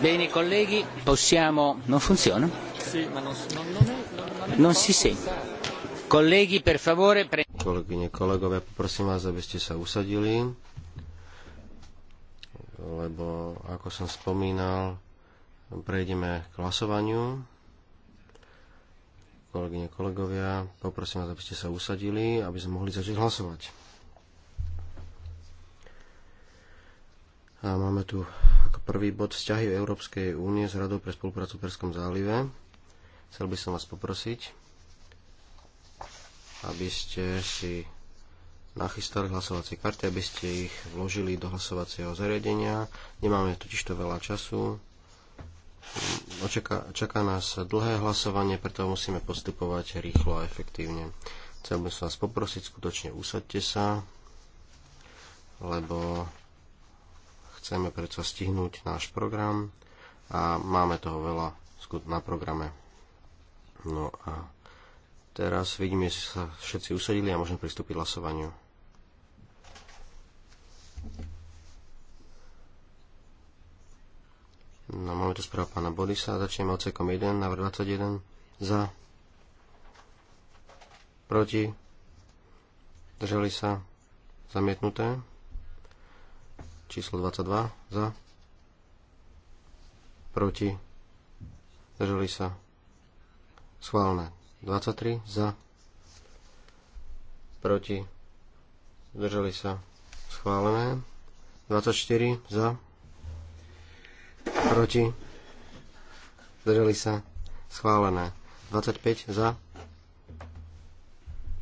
Bene colleghi, possiamo... non funziona? Sì, ma non, non, non, è, non, non, non si sente. Colleghi, per favore... Pre... Kolegyne, kolegovia, poprosím vás, aby ste sa usadili, lebo, ako som spomínal, prejdeme k hlasovaniu. Kolegyne, kolegovia, poprosím vás, aby ste sa usadili, aby sme mohli začať hlasovať. A máme tu Prvý bod vzťahy Európskej únie s Radou pre spoluprácu v Perskom zálive. Chcel by som vás poprosiť, aby ste si nachystali hlasovacie karty, aby ste ich vložili do hlasovacieho zariadenia. Nemáme totiž to veľa času. Očaká, čaká nás dlhé hlasovanie, preto musíme postupovať rýchlo a efektívne. Chcel by som vás poprosiť, skutočne usadte sa, lebo Chceme predsa stihnúť náš program a máme toho veľa na programe. No a teraz vidíme, že sa všetci usadili a môžeme pristúpiť k hlasovaniu. No, máme tu správa pána Bodisa. Začneme odsekom 1, návrh 21. Za. Proti. Držali sa. Zamietnuté. Číslo 22 za. Proti. Zdržali sa. Schválne. 23 za. Proti. Zdržali sa. Schválené. 24 za. Proti. Zdržali sa. Schválené. 25 za.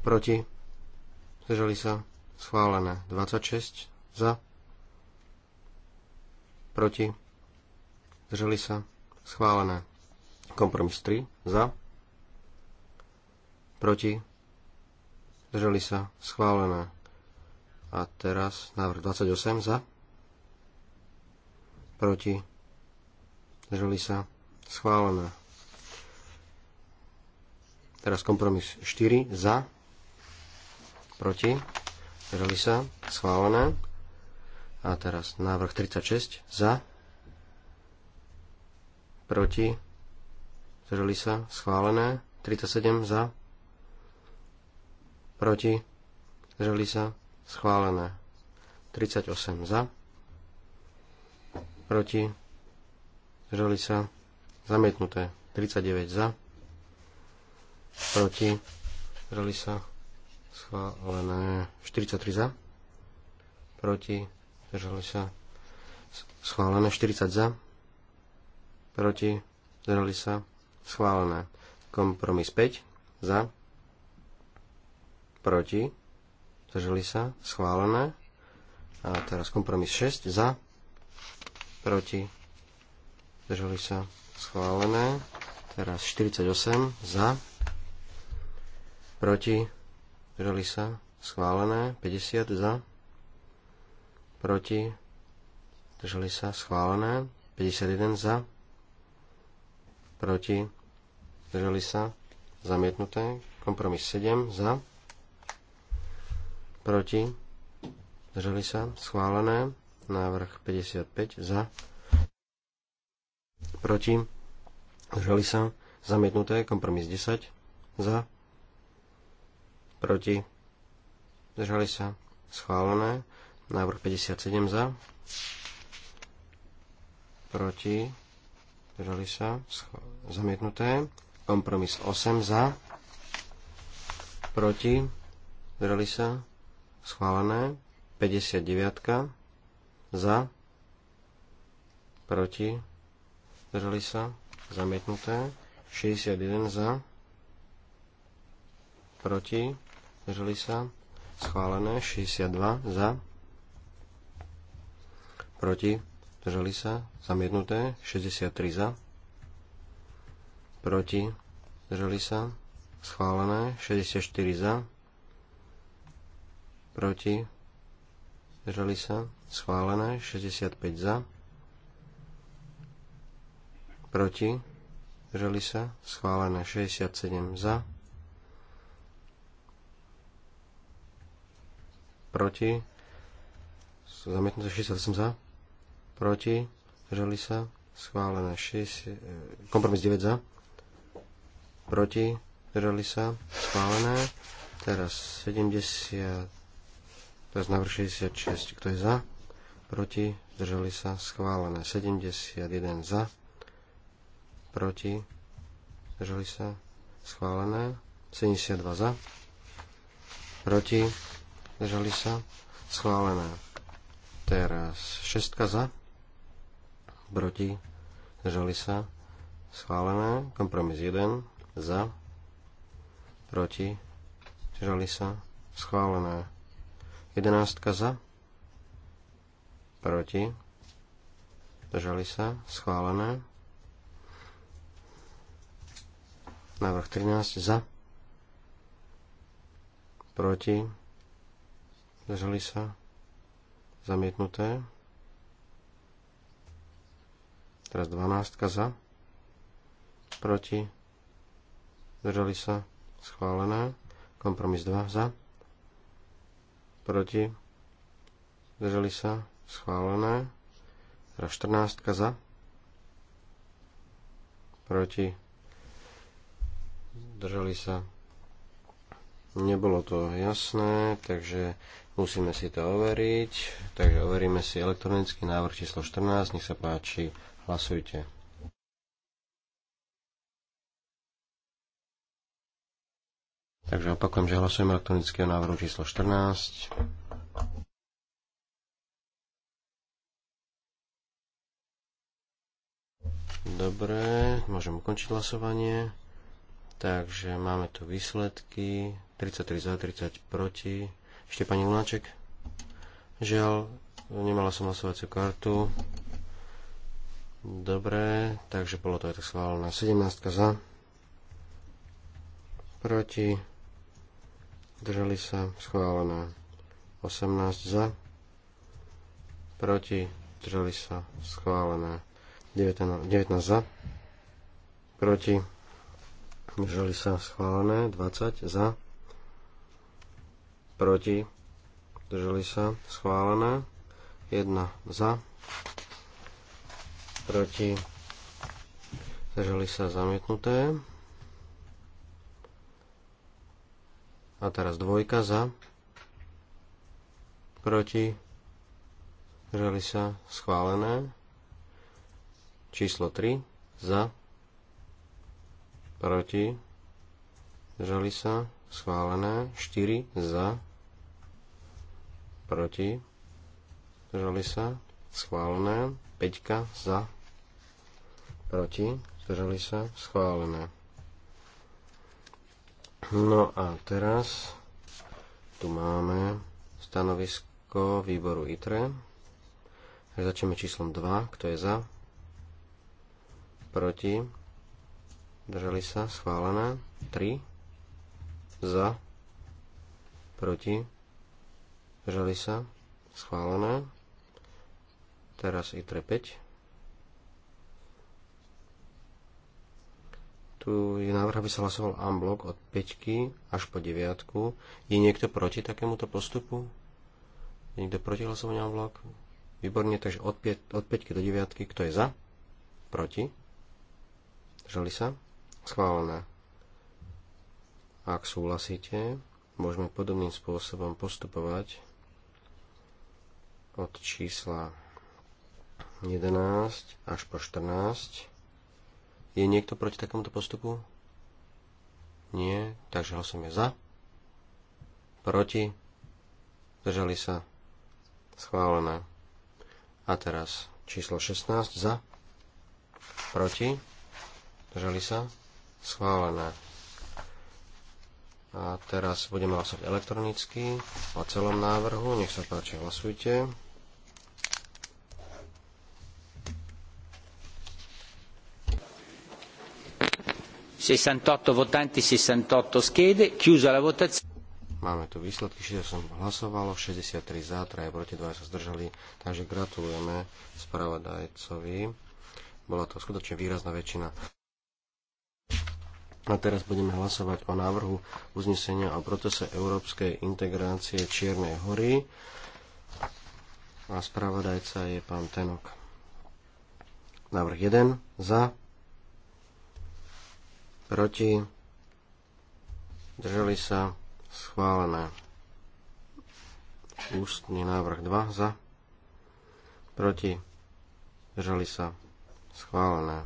Proti. Zdržali sa. Schválené. 26 za proti, zdržali sa, schválené. Kompromis 3, za, proti, zdržali sa, schválené. A teraz návrh 28, za, proti, zdržali sa, schválené. Teraz kompromis 4, za, proti, zdržali sa, schválené. A teraz návrh 36 za, proti, zdržali sa, schválené. 37 za, proti, zdržali sa, schválené. 38 za, proti, zdržali sa, zamietnuté. 39 za, proti, zdržali sa, schválené. 43 za, proti, zdržali sa schválené 40 za, proti, zdržali sa schválené. Kompromis 5 za, proti, zdržali sa schválené. A teraz kompromis 6 za, proti, zdržali sa schválené. Teraz 48 za, proti, zdržali sa schválené. 50 za, proti, držali sa, schválené, 51 za, proti, držali sa, zamietnuté, kompromis 7 za, proti, držali sa, schválené, návrh 55 za, proti, držali sa, zamietnuté, kompromis 10 za, proti, držali sa, schválené, Návrh 57 za. Proti. žali sa. Zamietnuté. Kompromis 8 za. Proti. Zdržali sa. Schválené. 59 za. Proti. žali sa. Zamietnuté. 61 za. Proti. Zdržali sa. Schválené. 62 za proti, zdržali sa, zamietnuté, 63 za, proti, zdržali sa, schválené, 64 za, proti, zdržali sa, schválené, 65 za, proti, zdržali sa, schválené, 67 za, proti, zamietnuté 68 za, proti, zdržali sa, schválené 6, e, kompromis 9 za, proti, zdržali sa, schválené, teraz 70, teraz návrh 66, kto je za, proti, zdržali sa, schválené 71 za, proti, zdržali sa, schválené 72 za, proti, zdržali sa, schválené. Teraz 6 za, proti, zdržali sa, schválené. Kompromis 1, za, proti, zdržali sa, schválené. 11 za, proti, zdržali sa, schválené. Návrh 13 za, proti, zdržali sa, zamietnuté. Teraz 12 za. Proti. Zdržali sa. Schválené. Kompromis 2 za. Proti. Zdržali sa. Schválené. Teraz 14 za. Proti. Zdržali sa. Nebolo to jasné, takže musíme si to overiť. Takže overíme si elektronický návrh číslo 14. Nech sa páči, Hlasujte. Takže opakujem, že hlasujem elektronického návrhu číslo 14. Dobre, môžem ukončiť hlasovanie. Takže máme tu výsledky. 33 za, 30 proti. Ešte pani Lunaček. Žiaľ, nemala som hlasovaciu kartu. Dobre, takže bolo to aj tak schválené. 17 za. Proti. Držali sa. Schválené. 18 za. Proti. Držali sa. Schválené. 19, 19 za. Proti. Držali sa. Schválené. 20 za. Proti. Držali sa. Schválené. 1 za proti, zdržali sa zamietnuté. A teraz dvojka za, proti, zdržali sa schválené. Číslo 3 za, proti, zdržali sa schválené. 4 za, proti, zdržali sa schválené. 5 za, proti, zdržali sa, schválené. No a teraz tu máme stanovisko výboru ITRE. začneme číslom 2, kto je za, proti, Držali sa, schválené. 3, za, proti, Držali sa, schválené. Teraz ITRE 5. Tu je návrh, aby sa hlasoval unblock od 5 až po 9. Je niekto proti takémuto postupu? Je niekto proti hlasovaniu unblock? Výborne, takže od 5, od 5 do 9. Kto je za? Proti? Žali sa? Schválené. Ak súhlasíte, môžeme podobným spôsobom postupovať od čísla 11 až po 14. Je niekto proti takémuto postupu? Nie, takže hlasujeme za. Proti. držali sa. Schválené. A teraz číslo 16 za. Proti. držali sa. Schválené. A teraz budeme hlasovať elektronicky o celom návrhu. Nech sa páči, hlasujte. 68 votanti, 68 schede, chiusa la votazione. Máme tu výsledky, 68 hlasovalo, 63 za, 3 proti, 2 sa zdržali, takže gratulujeme spravodajcovi. Bola to skutočne výrazná väčšina. A teraz budeme hlasovať o návrhu uznesenia o procese európskej integrácie Čiernej hory. A spravodajca je pán Tenok. Návrh 1. Za proti, držali sa, schválené. Ústný návrh 2 za, proti, držali sa, schválené.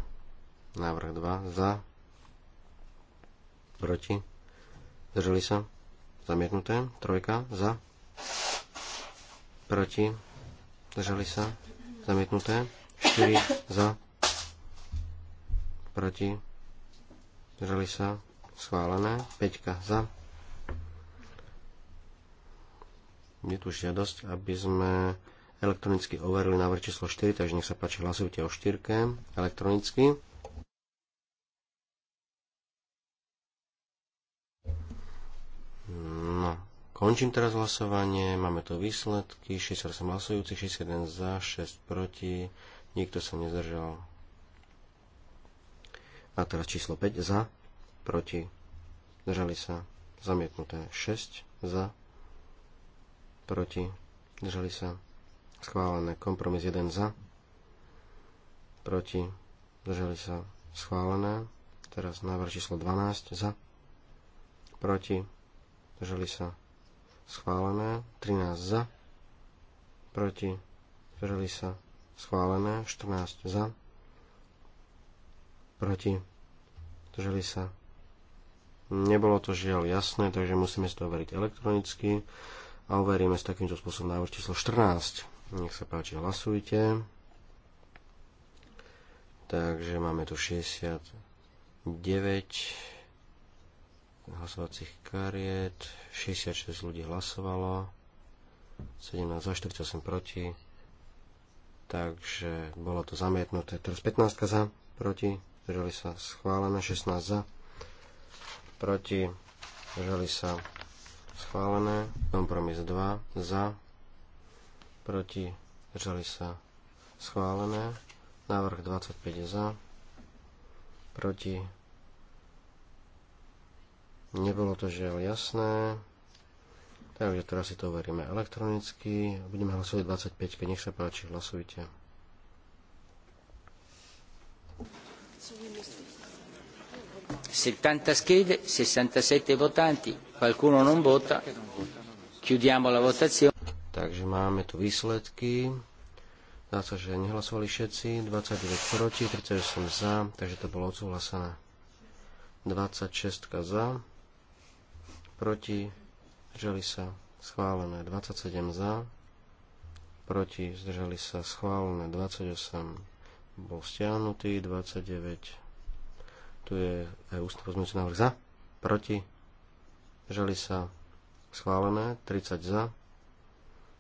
Návrh 2 za, proti, zdržali sa, zamietnuté, trojka za, proti, zdržali sa, zamietnuté, 4 za, proti, Zdržali sa? Schválené. 5 za. Je tu žiadosť, aby sme elektronicky overili návrh číslo 4, takže nech sa páči, hlasujte o 4 elektronicky. No, končím teraz hlasovanie, máme tu výsledky, 68 hlasujúcich, 61 za, 6 proti, nikto sa nezdržal. A teraz číslo 5 za, proti, držali sa, zamietnuté 6 za, proti, držali sa, schválené kompromis 1 za, proti, držali sa, schválené. Teraz návrh číslo 12 za, proti, držali sa, schválené. 13 za, proti, držali sa, schválené. 14 za, proti, Drželi sa. Nebolo to žiaľ jasné, takže musíme si to overiť elektronicky a overíme s takýmto spôsobom návrh číslo 14. Nech sa páči, hlasujte. Takže máme tu 69 hlasovacích kariet, 66 ľudí hlasovalo, 17 za 48 proti, takže bolo to zamietnuté. Teraz 15 za, proti, zdržali sa schválené, 16 za, proti, zdržali sa schválené, kompromis 2 za, proti, zdržali sa schválené, návrh 25 za, proti, nebolo to žiaľ jasné, takže teraz si to overíme elektronicky, budeme hlasovať 25, keď nech sa páči, hlasujte. 70 schede, 67 votanti, qualcuno non vota, chiudiamo la votazione. Takže máme tu výsledky. Dá sa, že nehlasovali všetci, 29 proti, 38 za, takže to bolo odsúhlasené. 26 za, proti, zdržali sa, schválené 27 za, proti, zdržali sa, schválené 28 bol stiahnutý, 29. Tu je aj ústne pozmeňujúci návrh za, proti, držali sa schválené, 30 za,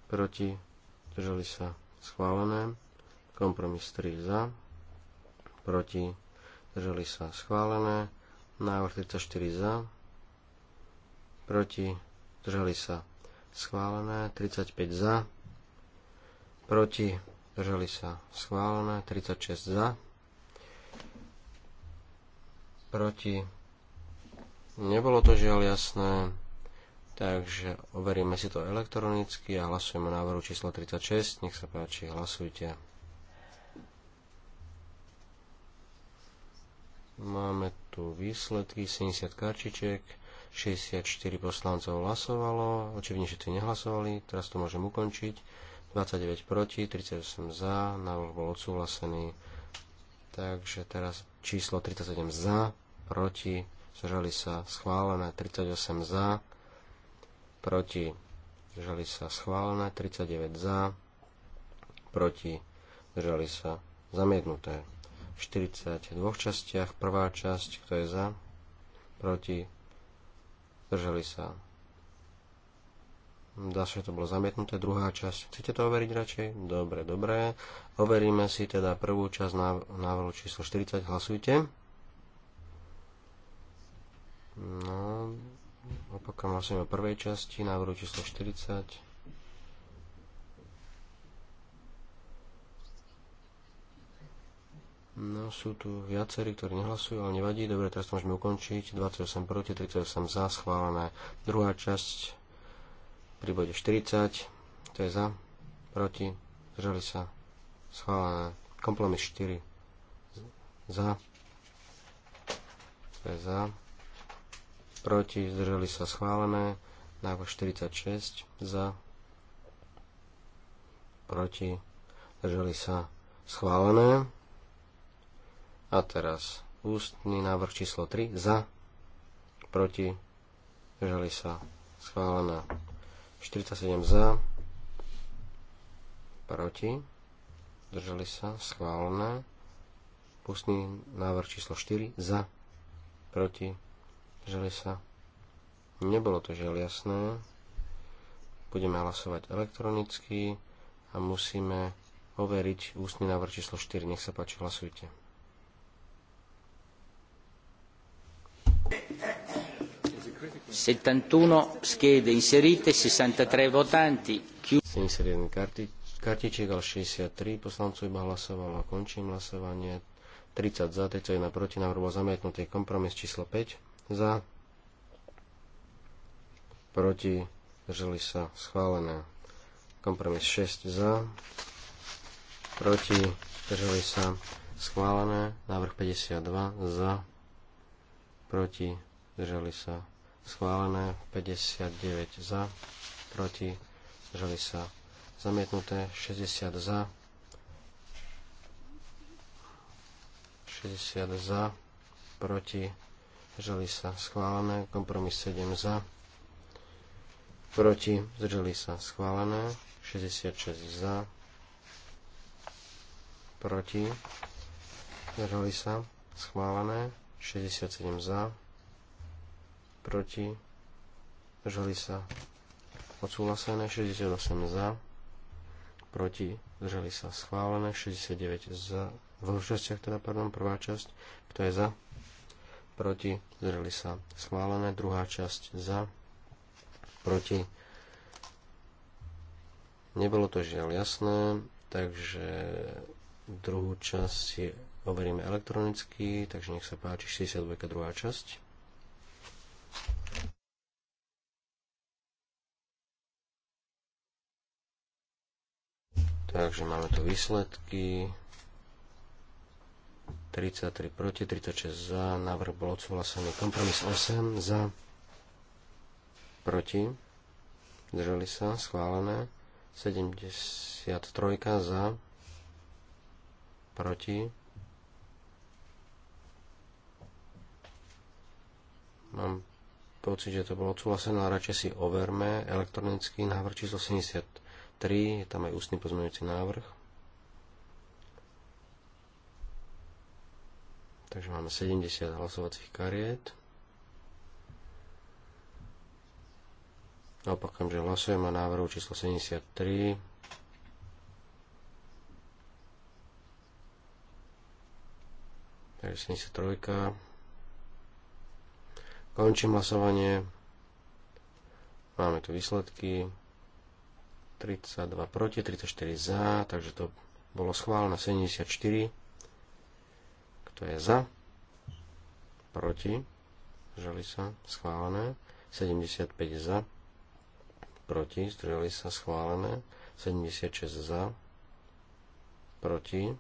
proti, držali sa schválené, kompromis 3 za, proti, držali sa schválené, návrh 34 za, proti, držali sa schválené, 35 za, proti, Zdržali sa schválené. 36 za. Proti. Nebolo to žiaľ jasné. Takže overíme si to elektronicky a hlasujeme návrhu číslo 36. Nech sa páči, hlasujte. Máme tu výsledky 70 karčiček, 64 poslancov hlasovalo, očividne všetci nehlasovali, teraz to môžem ukončiť. 29 proti, 38 za, návrh bol odsúhlasený. Takže teraz číslo 37 za, proti, zdržali sa schválené, 38 za, proti, zdržali sa schválené, 39 za, proti, zdržali sa zamietnuté. V 42 častiach prvá časť, kto je za, proti, zdržali sa Dá sa, že to bolo zamietnuté. Druhá časť. Chcete to overiť radšej? Dobre, dobre. Overíme si teda prvú časť návrhu číslo 40. Hlasujte. No, opakujem, hlasujeme o prvej časti návrhu číslo 40. No, sú tu viacerí, ktorí nehlasujú, ale nevadí. Dobre, teraz to môžeme ukončiť. 28 proti, 38 za, schválené. Druhá časť pri bode 40, to je za, proti, zdržali sa, schválené. Kompromis 4, za, to je za, proti, zdržali sa, schválené. Návrh 46, za, proti, zdržali sa, schválené. A teraz ústny návrh číslo 3, za, proti, zdržali sa, schválené. 47 za, proti, zdržali sa, schválené. Pustný návrh číslo 4 za, proti, zdržali sa. Nebolo to žiaľ jasné. Budeme hlasovať elektronicky a musíme overiť ústny návrh číslo 4. Nech sa páči, hlasujte. 71 schede inserite, 63 votanti. Chiu- 71 karti- kartičiek, ale 63 poslancov iba hlasovalo. Končím hlasovanie. 30 za, 31 proti, návrh bol zamietnutý. Kompromis číslo 5 za, proti, drželi sa schválené. Kompromis 6 za, proti, drželi sa schválené. Návrh 52 za, proti, drželi sa schválené 59 za, proti, zdržali sa zamietnuté 60 za, 60 za, proti, zdržali sa schválené, kompromis 7 za, proti, zdržali sa schválené, 66 za, proti, zdržali sa schválené, 67 za, proti, zdržali sa odsúhlasené, 68 za, proti, zdržali sa schválené, 69 za, v častiach teda, pardon, prvá časť, kto je za, proti, zdržali sa schválené, druhá časť za, proti, nebolo to žiaľ jasné, takže druhú časť si overíme elektronicky, takže nech sa páči 62 druhá časť. Takže máme tu výsledky. 33 proti, 36 za. Návrh bol odsúhlasený. Kompromis 8 za. Proti. drželi sa. Schválené. 73 za. Proti. Mám pocit, že to bolo odsúhlasené, ale radšej si overme elektronický návrh číslo 73, je tam aj ústny pozmeňujúci návrh. Takže máme 70 hlasovacích kariet. Opakujem, že hlasujem o návrhu číslo 73. Takže 73. Končím hlasovanie. Máme tu výsledky. 32 proti, 34 za, takže to bolo schválené 74. Kto je za? Proti. Zdržali sa. Schválené. 75 za. Proti. Zdržali sa. Schválené. 76 za. Proti.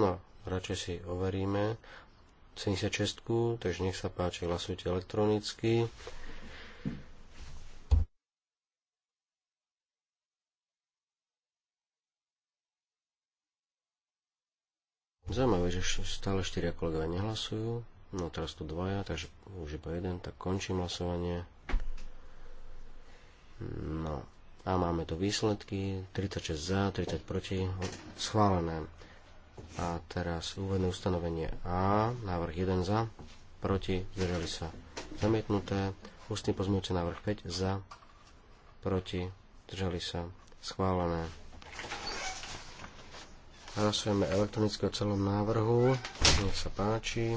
No, radšej si overíme 76, takže nech sa páči, hlasujte elektronicky. Zaujímavé, že stále 4 kolegovia nehlasujú. No teraz tu dvaja, takže už iba jeden, tak končím hlasovanie. No a máme tu výsledky. 36 za, 30 proti. Schválené. A teraz úvodné ustanovenie A, návrh 1 za, proti, zdržali sa zamietnuté, ústny pozmeňujúci návrh 5 za, proti, zdržali sa schválené. Hlasujeme elektronicky o celom návrhu, nech sa páči.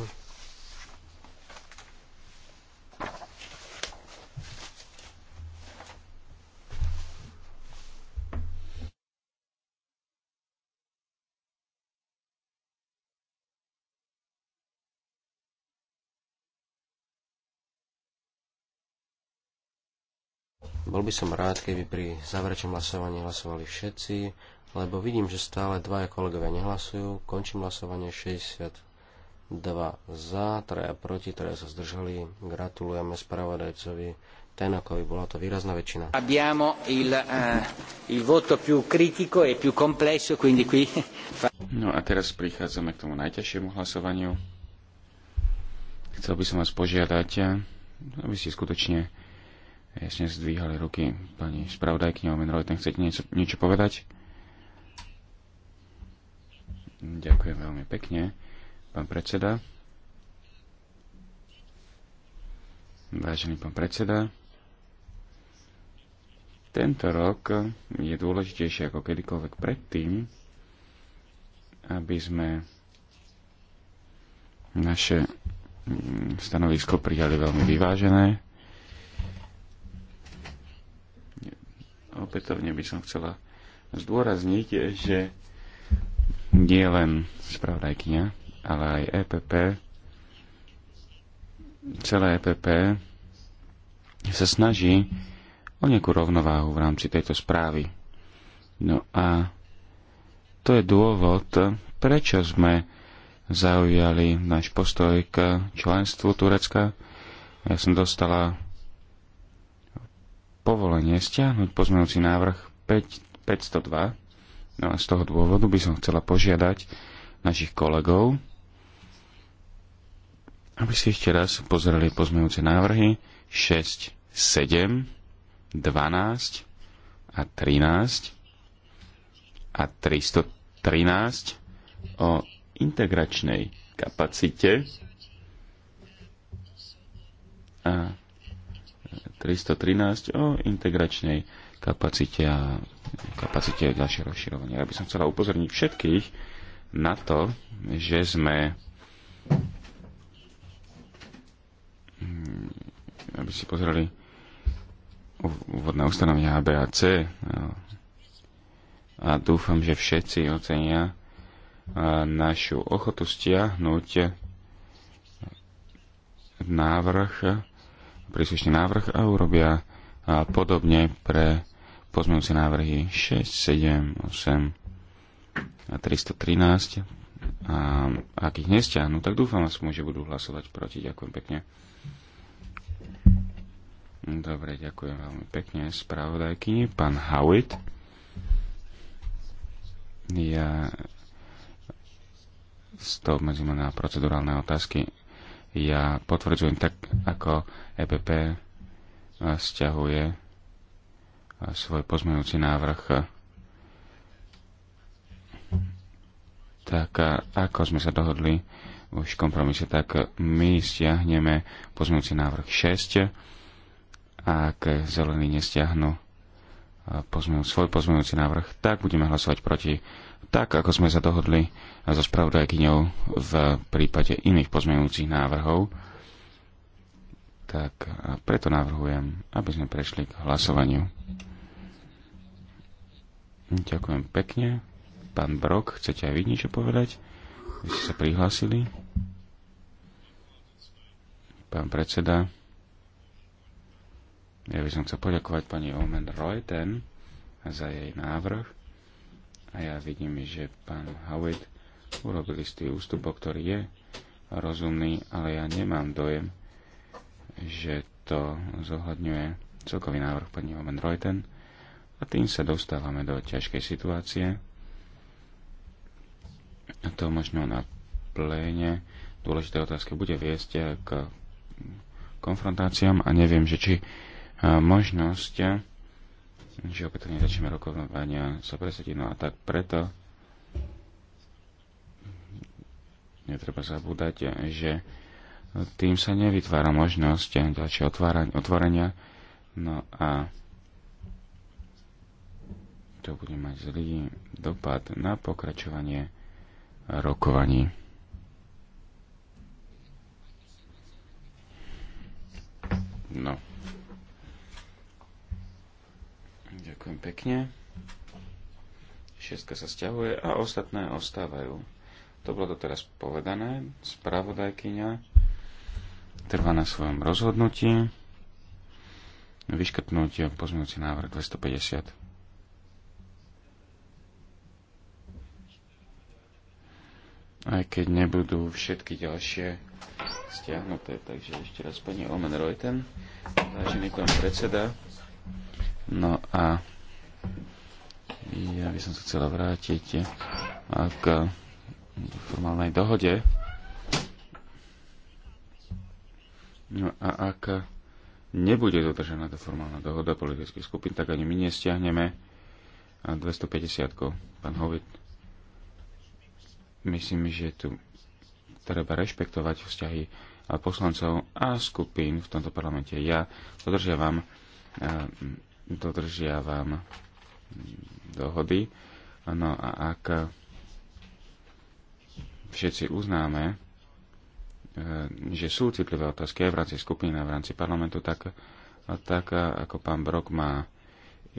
Bol by som rád, keby pri záverečnom hlasovaní hlasovali všetci, lebo vidím, že stále dvaja kolegovia nehlasujú. Končím hlasovanie 62 za, traja proti, traja sa zdržali. Gratulujeme spravodajcovi Tenokovi, bola to výrazná väčšina. Abbiamo il, uh, il voto più critico e più complesso, quindi qui... No a teraz prichádzame k tomu najťažšiemu hlasovaniu. Chcel by som vás požiadať, eh, aby ste skutočne jasne zdvíhali ruky. Pani spravodajkyňa Omen Reuten, chcete niečo, niečo povedať? Ďakujem veľmi pekne, pán predseda. Vážený pán predseda, tento rok je dôležitejšie ako kedykoľvek predtým, aby sme naše stanovisko prijali veľmi vyvážené, Opätovne by som chcela zdôrazniť, že nie len spravodajkyňa, ale aj EPP, celé EPP sa snaží o nejakú rovnováhu v rámci tejto správy. No a to je dôvod, prečo sme zaujali náš postoj k členstvu Turecka. Ja som dostala povolenie stiahnuť pozmenujúci návrh 5, 502. No a z toho dôvodu by som chcela požiadať našich kolegov, aby si ešte raz pozreli pozmenujúce návrhy 6, 7, 12 a 13 a 313 o integračnej kapacite a 313 o integračnej kapacite a kapacite ďalšieho rozširovania. Ja by som chcela upozorniť všetkých na to, že sme hm, aby si pozreli úvodné ustanovenia A, B a C no. a dúfam, že všetci ocenia našu ochotu stiahnuť návrh príslušný návrh a urobia a podobne pre pozmeňujúce návrhy 6, 7, 8 a 313. A ak ich nestiahnu, tak dúfam, že budú hlasovať proti. Ďakujem pekne. Dobre, ďakujem veľmi pekne spravodajky. pán Howitt. Ja stop medzi na procedurálne otázky ja potvrdzujem tak, ako EPP eh, stiahuje eh, svoj pozmenujúci návrh. Tak eh, ako sme sa dohodli už v kompromise, tak my stiahneme pozmenujúci návrh 6 a ak zelení nestiahnu pozmenu svoj pozmenujúci návrh, tak budeme hlasovať proti tak ako sme sa dohodli so spravodajkyňou v prípade iných pozmeňujúcich návrhov. Tak a preto navrhujem, aby sme prešli k hlasovaniu. Ďakujem pekne. Pán Brok, chcete aj vy niečo povedať? Vy ste sa prihlásili. Pán predseda, ja by som chcel poďakovať pani Omen Reuten za jej návrh a ja vidím, že pán Howitt urobil istý ústupok, ktorý je rozumný, ale ja nemám dojem, že to zohľadňuje celkový návrh pani Omen Reuten a tým sa dostávame do ťažkej situácie. A to možno na pléne dôležité otázky bude viesť k konfrontáciám a neviem, že či možnosť že opätovne začneme rokovania sa presadiť. No a tak preto netreba zabúdať, že tým sa nevytvára možnosť ďalšie otvorenia. No a to bude mať zlý dopad na pokračovanie rokovaní. No. Ďakujem pekne. Šestka sa stiahuje a ostatné ostávajú. To bolo to teraz povedané. Spravodajkyňa trvá na svojom rozhodnutí vyškrtnúť pozmeňujúci návrh 250. Aj keď nebudú všetky ďalšie stiahnuté, takže ešte raz pani Omen Reuten, vážený pán predseda, No a ja by som sa chcela vrátiť eh, k formálnej dohode. No a ak nebude dodržená tá formálna dohoda politických skupín, tak ani my nestiahneme 250. -ko. Pán Hovit, myslím, že tu treba rešpektovať vzťahy poslancov a skupín v tomto parlamente. Ja dodržiavam eh, dodržiavam dohody. No a ak všetci uznáme, e, že sú citlivé otázky aj v rámci skupiny a v rámci parlamentu, tak, tak ako pán Brok má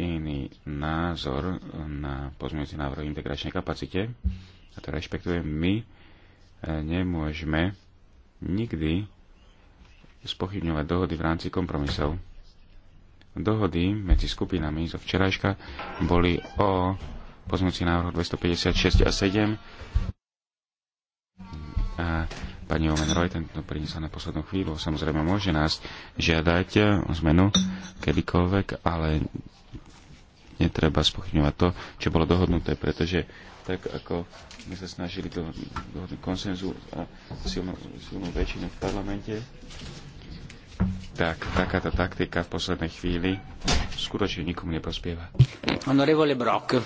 iný názor na pozmeňujúci návrh integračnej kapacite, a to rešpektujem, my e, nemôžeme nikdy spochybňovať dohody v rámci kompromisov dohody medzi skupinami zo včerajška boli o pozmúci návrh 256 a 7. A pani Omen tento to priniesla na poslednú chvíľu. Samozrejme, môže nás žiadať o zmenu kedykoľvek, ale netreba spochybňovať to, čo bolo dohodnuté, pretože tak ako sme sa snažili do, dohodnúť konsenzu a silnú, silnú väčšinu v parlamente, tak takáto taktika v poslednej chvíli skutočne nikomu neprospieva. Honorevole Brock.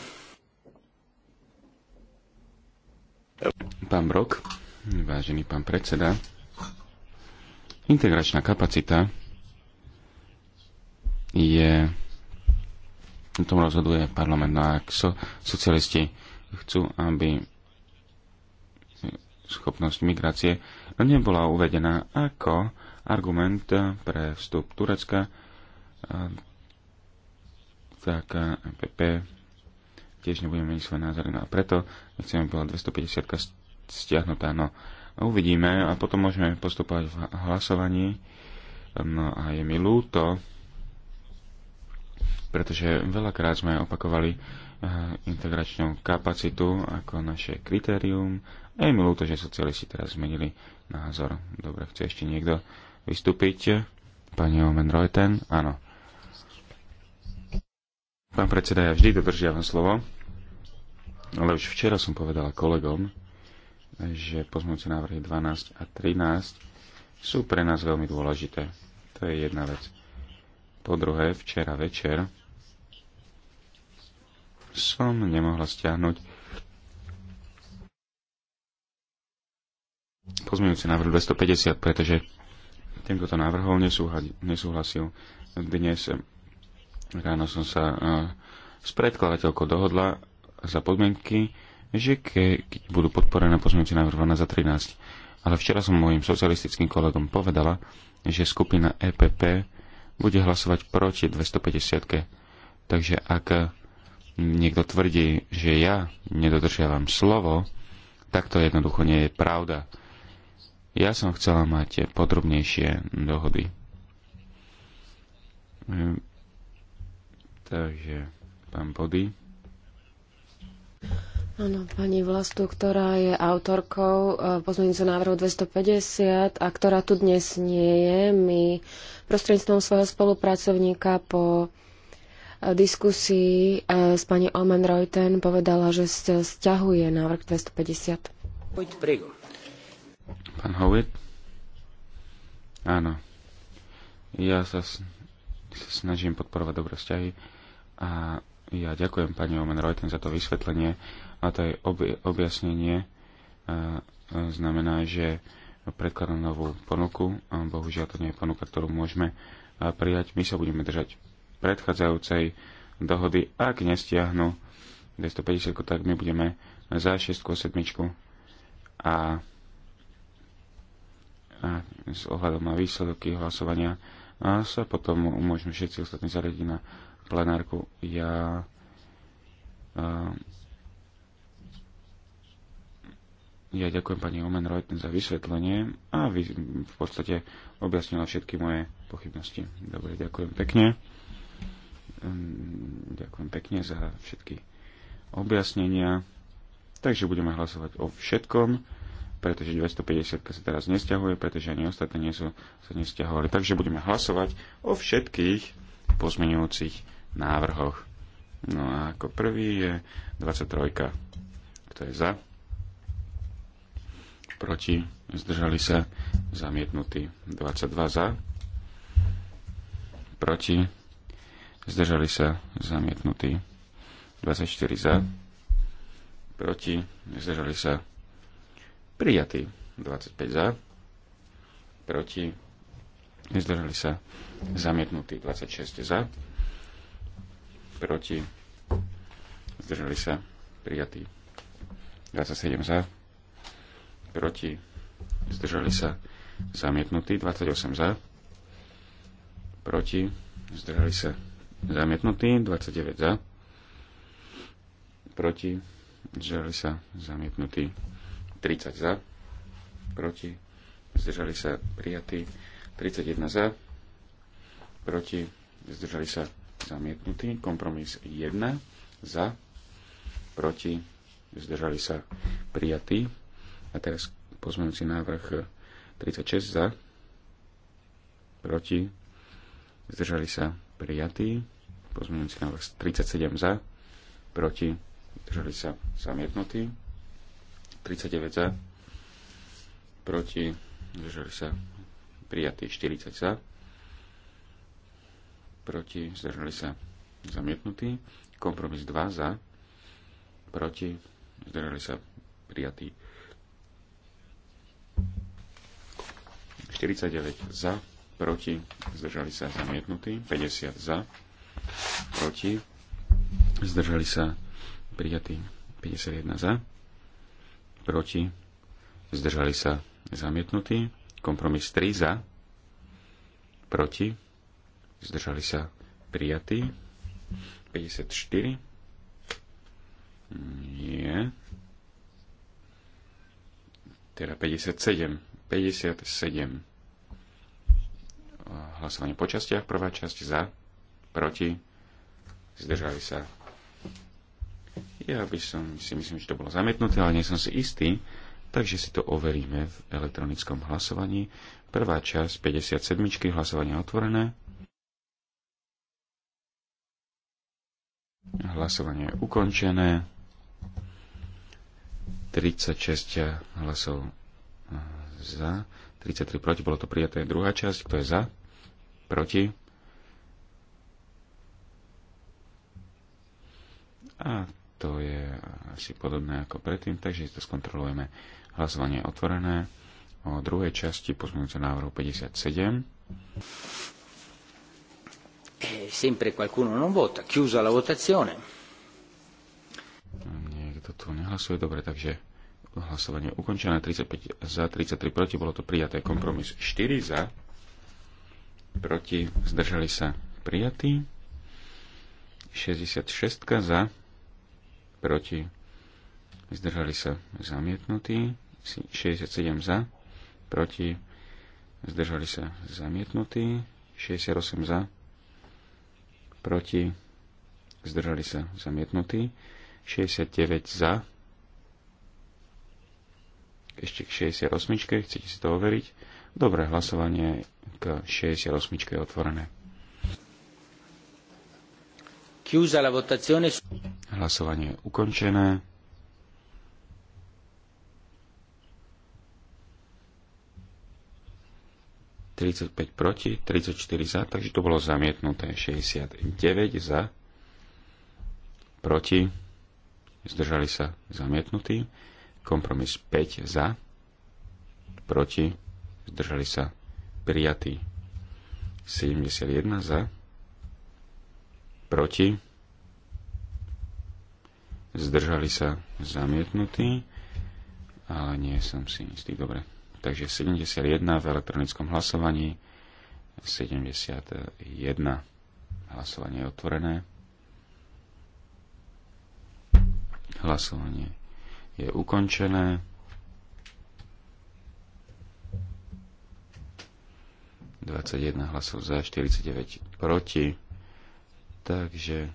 Pán Brok, vážený pán predseda, integračná kapacita je o tom rozhoduje parlament. No a ak so, socialisti chcú, aby schopnosť migrácie nebola uvedená ako argument pre vstup Turecka, eh, tak MPP tiež nebudeme meniť svoje názory. No a preto nechceme bola 250 stiahnutá. No uvidíme a potom môžeme postupovať v hlasovaní. No a je mi ľúto, pretože veľakrát sme opakovali eh, integračnú kapacitu ako naše kritérium. A je mi ľúto, že socialisti teraz zmenili názor. Dobre, chce ešte niekto vystúpiť? Pani Omen Reuten, áno. Pán predseda, ja vždy dodržiavam slovo, ale už včera som povedala kolegom, že pozmúce návrhy 12 a 13 sú pre nás veľmi dôležité. To je jedna vec. Po druhé, včera večer som nemohla stiahnuť pozmeňujúci návrh 250, pretože týmto návrhom nesúhlasil. Dnes ráno som sa e, s predkladateľkou dohodla za podmienky, že keď budú podporené pozmeňujúce návrh za 13. Ale včera som môjim socialistickým kolegom povedala, že skupina EPP bude hlasovať proti 250. -ke. Takže ak niekto tvrdí, že ja nedodržiavam slovo, tak to jednoducho nie je pravda. Ja som chcela mať podrobnejšie dohody. Hm. Takže, pán Body. Áno, pani Vlastu, ktorá je autorkou e, pozmeňujúceho návrhu 250 a ktorá tu dnes nie je, my prostredníctvom svojho spolupracovníka po e, diskusii e, s pani Omen Reuten povedala, že sťahuje návrh 250. Poď prigo. Pán Howitt? Áno. Ja sa, sa snažím podporovať dobré vzťahy a ja ďakujem pani Omen Reuten za to vysvetlenie a to je ob- objasnenie a, a znamená, že predkladám novú ponuku a bohužiaľ to nie je ponuka, ktorú môžeme prijať. My sa budeme držať predchádzajúcej dohody. Ak nestiahnu 250, tak my budeme za 6 7 a s ohľadom na výsledky hlasovania a sa potom môžeme všetci ostatní zariadiť na plenárku. Ja ja ďakujem pani Omen Reuten za vysvetlenie a vy, v podstate objasnila všetky moje pochybnosti. Dobre, ďakujem pekne. Ehm, ďakujem pekne za všetky objasnenia. Takže budeme hlasovať o všetkom pretože 250 sa teraz nesťahuje, pretože ani ostatné nie sú, sa nesťahovali. Takže budeme hlasovať o všetkých pozmeňujúcich návrhoch. No a ako prvý je 23. Kto je za? Proti? Zdržali sa? Zamietnutí. 22 za? Proti? Zdržali sa? Zamietnutí. 24 za? Proti? Zdržali sa? Prijatý. 25 za. Proti. Zdržali sa. Zamietnutý. 26 za. Proti. Zdržali sa. Prijatý. 27 za. Proti. Zdržali sa. Zamietnutý. 28 za. Proti. Zdržali sa. Zamietnutý. 29 za. Proti. Zdržali sa. Zamietnutý. 30 za, proti, zdržali sa prijatí, 31 za, proti, zdržali sa zamietnutí, kompromis 1 za, proti, zdržali sa prijatí. A teraz pozmeňujúci návrh 36 za, proti, zdržali sa prijatí, pozmeňujúci návrh 37 za, proti, zdržali sa zamietnutí. 39 za, proti, zdržali sa prijatí 40 za, proti, zdržali sa zamietnutí, kompromis 2 za, proti, zdržali sa prijatí 49 za, proti, zdržali sa zamietnutí, 50 za, proti, zdržali sa prijatí 51 za, proti, zdržali sa zamietnutí, kompromis 3 za, proti, zdržali sa prijatí, 54, nie, teda 57, 57, hlasovanie po častiach, prvá časť za, proti, zdržali sa ja by som si myslím, že to bolo zamietnuté, ale nie som si istý, takže si to overíme v elektronickom hlasovaní. Prvá časť 57. hlasovanie otvorené. Hlasovanie je ukončené. 36 hlasov eh, za, 33 proti, bolo to prijaté. Druhá časť, kto je za? Proti? A to je asi podobné ako predtým, takže si to skontrolujeme. Hlasovanie je otvorené o druhej časti pozmeňujúceho návrhu 57. E, sempre qualcuno non vota, chiusa la votazione. Ehm, niekto tu nehlasuje, dobre, takže hlasovanie je ukončené, 35 za, 33 proti, bolo to prijaté kompromis 4 za, proti, zdržali sa prijatí, 66 za, proti, zdržali sa zamietnutí, 67 za, proti, zdržali sa zamietnutí, 68 za, proti, zdržali sa zamietnutí, 69 za, ešte k 68, chcete si to overiť? Dobré hlasovanie k 68 je otvorené. Chiusa la votazione. Hlasovanie je ukončené. ...35 proti, 34 za, takže to bolo zamietnuté. 69 za, proti, zdržali sa zamietnutí. Kompromis 5 za, proti, zdržali sa prijatí. 71 za, proti, zdržali sa zamietnutí, ale nie som si istý. Dobre. Takže 71 v elektronickom hlasovaní, 71 hlasovanie je otvorené. Hlasovanie je ukončené. 21 hlasov za, 49 proti. Takže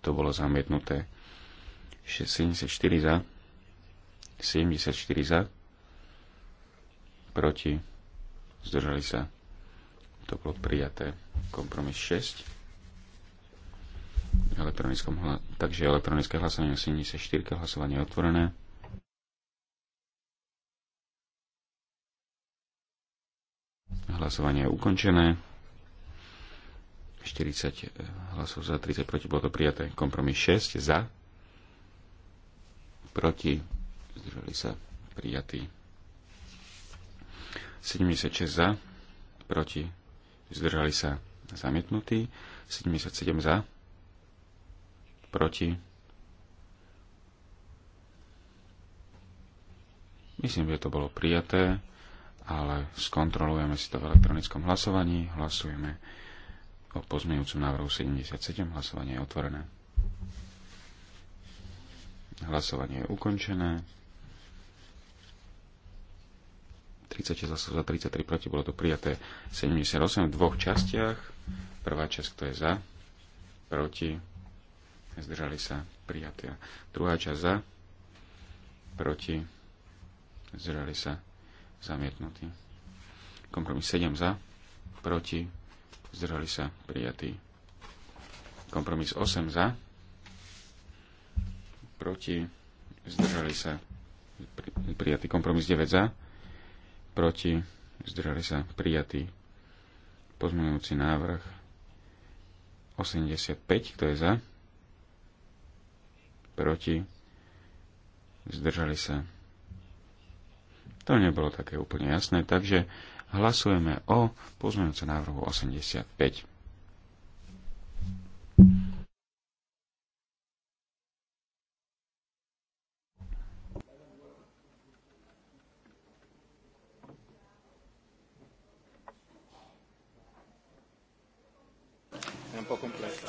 to bolo zamietnuté. 74 za. 74 za. Proti. Zdržali sa. To bolo prijaté. Kompromis 6 elektronickom hla- takže elektronické hlasovanie 74, hlasovanie je otvorené. Hlasovanie je ukončené. 40 eh, hlasov za, 30 proti, bolo to prijaté. Kompromis 6 za, proti, zdržali sa prijatí. 76 za, proti, zdržali sa zamietnutí. 77 za, proti. Myslím, že to bolo prijaté, ale skontrolujeme si to v elektronickom hlasovaní. Hlasujeme o pozmeňujúcom návrhu 77. Hlasovanie je otvorené. Hlasovanie je ukončené. 36 hlasov za 33 proti, bolo to prijaté 78 v dvoch častiach. Prvá časť, kto je za, proti, zdržali sa prijaté. Druhá časť za, proti, zdržali sa zamietnutí. Kompromis 7 za, proti, zdržali sa prijatí. Kompromis 8 za, proti, zdržali sa prijatý. Kompromis 9 za, proti, zdržali sa prijatý. Pozmenujúci návrh 85, kto je za, proti, zdržali sa. To nebolo také úplne jasné, takže hlasujeme o pozmeňujúcom návrhu 85.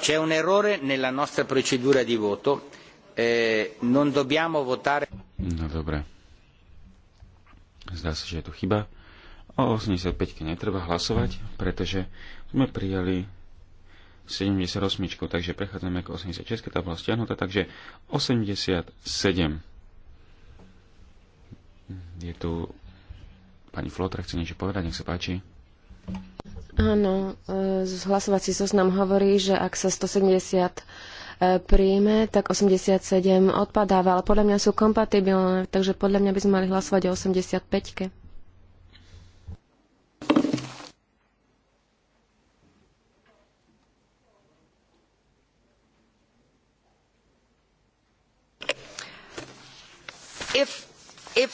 C'è un errore nella nostra procedura di voto. Eh, non dobbiamo votare. No dobre. Zdá sa, že je tu chyba O 85 netreba hlasovať, pretože sme prijali 78, takže prechádzame k 86, tá bola stiahnutá, takže 87. Je tu pani Flotra, chce niečo povedať, nech sa páči. Áno, e, hlasovací zoznam hovorí, že ak sa 170 e, príjme, tak 87 odpadáva, ale podľa mňa sú kompatibilné, takže podľa mňa by sme mali hlasovať o 85.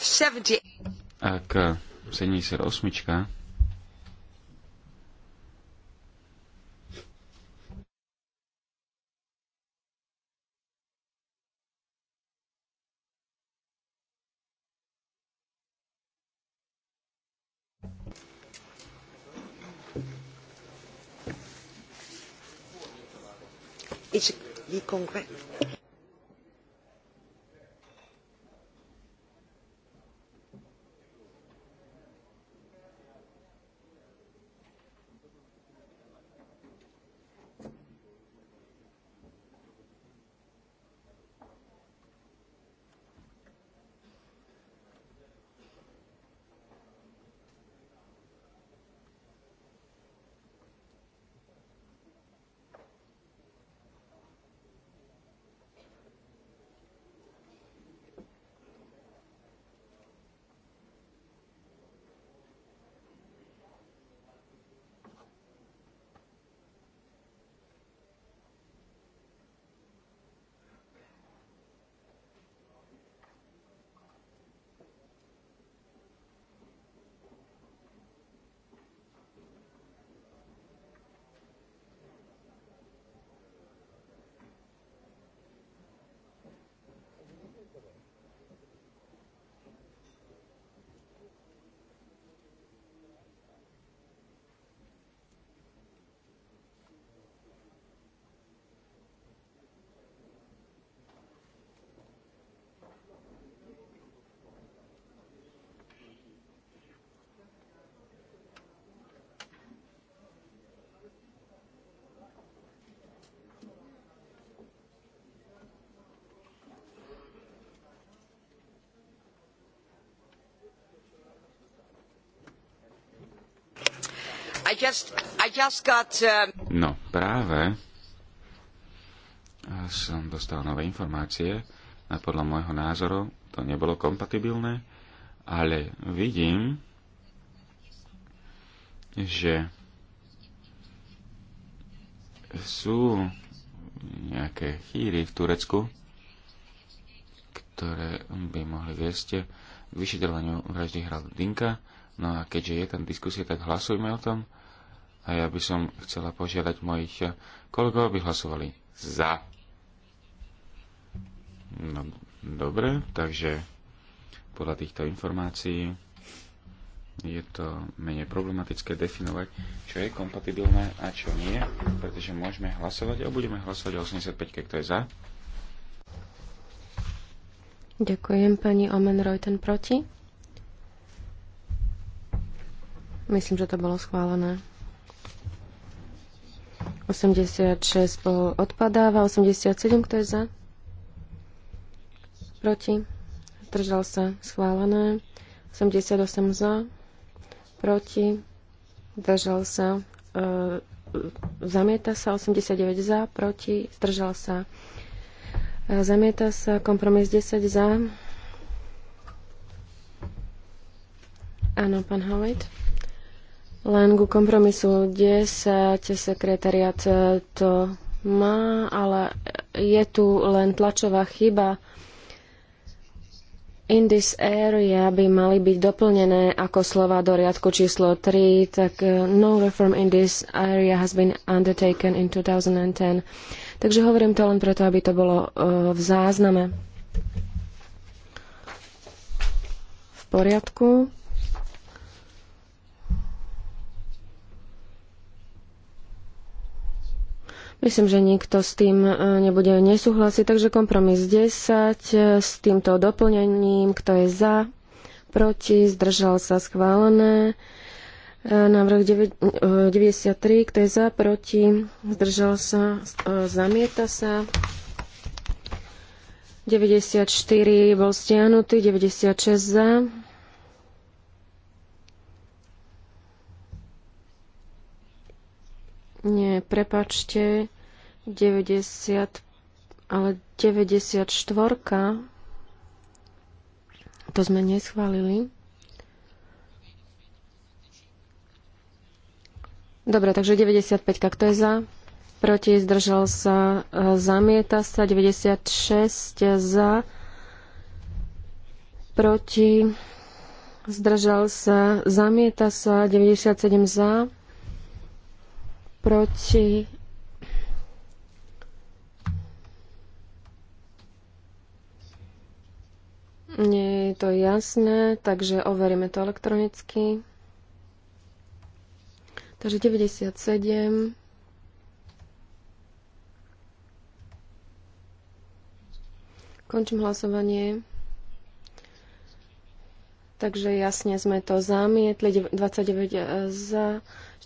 Ak 78. It's the Congress. I just, I just got, um, No, práve som dostal nové informácie a podľa môjho názoru to nebolo kompatibilné, ale vidím, že sú nejaké chýry v Turecku, ktoré by mohli viesť k vyšetrovaniu vraždy Dinka. No a keďže je tam diskusia, tak hlasujme o tom. A ja by som chcela požiadať mojich eh, kolegov, aby hlasovali za. No, dobre, takže podľa týchto informácií je to menej problematické definovať, čo je kompatibilné a čo nie, pretože môžeme hlasovať a budeme hlasovať 85, 85, kto je za. Ďakujem pani Omen Reuten proti. Myslím, že to bolo schválené. 86 eh, odpadáva. 87, kto je za? Proti? Zdržal sa. Schválené. 88 za. Proti? Zdržal sa. E, zamieta sa. 89 za. Proti? Zdržal sa. E, zamieta sa. Kompromis 10 za. Áno, pán Howitt. Len ku kompromisu 10 sekretariat e, to má, ale je tu len tlačová chyba. In this area by mali byť doplnené ako slova do riadku číslo 3, tak e, no reform in this area has been undertaken in 2010. Takže hovorím to len preto, aby to bolo uh, v zázname. V poriadku. Myslím, že nikto s tým e, nebude nesúhlasiť, takže kompromis 10 e, s týmto doplnením, kto je za, proti, zdržal sa schválené. E, návrh 93, kto je za, proti, zdržal sa, zamieta sa. 94 bol stiahnutý, 96 za, Nie, prepačte, 90, ale 94, to sme neschválili. Dobre, takže 95, kto je za? Proti, zdržal sa, e, zamieta sa, 96 za, proti, zdržal sa, zamieta sa, 97 za, proti Nie je to jasné, takže overíme to elektronicky. Takže 97. Končím hlasovanie. Takže jasne sme to zamietli. 29 eh, za,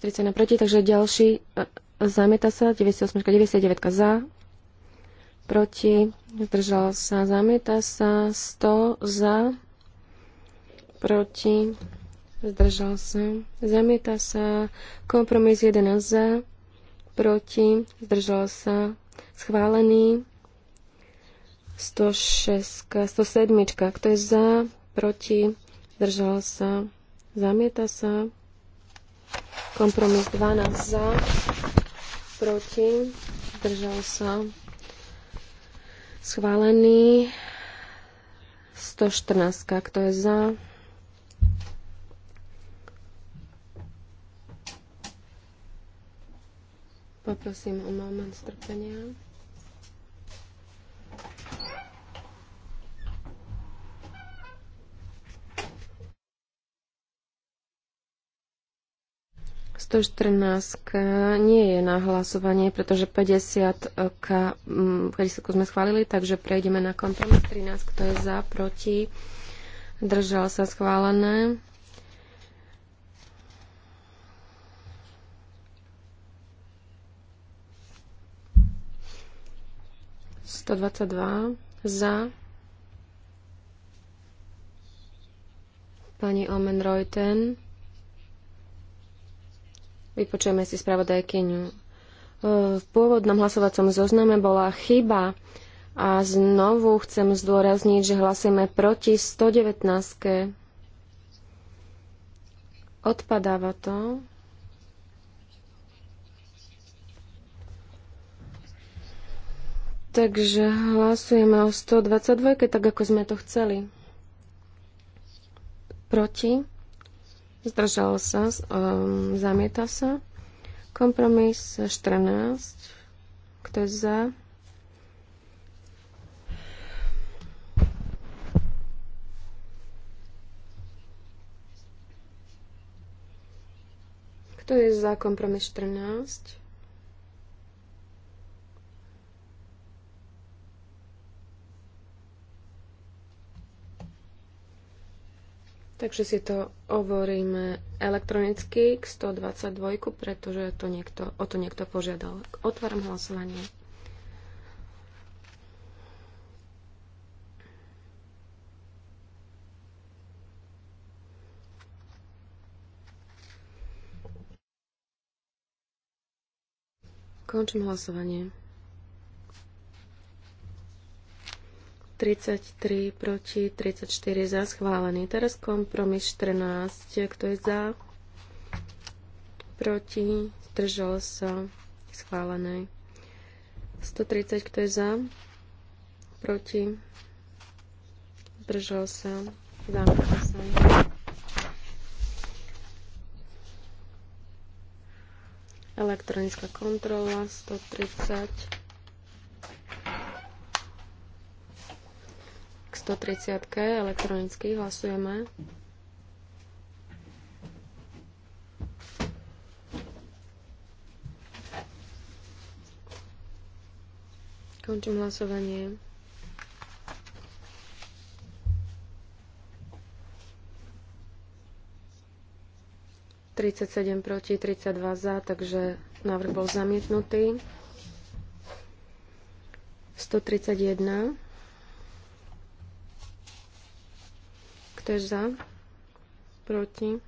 40 naproti, takže ďalší e, zamieta sa, 98, 99 za, proti, zdržal sa, zamieta sa, 100 za, proti, zdržal sa, zamieta sa, kompromis 11 za, proti, zdržal sa, schválený, 106, 107, kto je za, proti, zdržal sa, zamieta sa, Kompromis 12 za, proti, držal sa. Schválený 114, kto je za. Poprosím o moment strpenia. 114 nie je na hlasovanie, pretože 50 k, 50 mm, sme schválili, takže prejdeme na kompromis 13, kto je za, proti, držal sa schválené. Sto dvadsať dva za pani Omen Reuten Vypočujeme si spravodajkyňu. E, v pôvodnom hlasovacom zozname bola chyba a znovu chcem zdôrazniť, že hlasujeme proti 119. Odpadáva to. Takže hlasujeme o 122, tak ako sme to chceli. Proti zdržal sa, um, zamieta sa. Kompromis 14, kto je za? Kto je za kompromis 14? Takže si to overíme elektronicky k 122, pretože to niekto, o to niekto požiadal. Otváram hlasovanie. Končím hlasovanie. 33 proti 34 za schválený. Teraz kompromis 14. Kto je za? Proti? Zdržal sa? Schválený. 130. Kto je za? Proti? Zdržal sa? Zamieta sa. Elektronická kontrola 130. 130 elektronicky hlasujeme. Končím hlasovanie. Tridsaťsedem proti, 32 za, takže návrh bol zamietnutý. 131 Kto je za? Proti?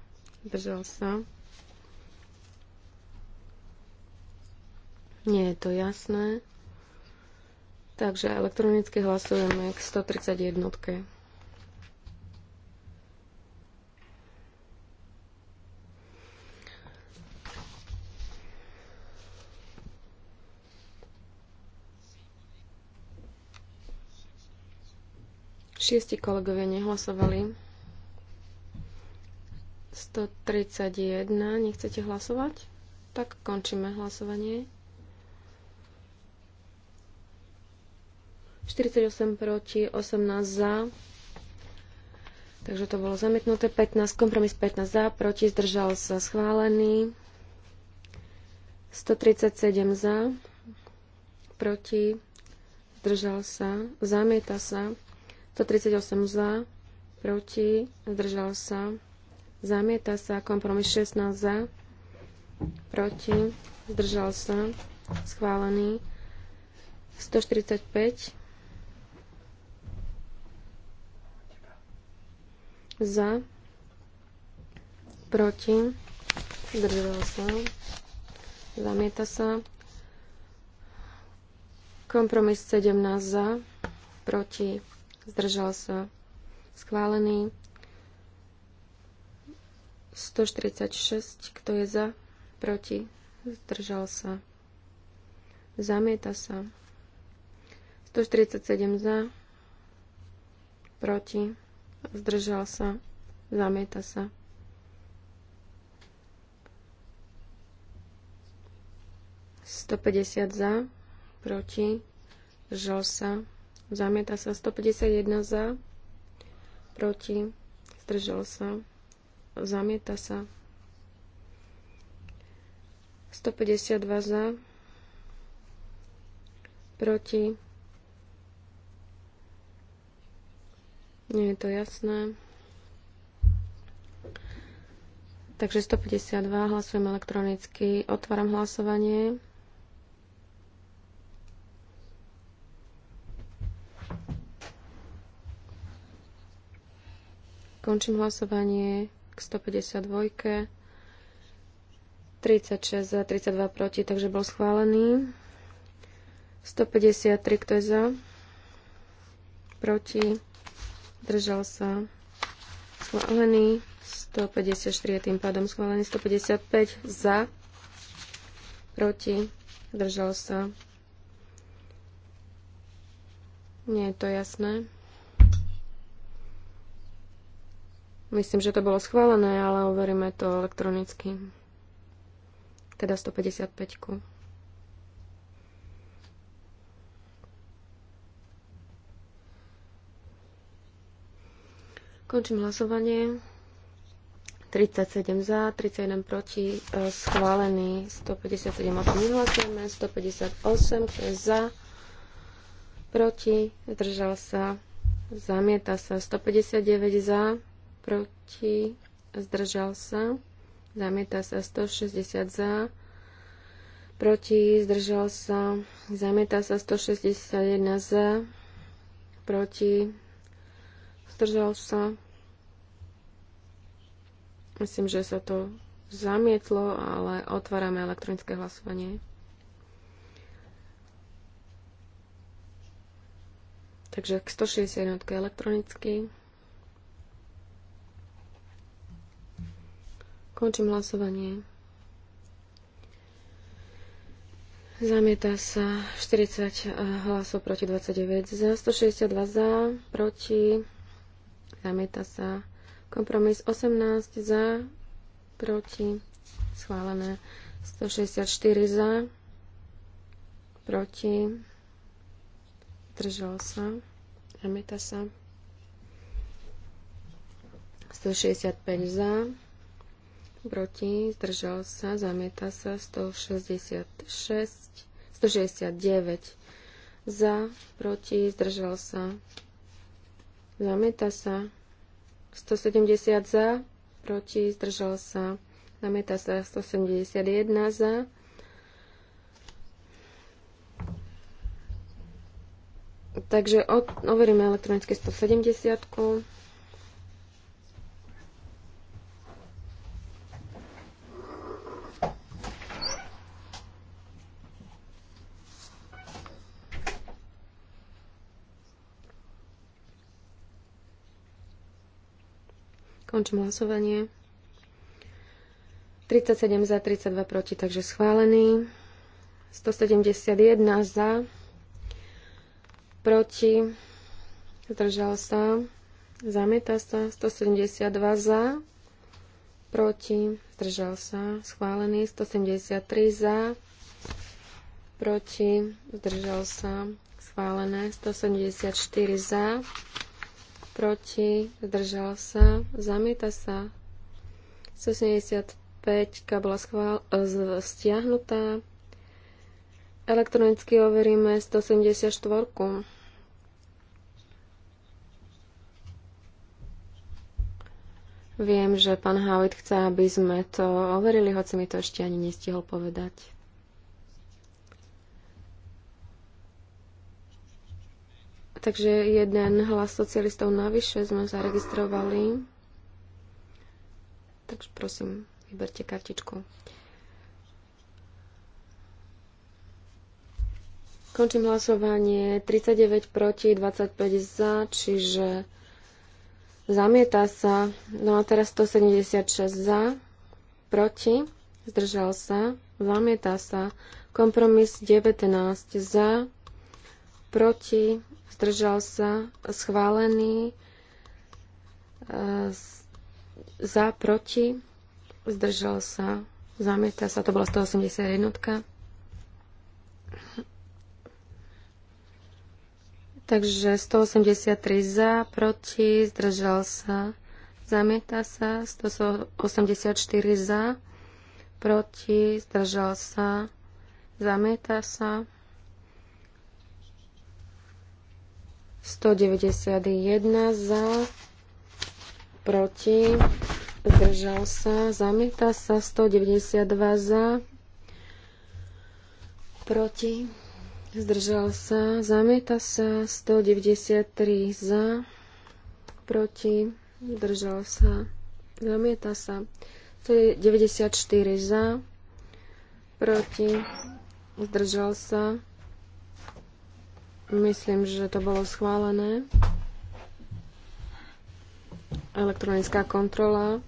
Držal sa? Nie je to jasné. Takže elektronicky hlasujeme k 131. jednotke. Šiesti kolegovia nehlasovali. 131. Nechcete hlasovať? Tak končíme hlasovanie. 48 proti, 18 za. Takže to bolo zamietnuté. 15, kompromis 15 za, proti, zdržal sa schválený. 137 za, proti, zdržal sa, zamieta sa. 138 za, proti, zdržal sa, Zamieta sa kompromis 16 za, proti, zdržal sa, schválený. 145 za, proti, zdržal sa, zamieta sa. Kompromis 17 za, proti, zdržal sa, schválený. 146, kto je za, proti, zdržal sa. Zamieta sa. 147 za, proti, zdržal sa, zamieta sa. Sto päťdesiat za, proti, zdržal sa, zamieta sa. Sto päťdesiat jedna za, proti, zdržal sa zamieta sa. 152 za, proti, nie je to jasné. Takže 152, hlasujem elektronicky, otváram hlasovanie. Končím hlasovanie k 152. 36 za, 32 proti, takže bol schválený. 153, kto je za? Proti. Držal sa. Schválený. 154 je tým pádom schválený. 155 za. Proti. Držal sa. Nie je to jasné. Myslím, že to bolo schválené, ale overíme to elektronicky. Teda 155. -ku. Končím hlasovanie. 37 za, 31 proti, e, schválený 157 o nehlasujeme, 158, kto je za, proti, zdržal sa, zamieta sa, 159 za, proti, zdržal sa, zamieta sa 160 za, proti, zdržal sa, zamieta sa 161 za, proti, zdržal sa. Myslím, že sa to zamietlo, ale otvárame elektronické hlasovanie. Takže k 161 elektronicky. Končím hlasovanie. Zamieta sa 40 eh, hlasov proti 29 za, 162 za, proti. Zamieta sa kompromis 18 za, proti. Schválené 164 za, proti. Držalo sa. Zamieta sa. 165 za, proti, zdržal sa, zamieta sa 166, 169 za, proti, zdržal sa, zamieta sa 170 za, proti, zdržal sa, zamieta sa 171 za, Takže overíme elektronicky 170. -ku. Končím hlasovanie. 37 za, 32 proti, takže schválený. 171 za, proti, zdržal sa, zamieta sa. 172 za, proti, zdržal sa, schválený. 173 za, proti, zdržal sa, schválené. 174 za, proti, zdržal sa, zamieta sa. 175 bola schvál, e, z- stiahnutá. Elektronicky overíme 174. Viem, že pán Howitt chce, aby sme to overili, hoci mi to ešte ani nestihol povedať. Takže jeden hlas socialistov navyše sme zaregistrovali. Takže prosím, vyberte kartičku. Končím hlasovanie 39 proti 25 za, čiže zamieta sa. No a teraz 176 za, proti, zdržal sa, zamieta sa. Kompromis 19 za, proti, zdržal sa, schválený, e, za, proti, zdržal sa, zamieta sa, to bola 181. Takže 183 za, proti, zdržal sa, zamieta sa, 184 za, proti, zdržal sa, zamieta sa. 191 za, proti, zdržal sa, zamieta sa 192 za, proti, zdržal sa, zamieta sa 193 za, proti, zdržal sa, zamieta sa 194 za, proti, zdržal sa, Myslím, že to bolo schválené. Elektronická kontrola.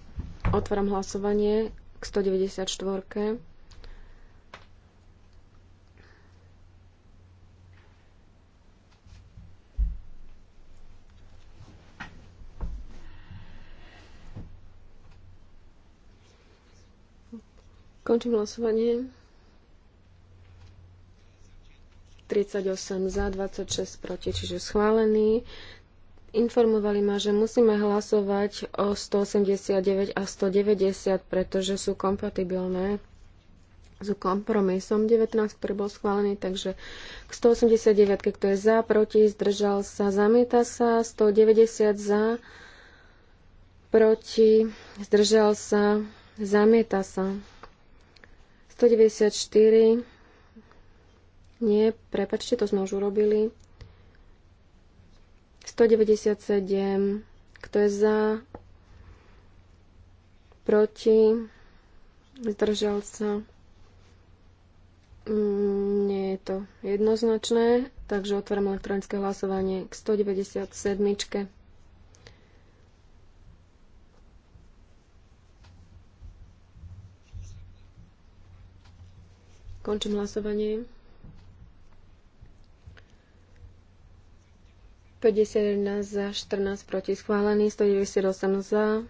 Otváram hlasovanie k 194. Končím hlasovanie. 38 za, 26 proti, čiže schválený. Informovali ma, že musíme hlasovať o 189 a 190, pretože sú kompatibilné s kompromisom 19, ktorý bol schválený, takže k 189, kto je za, proti, zdržal sa, zamieta sa, 190 za, proti, zdržal sa, zamieta sa. 194 nie, prepačte, to sme už urobili. 197. Kto je za? Proti? Zdržal sa? Mm, nie je to jednoznačné, takže otváram elektronické hlasovanie k 197. Končím hlasovanie. 51 za, 14 proti schválený, 198 za.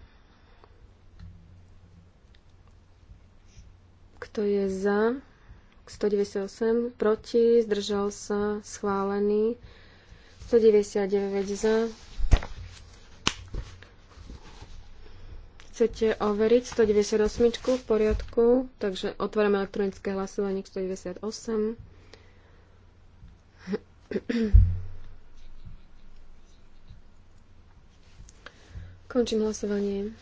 Kto je za? 198 proti, zdržal sa, schválený. 199 za. Chcete overiť 198 v poriadku, takže otvoríme elektronické hlasovanie k 198. Končím hlasovanie.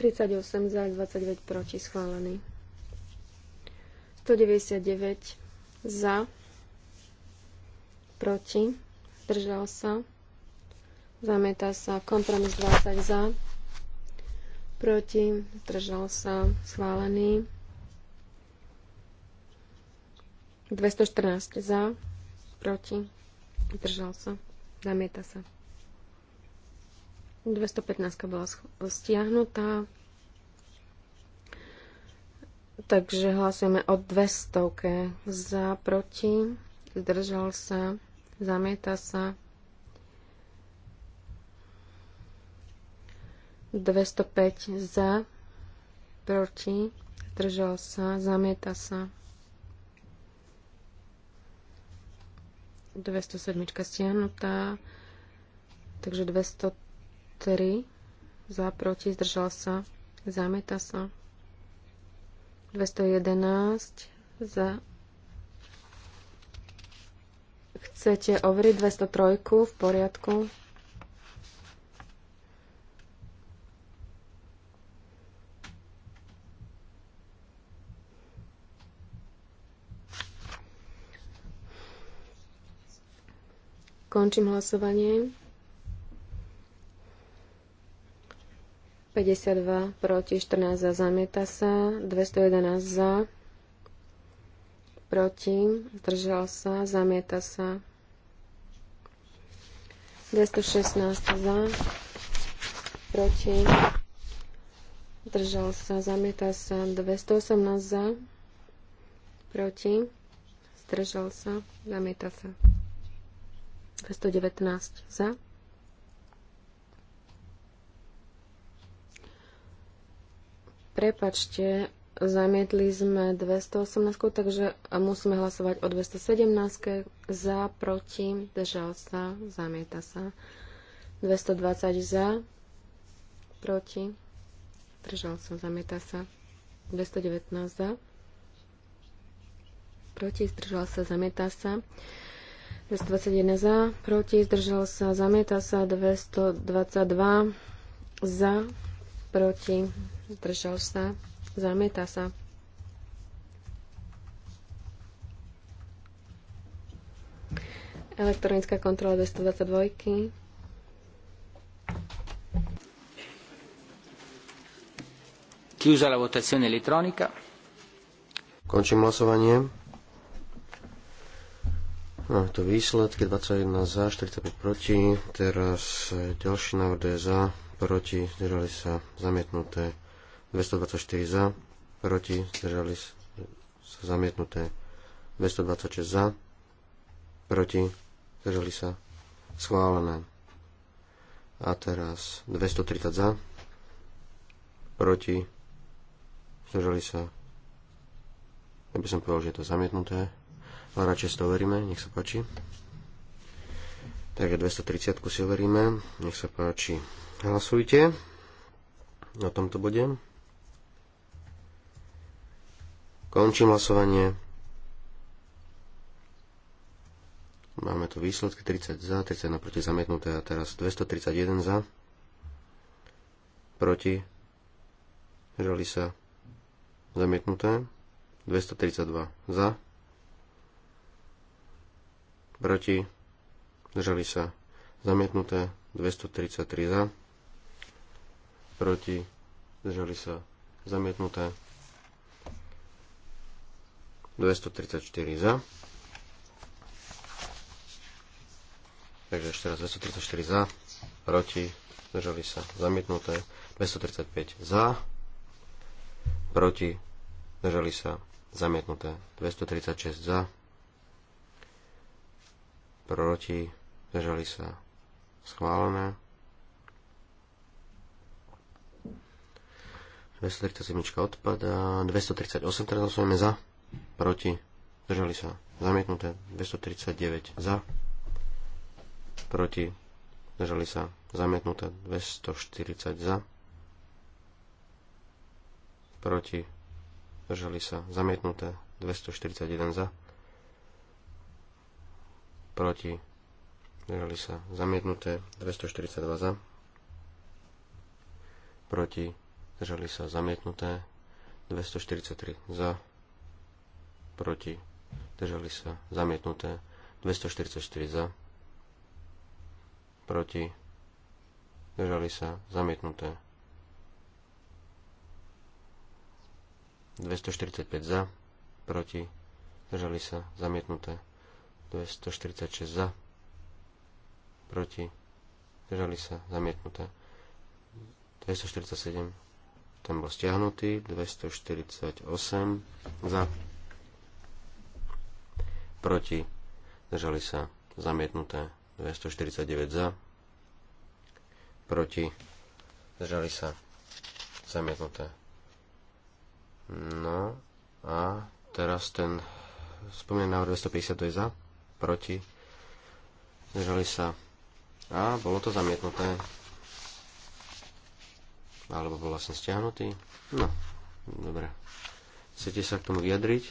Tridsaťosem za, 29 proti, schválený. 199 za, proti, držal sa, zamieta sa, kompromis 20 za, proti, držal sa, schválený. 214 za, proti, držal sa, zamieta sa. 215 bola stiahnutá, takže hlasujeme o 200 za, proti, zdržal sa, zamieta sa. 205 za, proti, zdržal sa, zamieta sa. 207 stiahnutá, takže 203 za, proti, zdržal sa, zameta sa. 211 za. Chcete overiť 203 v poriadku? Končím hlasovanie. 52 proti, 14 za, zamieta sa, 211 za, proti, zdržal sa, zamieta sa, 216 za, proti, zdržal sa, zamieta sa, 218 za, proti, zdržal sa, zamieta sa. 219 za. Prepačte, zamietli sme 218, takže musíme hlasovať o 217 za, proti, držal sa, zamieta sa. 220 za, proti, držal sa, zamieta sa. 219 za, proti, zdržal sa, zamieta sa. 221 za, proti, zdržal sa, zamieta sa, 222 za, proti, zdržal sa, zamieta sa. Elektronická kontrola 222. Chiusa la votazione elettronica. Končím hlasovanie. Máme tu výsledky 21 za, 45 proti. Teraz e, ďalší návrh je za, proti, zdržali sa zamietnuté. 224 za, proti, zdržali sa zamietnuté. 226 za, proti, zdržali sa schválené. A teraz 230 za, proti, zdržali sa. Ja by som povedal, že je to zamietnuté ale radšej overíme, nech sa páči. Takže 230 si overíme, nech sa páči. Hlasujte na tomto bode. Končím hlasovanie. Máme tu výsledky 30 za, 30 naproti zamietnuté a teraz 231 za, proti, žali sa zamietnuté, 232 za, proti, zdržali sa zamietnuté 233 za, proti, zdržali sa zamietnuté 234 za. Takže ešte raz 234 za, proti, zdržali sa zamietnuté 235 za, proti, zdržali sa zamietnuté 236 za, proti, držali sa schválené. 237 odpada, 238 teraz hlasujeme za, proti, držali sa zamietnuté, 239 za, proti, zdržali sa zamietnuté, 240 za, proti, držali sa zamietnuté, 241 za proti, zdržali sa zamietnuté, 242 za, proti, zdržali sa zamietnuté, 243 za, proti, zdržali sa zamietnuté, 244 za, proti, zdržali sa zamietnuté, 245 za, proti, zdržali sa zamietnuté, 246 za, proti, Držali sa, zamietnuté. 247, ten bol stiahnutý, 248 za, proti, Držali sa, zamietnuté. 249 za, proti, Držali sa, zamietnuté. No a teraz ten spomínaný návrh 250 to je za, proti, zdržali sa a bolo to zamietnuté. Alebo bol vlastne stiahnutý. No, dobre. Chcete sa k tomu vyjadriť?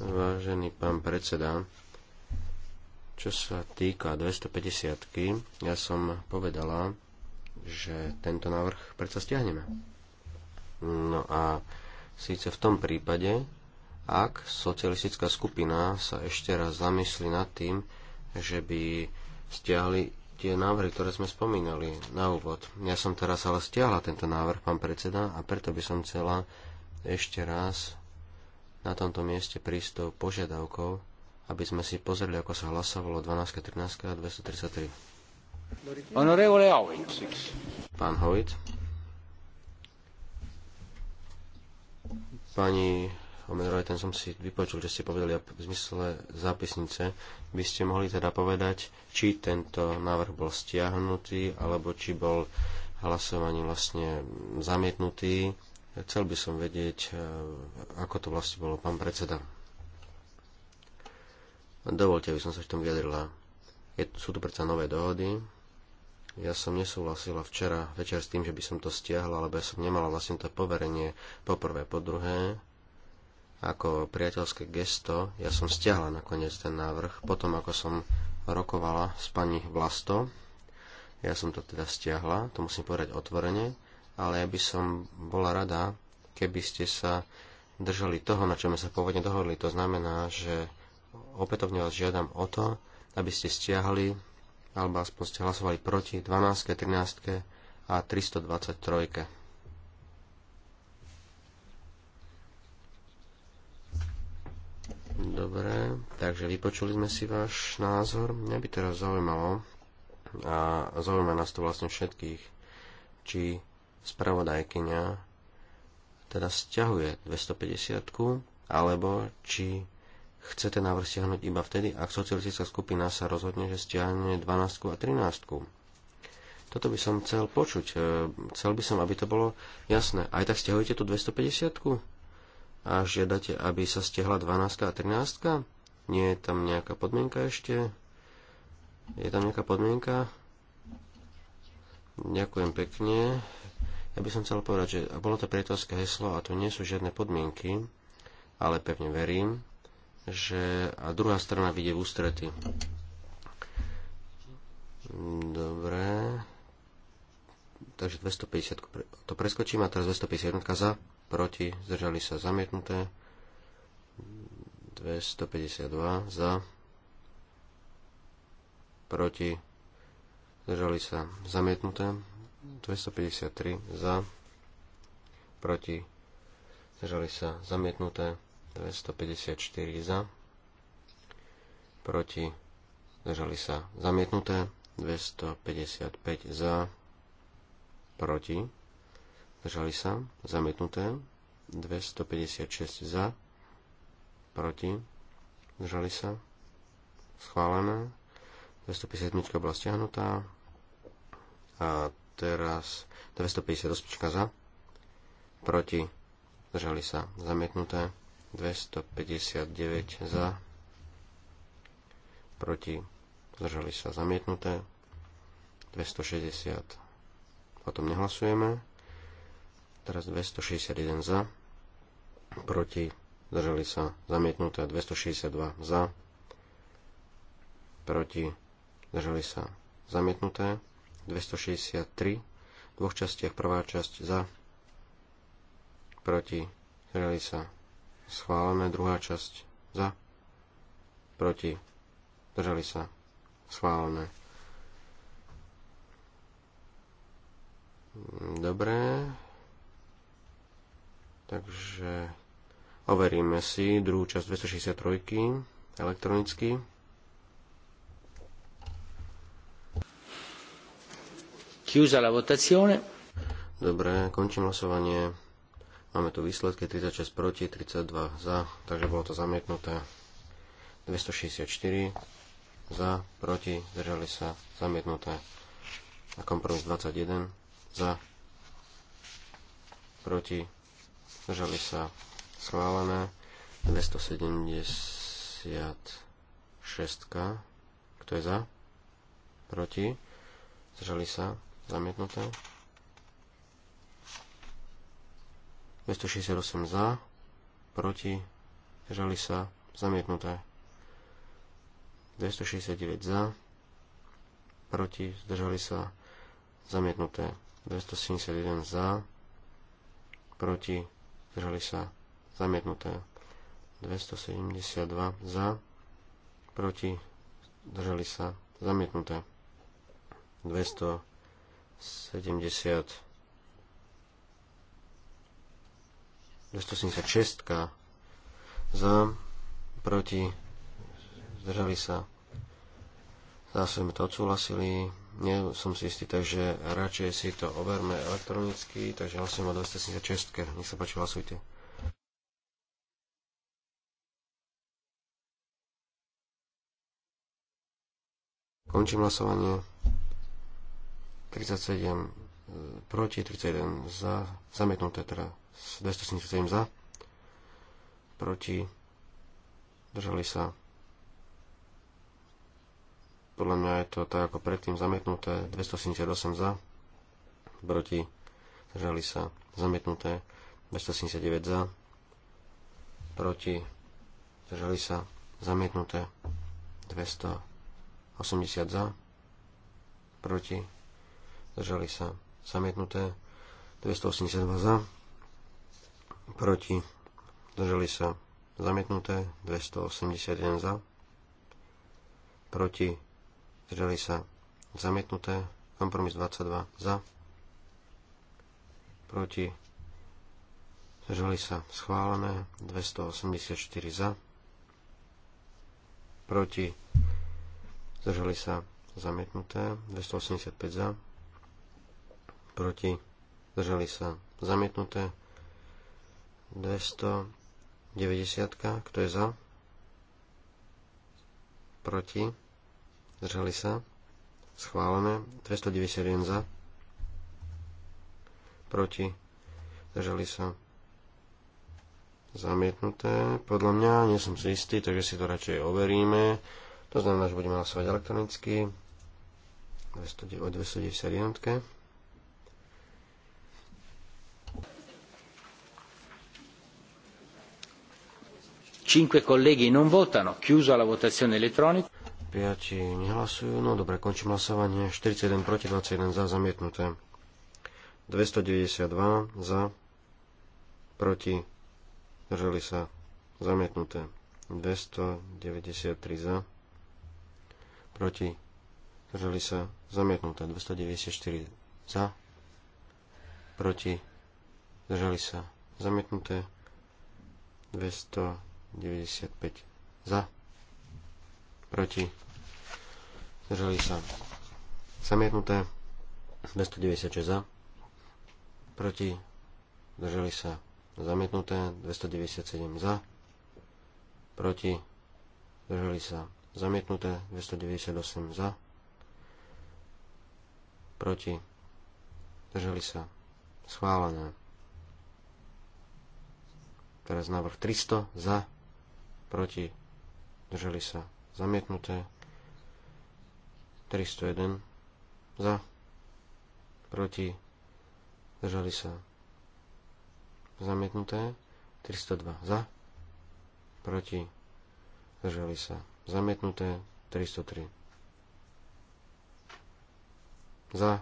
Vážený pán predseda, čo sa týka 250 ja som povedala, že tento návrh predsa stiahneme. No a síce v tom prípade, ak socialistická skupina sa ešte raz zamyslí nad tým, že by stiahli tie návrhy, ktoré sme spomínali na úvod. Ja som teraz ale stiahla tento návrh, pán predseda, a preto by som chcela ešte raz na tomto mieste prístup požiadavkou, aby sme si pozreli, ako sa hlasovalo 12, 13 a 233. Pán Howitt. Pani Omen ten som si vypočul, že ste povedali v zmysle zápisnice. By ste mohli teda povedať, či tento návrh bol stiahnutý, alebo či bol hlasovaní vlastne zamietnutý. Chcel by som vedieť, e, ako to vlastne bolo, pán predseda. Dovolte, aby som sa v tom vyjadrila. Je, sú tu predsa nové dohody. Ja som nesúhlasila včera večer s tým, že by som to stiahla, lebo ja som nemala vlastne to poverenie po prvé, po druhé ako priateľské gesto, ja som stiahla nakoniec ten návrh, potom ako som rokovala s pani Vlasto, ja som to teda stiahla, to musím povedať otvorene, ale ja by som bola rada, keby ste sa držali toho, na čo sme sa pôvodne dohodli. To znamená, že opätovne vás žiadam o to, aby ste stiahli, alebo aspoň ste hlasovali proti 12, 13 a 323. Dobre, takže vypočuli sme si váš názor. Mňa by teraz zaujímalo, a zaujíma nás to vlastne všetkých, či spravodajkyňa teda stiahuje 250 alebo či chce ten návrh stiahnuť iba vtedy, ak socialistická skupina sa rozhodne, že stiahne 12 a 13. Toto by som chcel počuť. E, chcel by som, aby to bolo jasné. Aj tak stiahujete tú 250? a žiadate, aby sa stihla 12 a 13? Nie je tam nejaká podmienka ešte? Je tam nejaká podmienka? Ďakujem pekne. Ja by som chcel povedať, že bolo to priateľské heslo a tu nie sú žiadne podmienky, ale pevne verím, že a druhá strana vyjde v ústrety. Dobre. Takže 250 to preskočím a teraz 251 za proti, zdržali sa zamietnuté, 252 za, proti, zdržali sa zamietnuté, 253 za, proti, zdržali sa zamietnuté, 254 za, proti, zdržali sa zamietnuté, 255 za, proti, Zdržali sa. Zamietnuté. 256 za. Proti. Zdržali sa. Schválené. 257 bola stiahnutá. A teraz 258 za. Proti. Zdržali sa. Zamietnuté. 259 za. Proti. Zdržali sa. Zamietnuté. 260. Potom nehlasujeme. Teraz 261 za, proti, zdržali sa zamietnuté 262 za, proti, zdržali sa zamietnuté 263 v dvoch častiach prvá časť za, proti, zdržali sa schválené druhá časť za, proti, zdržali sa schválené. Dobre, Takže overíme si druhú časť 263 elektronicky. Chiusa la votazione. Dobre, končím hlasovanie. Máme tu výsledky 36 proti, 32 za, takže bolo to zamietnuté. 264 za, proti, zdržali sa, zamietnuté. A kompromis 21 za, proti, Zdržali sa schválené. 276. Kto je za? Proti? Zdržali sa? Zamietnuté? 268 za, proti, zdržali sa, zamietnuté. 269 za, proti, zdržali sa, zamietnuté. 271 za, proti, zdržali sa zamietnuté. 272 za, proti, zdržali sa zamietnuté. 270 276 za, proti, zdržali sa. Zase sme to odsúhlasili nie som si istý, takže radšej si to overme elektronicky, takže hlasujeme o 276. Nech sa páči, hlasujte. Končím hlasovanie. 37 e, proti, 31 za, zamietnuté teda 277 za, proti, držali sa podľa mňa je to tak ako predtým zamietnuté. 278 za. Proti. Zdržali sa. Zamietnuté. 279 za. Proti. Zdržali sa. Zamietnuté. 280 za. Proti. Zdržali sa. Zamietnuté. 282 za. Proti. Zdržali sa. Zamietnuté. 281 za. Proti zdržali sa zamietnuté, kompromis 22 za, proti, zdržali sa schválené, 284 za, proti, zdržali sa zamietnuté, 285 za, proti, zdržali sa zamietnuté, 290, kto je za, proti, zdržali sa, schválené, 291 za, proti, zdržali sa, zamietnuté. Podľa mňa nie som si istý, takže si to radšej overíme. To znamená, že budeme hlasovať elektronicky o 291. Cinque colleghi non votano, chiusa la votazione elettronica. 5 nehlasujú. No dobre, končím hlasovanie. 41 proti 21 za zamietnuté. 292 za proti drželi sa zamietnuté. 293 za proti držali sa zamietnuté. 294 za proti zdržali sa zamietnuté. 295 za proti Zdržali sa. Zamietnuté. 296 za. Proti. Zdržali sa. Zamietnuté. 297 za. Proti. Zdržali sa. Zamietnuté. 298 za. Proti. Zdržali sa. Schválené. Teraz návrh 300 za. Proti. Zdržali sa. Zamietnuté. 301 za, proti, zdržali sa zamietnuté, 302 za, proti, zdržali sa zamietnuté, 303 za,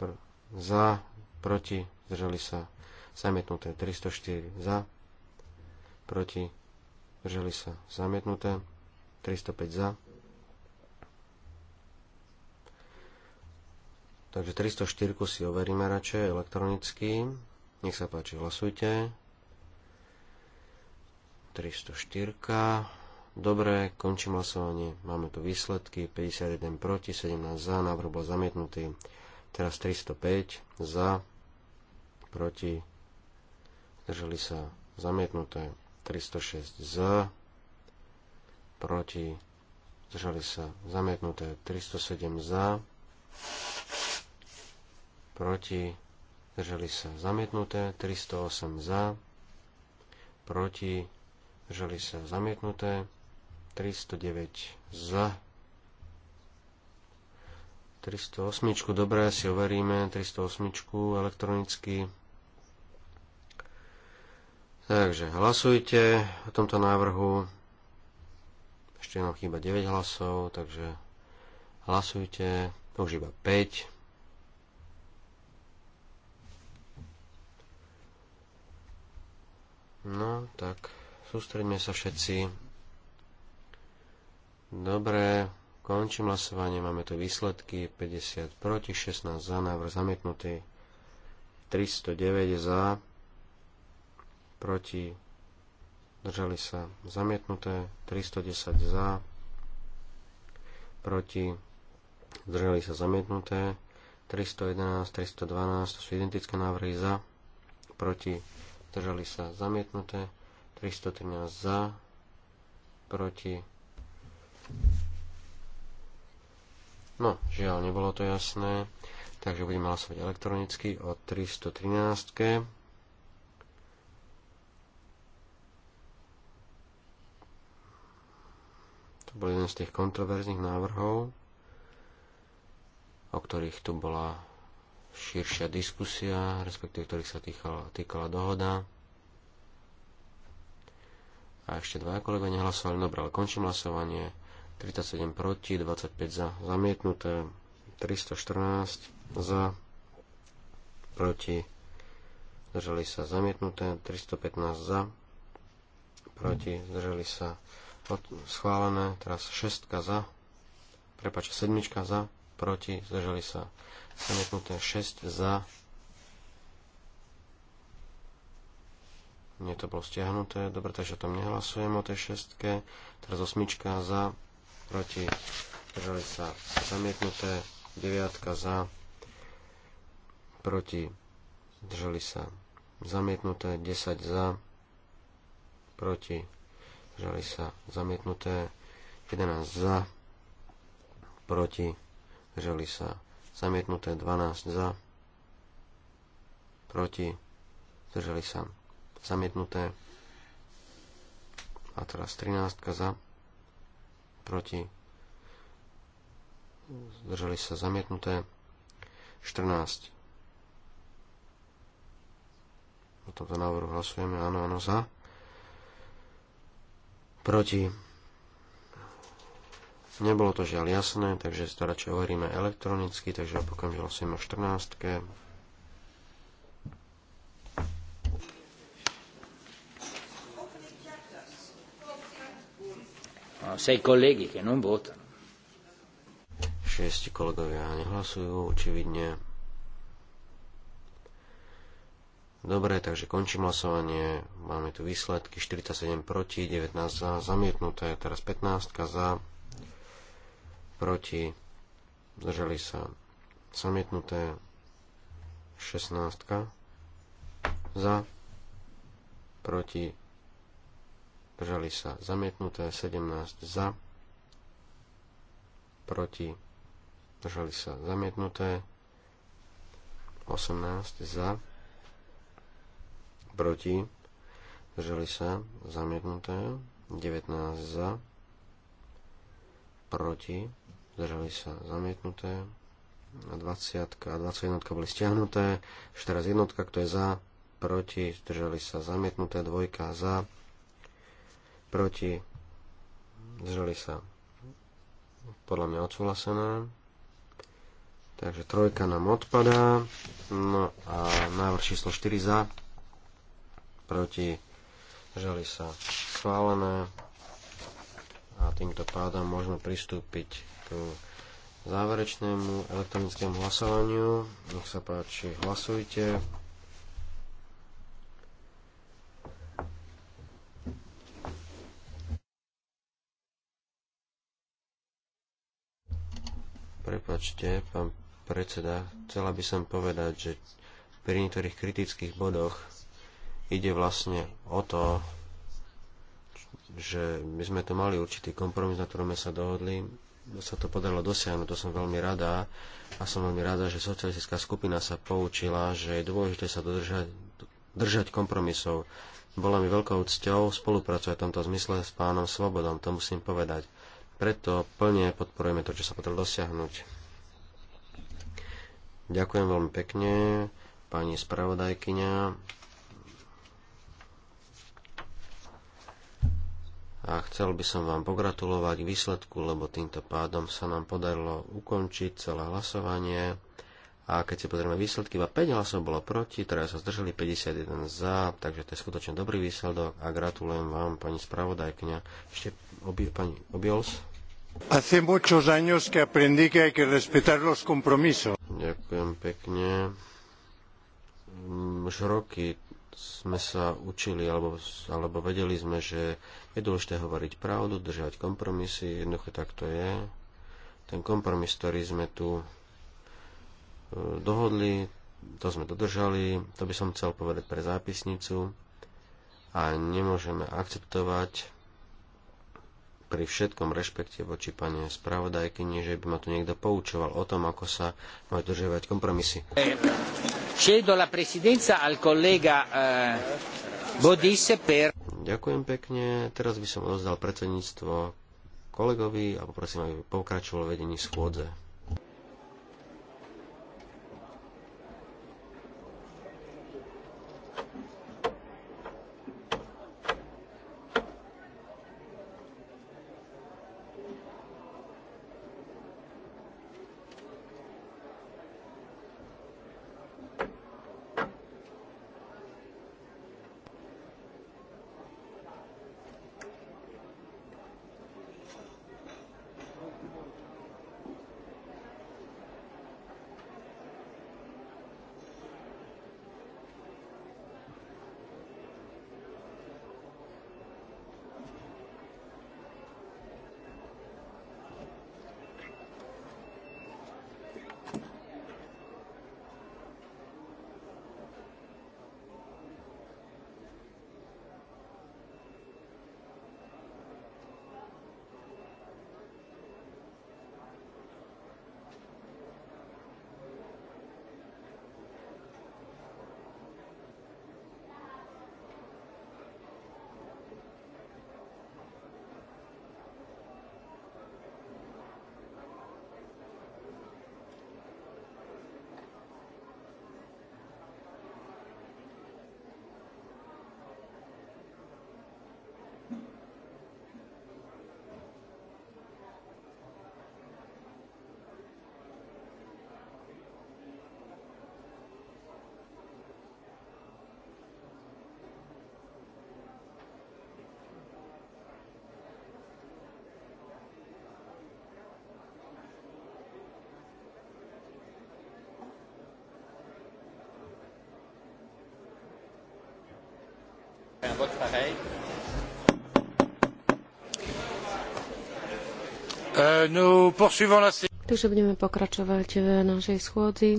pr- za, proti, zdržali sa zamietnuté, 304 za, proti, zdržali sa zamietnuté, 305 za, Takže 304 si overíme radšej elektronicky. Nech sa páči, hlasujte. 304. Dobre, končím hlasovanie. Máme tu výsledky. 51 proti, 17 za. Návrh bol zamietnutý. Teraz 305 za, proti. Zdržali sa zamietnuté. 306 za, proti. Zdržali sa zamietnuté. 307 za proti, zdržali sa zamietnuté, 308 za, proti, zdržali sa zamietnuté, 309 za, 308, dobre, si overíme, 308 elektronicky. Takže hlasujte o tomto návrhu. Ešte nám chýba 9 hlasov, takže hlasujte, už iba 5. No, tak sústredíme sa všetci. Dobre, končím hlasovanie. Máme tu výsledky 50 proti, 16 za, návrh zamietnutý. 309 za, proti, držali sa zamietnuté. 310 za, proti, držali sa zamietnuté. 311, 312, to sú identické návrhy za, proti, zdržali sa zamietnuté, 313 za, proti. No, žiaľ, nebolo to jasné, takže budeme hlasovať elektronicky o 313. -ke. To bol jeden z tých kontroverzných návrhov, o ktorých tu bola širšia diskusia, respektíve ktorých sa týkala, týkala dohoda. A ešte dva kolega nehlasovali. Dobre, ale končím hlasovanie. 37 proti, 25 za. Zamietnuté. 314 za. Proti. Zdržali sa zamietnuté. 315 za. Proti. Zdržali sa schválené. Teraz 6 za. Prepač, 7 za proti, zdržali sa zamietnuté 6 za. Nie, to bolo stiahnuté. Dobre, takže tam nehlasujem o tej šestke. Teraz osmička za, proti, zdržali sa zamietnuté, deviatka za, proti, zdržali sa zamietnuté, 10 za, proti, zdržali sa zamietnuté, 11 za, proti, zdržali sa zamietnuté 12 za, proti, zdrželi sa zamietnuté a teraz 13 za, proti, zdržali sa zamietnuté 14 o tomto návrhu hlasujeme áno, áno, za proti Nebolo to žiaľ jasné, takže to radšej overíme elektronicky, takže že hlasujem o 14. -tke. No, sei colleghi che non votano. Šiesti kolegovia nehlasujú, očividne. Dobre, takže končím hlasovanie. Máme tu výsledky 47 proti, 19 za, zamietnuté, teraz 15 za, proti, zdržali sa zamietnuté 16 za, proti, zdržali sa zamietnuté 17 za, proti, zdržali sa zamietnuté 18 za, proti, zdržali sa zamietnuté 19 za, proti, Držali sa zamietnuté. A 20 a 21 boli stiahnuté. Ešte teraz jednotka, kto je za, proti, držali sa zamietnuté. Dvojka za, proti, držali sa podľa mňa odsúhlasené. Takže trojka nám odpadá. No a návrh číslo 4 za, proti, držali sa schválené a týmto pádom môžeme pristúpiť k záverečnému elektronickému hlasovaniu. Nech sa páči, hlasujte. Prepačte, pán predseda, chcela by som povedať, že pri niektorých kritických bodoch ide vlastne o to, že my sme tu mali určitý kompromis, na ktorom sme sa dohodli. Sa to podarilo dosiahnuť, to som veľmi rada. A som veľmi rada, že socialistická skupina sa poučila, že je dôležité sa dodržať, držať kompromisov. Bola mi veľkou cťou spolupracovať v tomto zmysle s pánom Svobodom, to musím povedať. Preto plne podporujeme to, čo sa podarilo dosiahnuť. Ďakujem veľmi pekne, pani spravodajkyňa. a chcel by som vám pogratulovať k výsledku, lebo týmto pádom sa nám podarilo ukončiť celé hlasovanie. A keď si pozrieme výsledky, iba 5 hlasov bolo proti, teraz sa zdržali 51 za, takže to je skutočne dobrý výsledok a gratulujem vám, pani spravodajkňa. Ešte obi, pani Obiols. Hace muchos años que aprendí que hay que respetar los compromisos. Ďakujem pekne. Už roky sme sa učili, alebo, alebo vedeli sme, že je dôležité hovoriť pravdu, držať kompromisy, jednoducho tak to je. Ten kompromis, ktorý sme tu e, dohodli, to sme dodržali, to by som chcel povedať pre zápisnicu a nemôžeme akceptovať pri všetkom rešpekte voči pani spravodajkyni, že by ma tu niekto poučoval o tom, ako sa majú dodržiavať kompromisy. Cedo la presidenza al collega eh, Ďakujem pekne. Teraz by som odozdal predsedníctvo kolegovi a poprosím, aby pokračoval vedení schôdze. un vote pareil. Takže budeme pokračovať v našej schôdzi.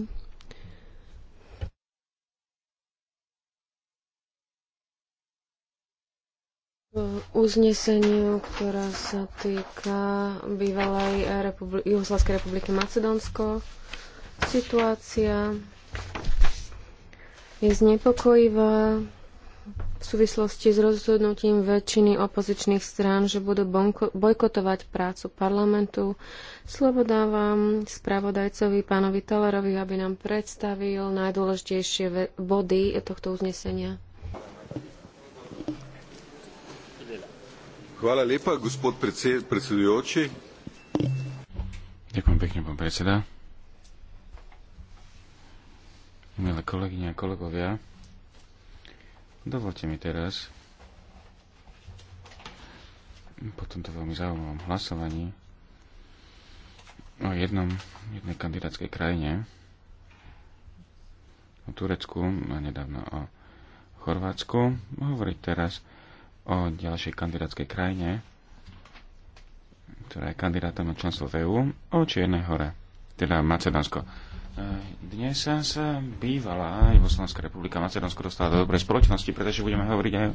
uzneseniu, ktorá sa týka bývalej republi- Jugoslavskej republiky Macedónsko. Situácia je znepokojivá v súvislosti s rozhodnutím väčšiny opozičných strán, že budú bojkotovať prácu parlamentu. Slovo dávam spravodajcovi pánovi Tellerovi, aby nám predstavil najdôležitejšie body tohto uznesenia. Hvala lepa, gospod predsedujúci. Ďakujem pekne, pán predseda. Milé kolegyne a kolegovia, Dovolte mi teraz po tomto veľmi zaujímavom hlasovaní o jednom, jednej kandidátskej krajine, o Turecku a nedávno o Chorvátsku, hovoriť teraz o ďalšej kandidátskej krajine, ktorá je kandidátom na členstvo v e o Čiernej hore, teda Macedánsko E, dnes sa bývala Jugoslovenská republika Macedónsko dostala do dobrej spoločnosti, pretože budeme hovoriť aj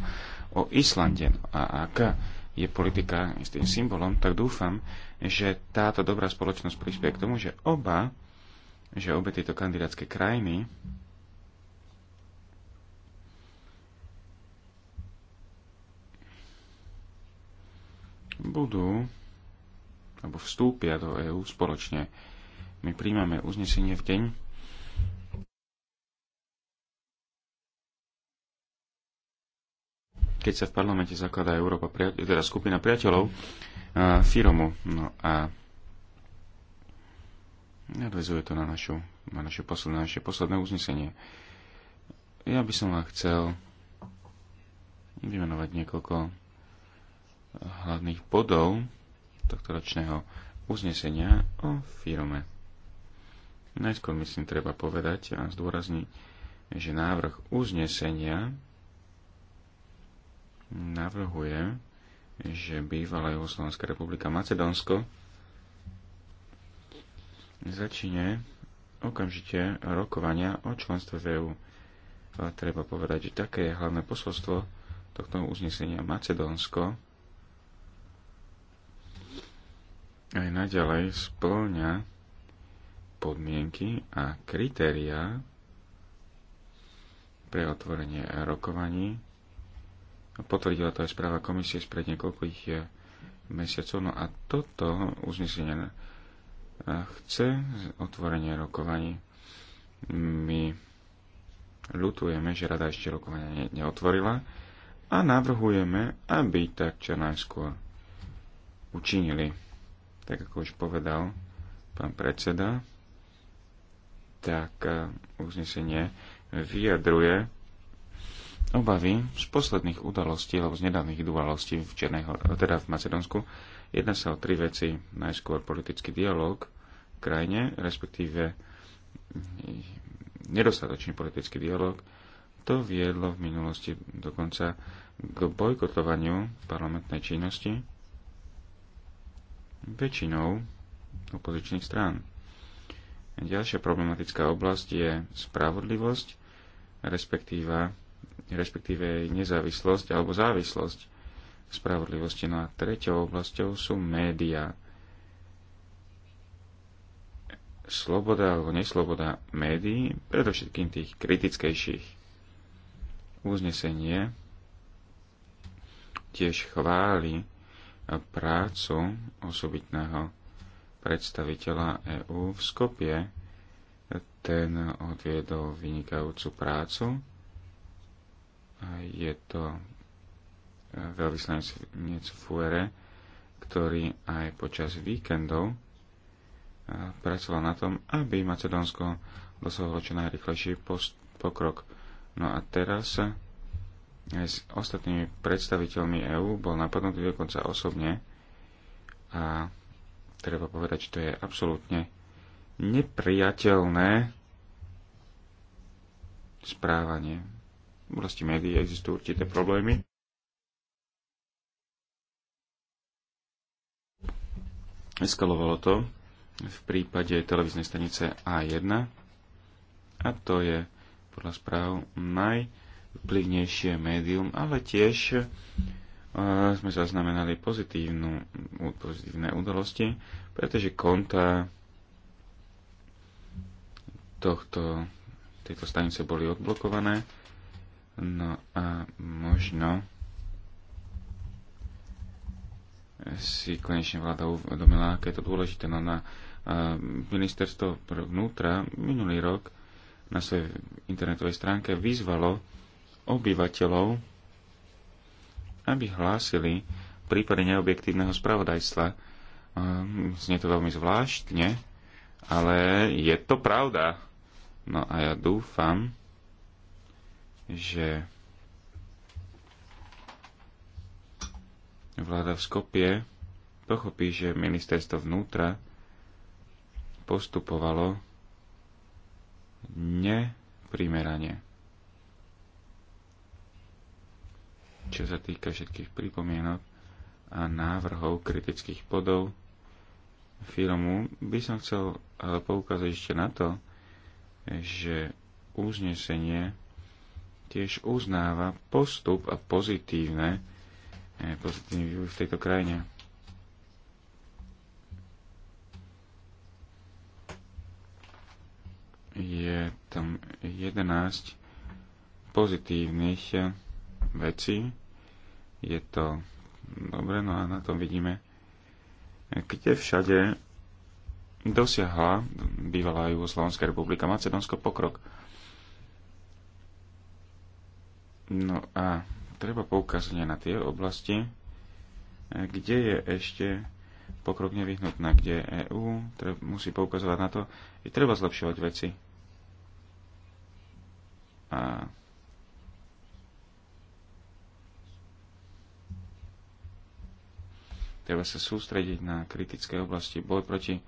o Islande. A ak je politika istým symbolom, tak dúfam, že táto dobrá spoločnosť prispie k tomu, že oba, že obe tieto kandidátske krajiny budú alebo vstúpia do EÚ spoločne. My príjmame uznesenie v deň, keď sa v parlamente zakladá Európa, teda skupina priateľov uh, Firomu. No a nadvezuje to na, našu, na, naše posledné, na naše posledné uznesenie. Ja by som vám chcel vymenovať niekoľko hlavných bodov tohto ročného uznesenia o firme. Najskôr myslím treba povedať a zdôrazniť, že návrh uznesenia navrhuje, že bývalá Jugoslovanská republika Macedónsko začne okamžite rokovania o členstve v EÚ. A treba povedať, že také je hlavné posolstvo tohto uznesenia Macedónsko aj naďalej splňa podmienky a kritériá pre otvorenie rokovaní. Potvrdila to aj správa komisie spred niekoľkých eh, mesiacov. No a toto uznesenie eh, chce otvorenie rokovaní. My ľutujeme, že rada ešte rokovania neotvorila a navrhujeme, aby tak čo najskôr učinili. Tak ako už povedal pán predseda, tak e, uznesenie vyjadruje obavy z posledných udalostí, alebo z nedávnych udalostí v, Černého, teda v Macedónsku. Jedná sa o tri veci. Najskôr politický dialog v krajine, respektíve nedostatočný politický dialog. To viedlo v minulosti dokonca k bojkotovaniu parlamentnej činnosti väčšinou opozičných strán Ďalšia problematická oblasť je spravodlivosť, respektíve nezávislosť alebo závislosť spravodlivosti. No a treťou oblasťou sú médiá. Sloboda alebo nesloboda médií, predovšetkým tých kritickejších. Uznesenie tiež chváli prácu osobitného predstaviteľa EÚ v Skopie. Ten odviedol vynikajúcu prácu. Je to veľvyslanec Fuere, ktorý aj počas víkendov pracoval na tom, aby Macedónsko dosahovalo čo najrychlejší pokrok. No a teraz aj s ostatnými predstaviteľmi EÚ bol napadnutý dokonca osobne a treba povedať, že to je absolútne nepriateľné správanie. V oblasti médií existujú určité problémy. Eskalovalo to v prípade televíznej stanice A1 a to je podľa správ najvplyvnejšie médium, ale tiež sme zaznamenali pozitívnu, pozitívne udalosti, pretože konta tohto, tejto stanice boli odblokované. No a možno si konečne vláda uvedomila, aké je to dôležité. No na ministerstvo vnútra minulý rok na svojej internetovej stránke vyzvalo obyvateľov aby hlásili v prípade neobjektívneho spravodajstva. Ehm, znie to veľmi zvláštne, ale je to pravda. No a ja dúfam, že vláda v Skopie pochopí, že ministerstvo vnútra postupovalo neprimerane. čo sa týka všetkých pripomienok a návrhov kritických podov filmu, by som chcel ale poukázať ešte na to, že uznesenie tiež uznáva postup a pozitívne, eh, pozitívny vývoj v tejto krajine. Je tam 11 pozitívnych veci. Je to dobre, no a na tom vidíme, kde všade dosiahla bývalá Jugoslovanská republika Macedónsko pokrok. No a treba poukázať na tie oblasti, kde je ešte pokrok nevyhnutná, kde EÚ musí poukazovať na to, že treba zlepšovať veci. A Treba sa sústrediť na kritické oblasti. Boj proti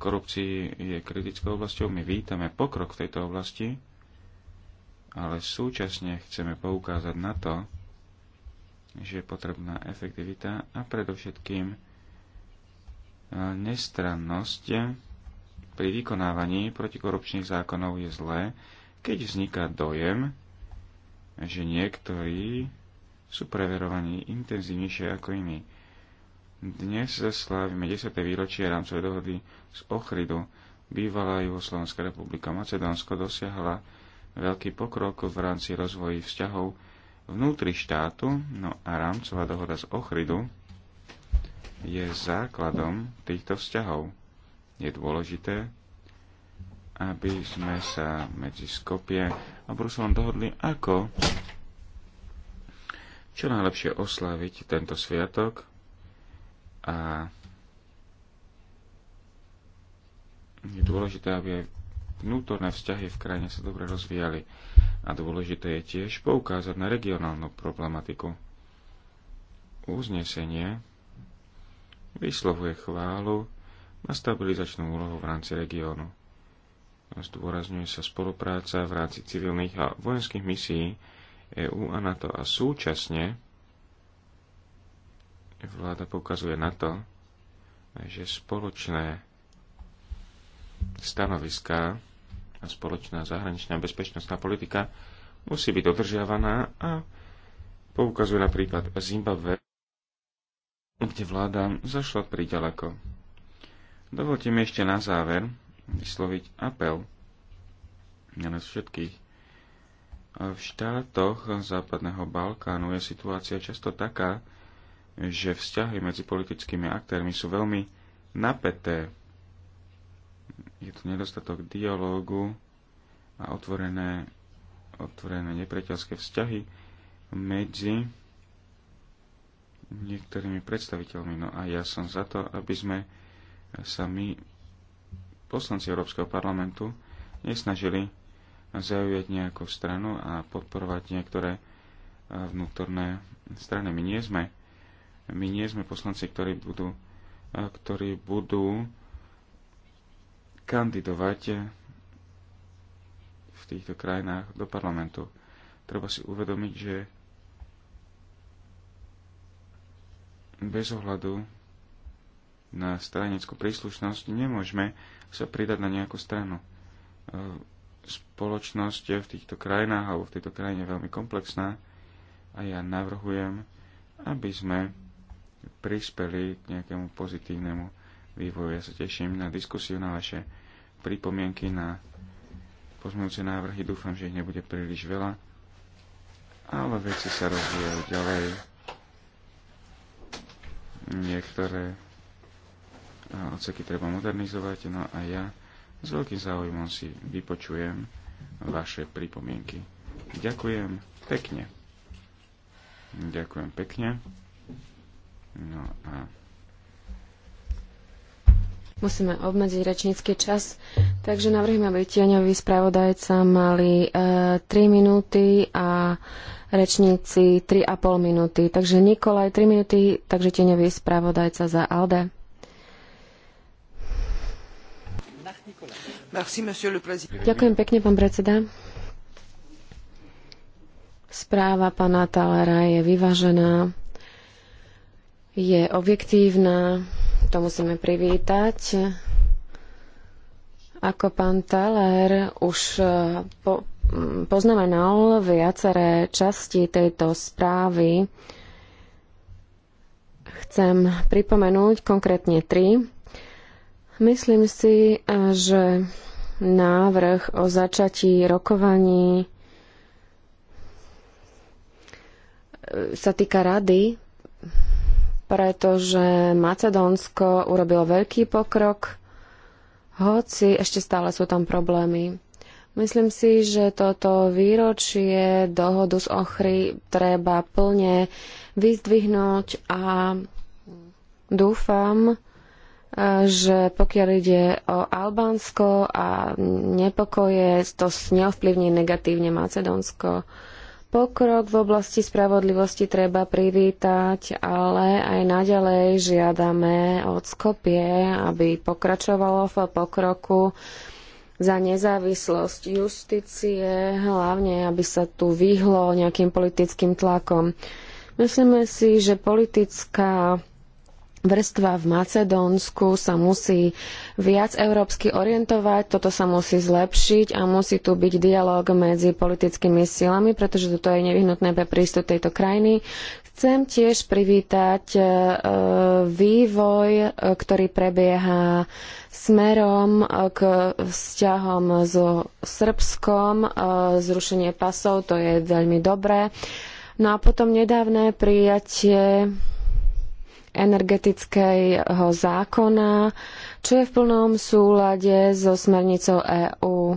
korupcii je kritickou oblasťou. My vítame pokrok v tejto oblasti, ale súčasne chceme poukázať na to, že je potrebná efektivita a predovšetkým e, nestrannosť pri vykonávaní protikorupčných zákonov je zlé, keď vzniká dojem, že niektorí sú preverovaní intenzívnejšie ako iní. Dnes zaslávime 10. výročie rámcovej dohody z Ochridu. Bývalá Juhoslovanská republika Macedónsko dosiahla veľký pokrok v rámci rozvoji vzťahov vnútri štátu, no a rámcová dohoda z Ochridu je základom týchto vzťahov. Je dôležité, aby sme sa medzi Skopie a Bruselom dohodli, ako čo najlepšie osláviť tento sviatok a je dôležité, aby aj vnútorné vzťahy v krajine sa dobre rozvíjali. A dôležité je tiež poukázať na regionálnu problematiku. Uznesenie vyslovuje chválu na stabilizačnú úlohu v rámci regiónu. Zdôrazňuje sa spolupráca v rámci civilných a vojenských misií EÚ a NATO a súčasne Vláda poukazuje na to, že spoločné stanoviská a spoločná zahraničná bezpečnostná politika musí byť dodržiavaná a poukazuje napríklad Zimbabwe, kde vláda zašla priďaleko. Dovolte mi ešte na záver vysloviť apel na nás všetkých. V štátoch Západného Balkánu je situácia často taká, že vzťahy medzi politickými aktérmi sú veľmi napeté. Je tu nedostatok dialógu a otvorené, otvorené nepriateľské vzťahy medzi niektorými predstaviteľmi. No a ja som za to, aby sme sa my, poslanci Európskeho parlamentu, nesnažili zaujať nejakú stranu a podporovať niektoré vnútorné strany. My nie sme my nie sme poslanci, ktorí budú, ktorí budú kandidovať v týchto krajinách do parlamentu. Treba si uvedomiť, že bez ohľadu na stranickú príslušnosť nemôžeme sa pridať na nejakú stranu. E, spoločnosť v týchto krajinách alebo v tejto krajine je veľmi komplexná a ja navrhujem, aby sme prispeli k nejakému pozitívnemu vývoju. Ja sa teším na diskusiu, na vaše pripomienky, na pozmujúce návrhy. Dúfam, že ich nebude príliš veľa, ale veci sa rozvíjajú ďalej. Niektoré odseky treba modernizovať, no a ja s veľkým záujmom si vypočujem vaše pripomienky. Ďakujem pekne. Ďakujem pekne. No a Musíme obmedziť rečnícky čas, takže navrhujem, aby tieňoví spravodajca mali e, 3 minúty a rečníci 3,5 minúty. Takže Nikolaj 3 minúty, takže tieňový spravodajca za ALDE. Merci, Ďakujem pekne, pán predseda. Správa pána Talera je vyvážená je objektívna, to musíme privítať. Ako pán Taler už eh, po, mm, poznamenal viaceré časti tejto správy, chcem pripomenúť konkrétne tri. Myslím si, eh, že návrh o začatí rokovaní eh, sa týka rady pretože Macedónsko urobilo veľký pokrok, hoci ešte stále sú tam problémy. Myslím si, že toto výročie dohodu z Ochry treba plne vyzdvihnúť a dúfam, eh, že pokiaľ ide o Albánsko a nepokoje, to neovplyvní negatívne Macedónsko. Pokrok v oblasti spravodlivosti treba privítať, ale aj naďalej žiadame od Skopie, aby pokračovalo v pokroku za nezávislosť justície, hlavne aby sa tu vyhlo nejakým politickým tlakom. Myslíme si, že politická vrstva v Macedónsku sa musí viac európsky orientovať, toto sa musí zlepšiť a musí tu byť dialog medzi politickými silami, pretože toto je nevyhnutné pre prístup tejto krajiny. Chcem tiež privítať e, e, vývoj, e, ktorý prebieha smerom k vzťahom so Srbskom. Zrušenie pasov, to je veľmi dobré. No a potom nedávne prijatie energetického zákona, čo je v plnom súlade so smernicou EÚ.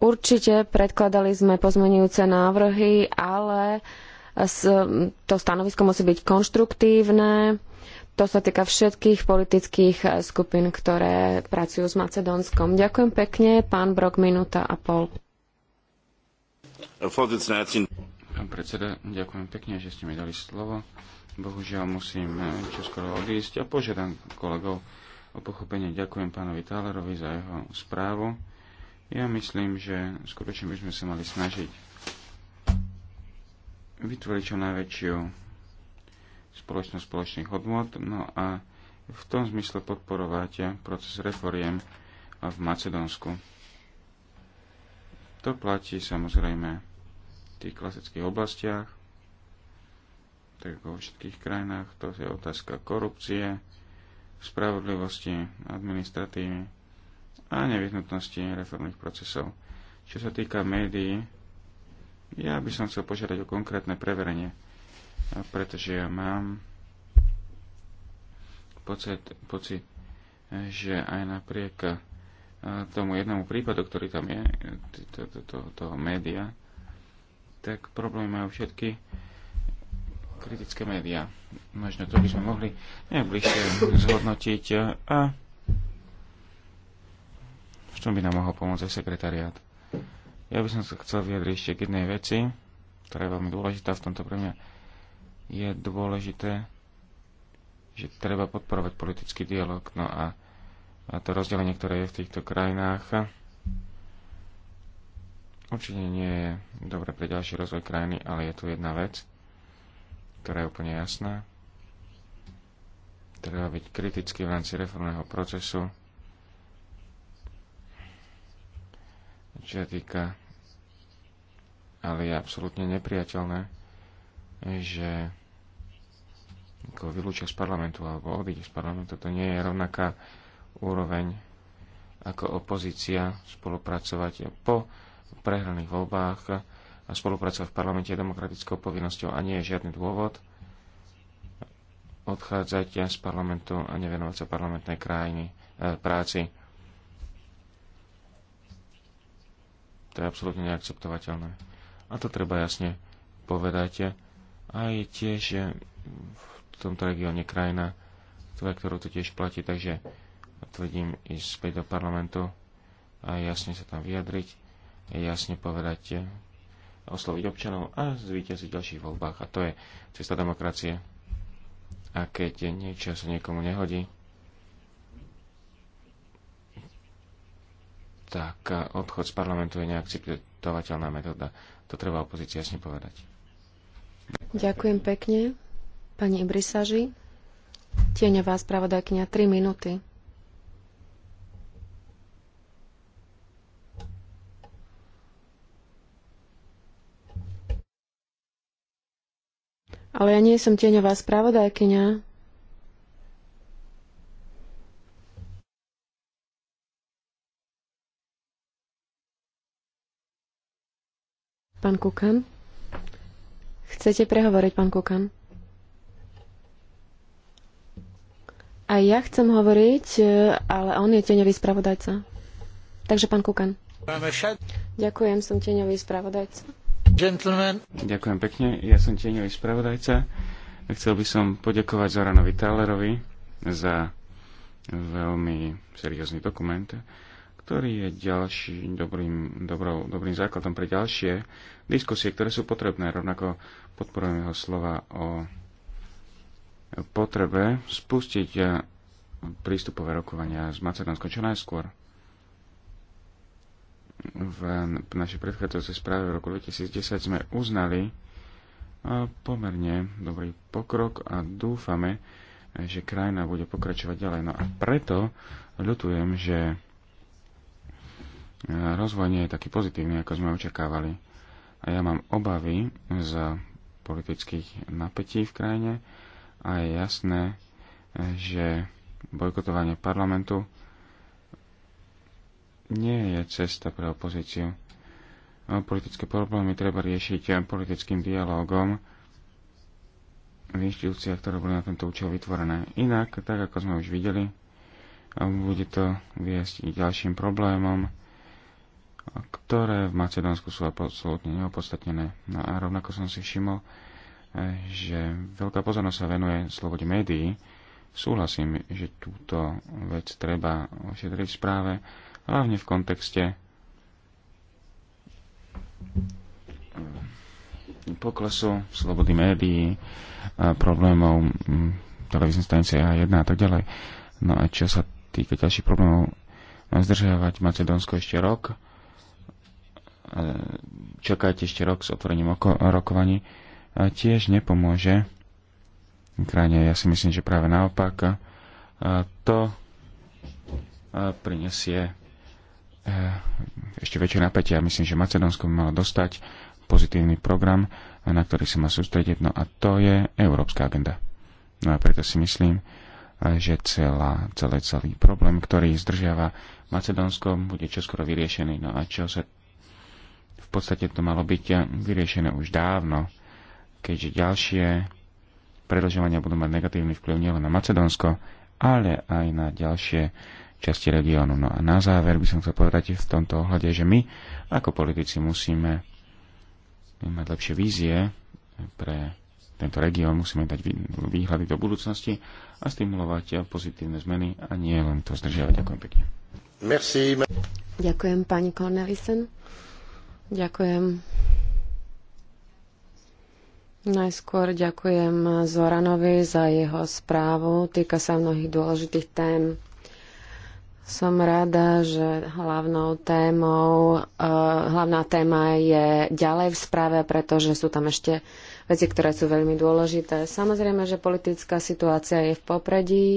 Určite predkladali sme pozmenujúce návrhy, ale to stanovisko musí byť konštruktívne. To sa týka všetkých politických skupín, ktoré pracujú s Macedónskom. Ďakujem pekne. Pán Brok, minúta a pol. Pán predseda, ďakujem pekne, že ste mi dali slovo. Bohužiaľ musím eh, čoskoro odísť a požiadam kolegov o pochopenie. Ďakujem pánovi Tálerovi za jeho správu. Ja myslím, že skutočne by sme sa mali snažiť vytvoriť čo najväčšiu spoločnosť spoločných hodnot, no a v tom zmysle podporovať proces reforiem v Macedónsku. To platí samozrejme v tých klasických oblastiach, tak vo všetkých krajinách, to je otázka korupcie, spravodlivosti, administratívy a nevyhnutnosti reformných procesov. Čo sa týka médií, ja by som chcel požiadať o konkrétne preverenie, pretože ja mám pocit, pocit že aj napriek eh, tomu jednomu prípadu, ktorý tam je, to, to, to, toho média, tak problém majú všetky kritické médiá. Možno to by sme mohli najbližšie zhodnotiť eh, a v čom by nám mohol pomôcť aj sekretariát. Ja by som sa chcel vyjadriť ešte k jednej veci, ktorá je veľmi dôležitá v tomto pre mňa. Je dôležité, že treba podporovať politický dialog. No a, a to rozdelenie, ktoré je v týchto krajinách, určite nie je dobre pre ďalší rozvoj krajiny, ale je tu jedna vec, ktorá je úplne jasná. Treba byť kritický v rámci reformného procesu, čo sa týka, ale je absolútne nepriateľné, že ako vylúčia z parlamentu alebo odíde z parlamentu, to nie je rovnaká úroveň ako opozícia spolupracovať po prehraných voľbách a spolupracovať v parlamente je demokratickou povinnosťou a nie je žiadny dôvod odchádzať z parlamentu a nevenovať sa parlamentnej krajiny, e, práci. To je absolútne neakceptovateľné. A to treba jasne povedať. A je tiež v tomto regióne krajina, ktorú to tiež platí, takže tvrdím ísť späť do parlamentu a jasne sa tam vyjadriť, jasne povedať osloviť občanov a zvýťaziť v ďalších voľbách. A to je cesta demokracie. A keď niečo sa niekomu nehodí, tak odchod z parlamentu je neakceptovateľná metóda. To treba opozícii jasne povedať. Ďakujem pekne. Pani Ibrisaži, tieňová spravodajkňa, 3 minúty. ale ja nie som tieňová spravodajkyňa. Pán Kukan? Chcete prehovoriť, pán Kukan? A ja chcem hovoriť, e, ale on je tieňový spravodajca. Takže pán Kukan. Ďakujem, som tieňový spravodajca. Ďakujem pekne, ja som tieňový spravodajca. Chcel by som poďakovať Zoranovi Talerovi za veľmi seriózny dokument, ktorý je ďalší dobrým, dobrou, dobrým základom pre ďalšie diskusie, ktoré sú potrebné. Rovnako podporujem jeho slova o potrebe spustiť prístupové rokovania s Macedónskou čo najskôr v našej predchádzajúcej správe v roku 2010 sme uznali pomerne dobrý pokrok a dúfame, že krajina bude pokračovať ďalej. No a preto ľutujem, že rozvoj nie je taký pozitívny, ako sme očakávali. A ja mám obavy z politických napätí v krajine a je jasné, že bojkotovanie parlamentu nie je cesta pre opozíciu. Politické problémy treba riešiť politickým dialogom v inštitúciách, ktoré boli na tento účel vytvorené. Inak, tak ako sme už videli, bude to viesť k ďalším problémom, ktoré v Macedónsku sú absolútne neopodstatnené. No a rovnako som si všimol, eh, že veľká pozornosť sa venuje slobode médií. Súhlasím, že túto vec treba ošetriť v správe, hlavne v kontexte eh, poklesu slobody médií, eh, problémov hm, televíznej stanice A1 a tak ďalej. No a čo sa týka ďalších problémov, mám no, zdržiavať Macedónsko ešte rok, eh, čakať ešte rok s otvorením oko- rokovaní, a tiež nepomôže Krajne, Ja si myslím, že práve naopak a to prinesie Ehm, ešte väčšie napätie. Ja myslím, že Macedónsko by malo dostať pozitívny program, na ktorý sa má sústrediť. No a to je európska agenda. No a preto si myslím, eh, že celá, celé, celý problém, ktorý zdržiava Macedónsko, bude čoskoro vyriešený. No a čo sa v podstate to malo byť eh, vyriešené už dávno, keďže ďalšie predlžovania budú mať negatívny vplyv nielen na Macedónsko, ale aj na ďalšie časti regiónu. No a na záver by som chcel povedať v tomto ohľade, že my ako politici musíme mať lepšie vízie pre tento región, musíme dať výhľady do budúcnosti a stimulovať pozitívne zmeny a nie len to zdržiavať. Ďakujem pekne. Merci. Ďakujem pani Cornelissen. Ďakujem. Najskôr ďakujem Zoranovi za jeho správu. Týka sa mnohých dôležitých tém. Som rada, že hlavnou témou, eh, hlavná téma je ďalej v správe, pretože sú tam ešte veci, ktoré sú veľmi dôležité. Samozrejme, že politická situácia je v popredí.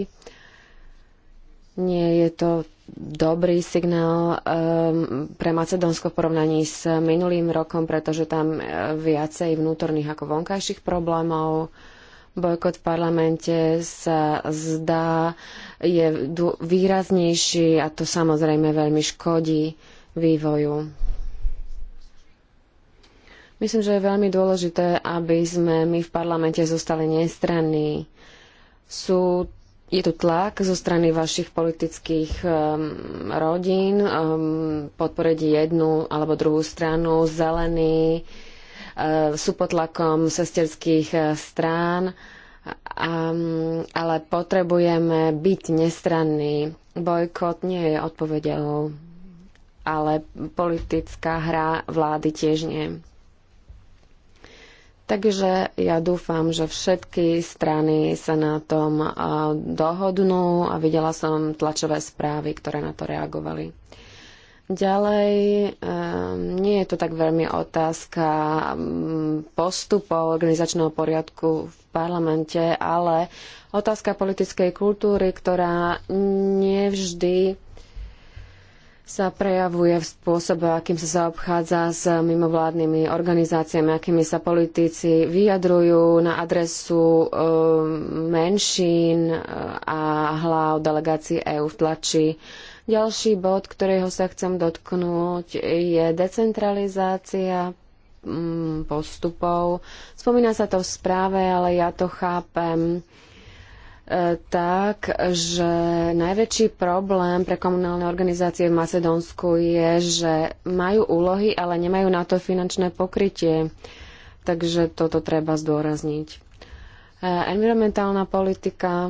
Nie je to dobrý signál eh, pre Macedónsko v porovnaní s minulým rokom, pretože tam eh, viacej vnútorných ako vonkajších problémov Bojkot v parlamente sa zdá, je výraznejší a to samozrejme veľmi škodí vývoju. Myslím, že je veľmi dôležité, aby sme my v parlamente zostali nestranní. Sú, je tu tlak zo strany vašich politických um, rodín um, podporiť jednu alebo druhú stranu, zelený, uh, Eh, sú pod tlakom sesterských eh, strán, mm, ale potrebujeme byť nestranný. Bojkot nie je odpovedou, ale politická hra vlády tiež nie. Takže ja dúfam, že všetky strany sa na tom eh, dohodnú a videla som tlačové správy, ktoré na to reagovali. Ďalej, ehm, nie je to tak veľmi otázka ehm, postupov organizačného poriadku v parlamente, ale otázka politickej kultúry, ktorá nevždy sa prejavuje v spôsobe, akým sa zaobchádza s mimovládnymi organizáciami, akými sa politici vyjadrujú na adresu ehm, menšín e, a hlav delegácií EÚ v tlači ďalší bod, ktorého sa chcem dotknúť, je decentralizácia mm, postupov. Spomína sa to v správe, ale ja to chápem e, tak, že najväčší problém pre komunálne organizácie v Macedónsku je, že majú úlohy, ale nemajú na to finančné pokrytie. Takže toto treba zdôrazniť. E, environmentálna politika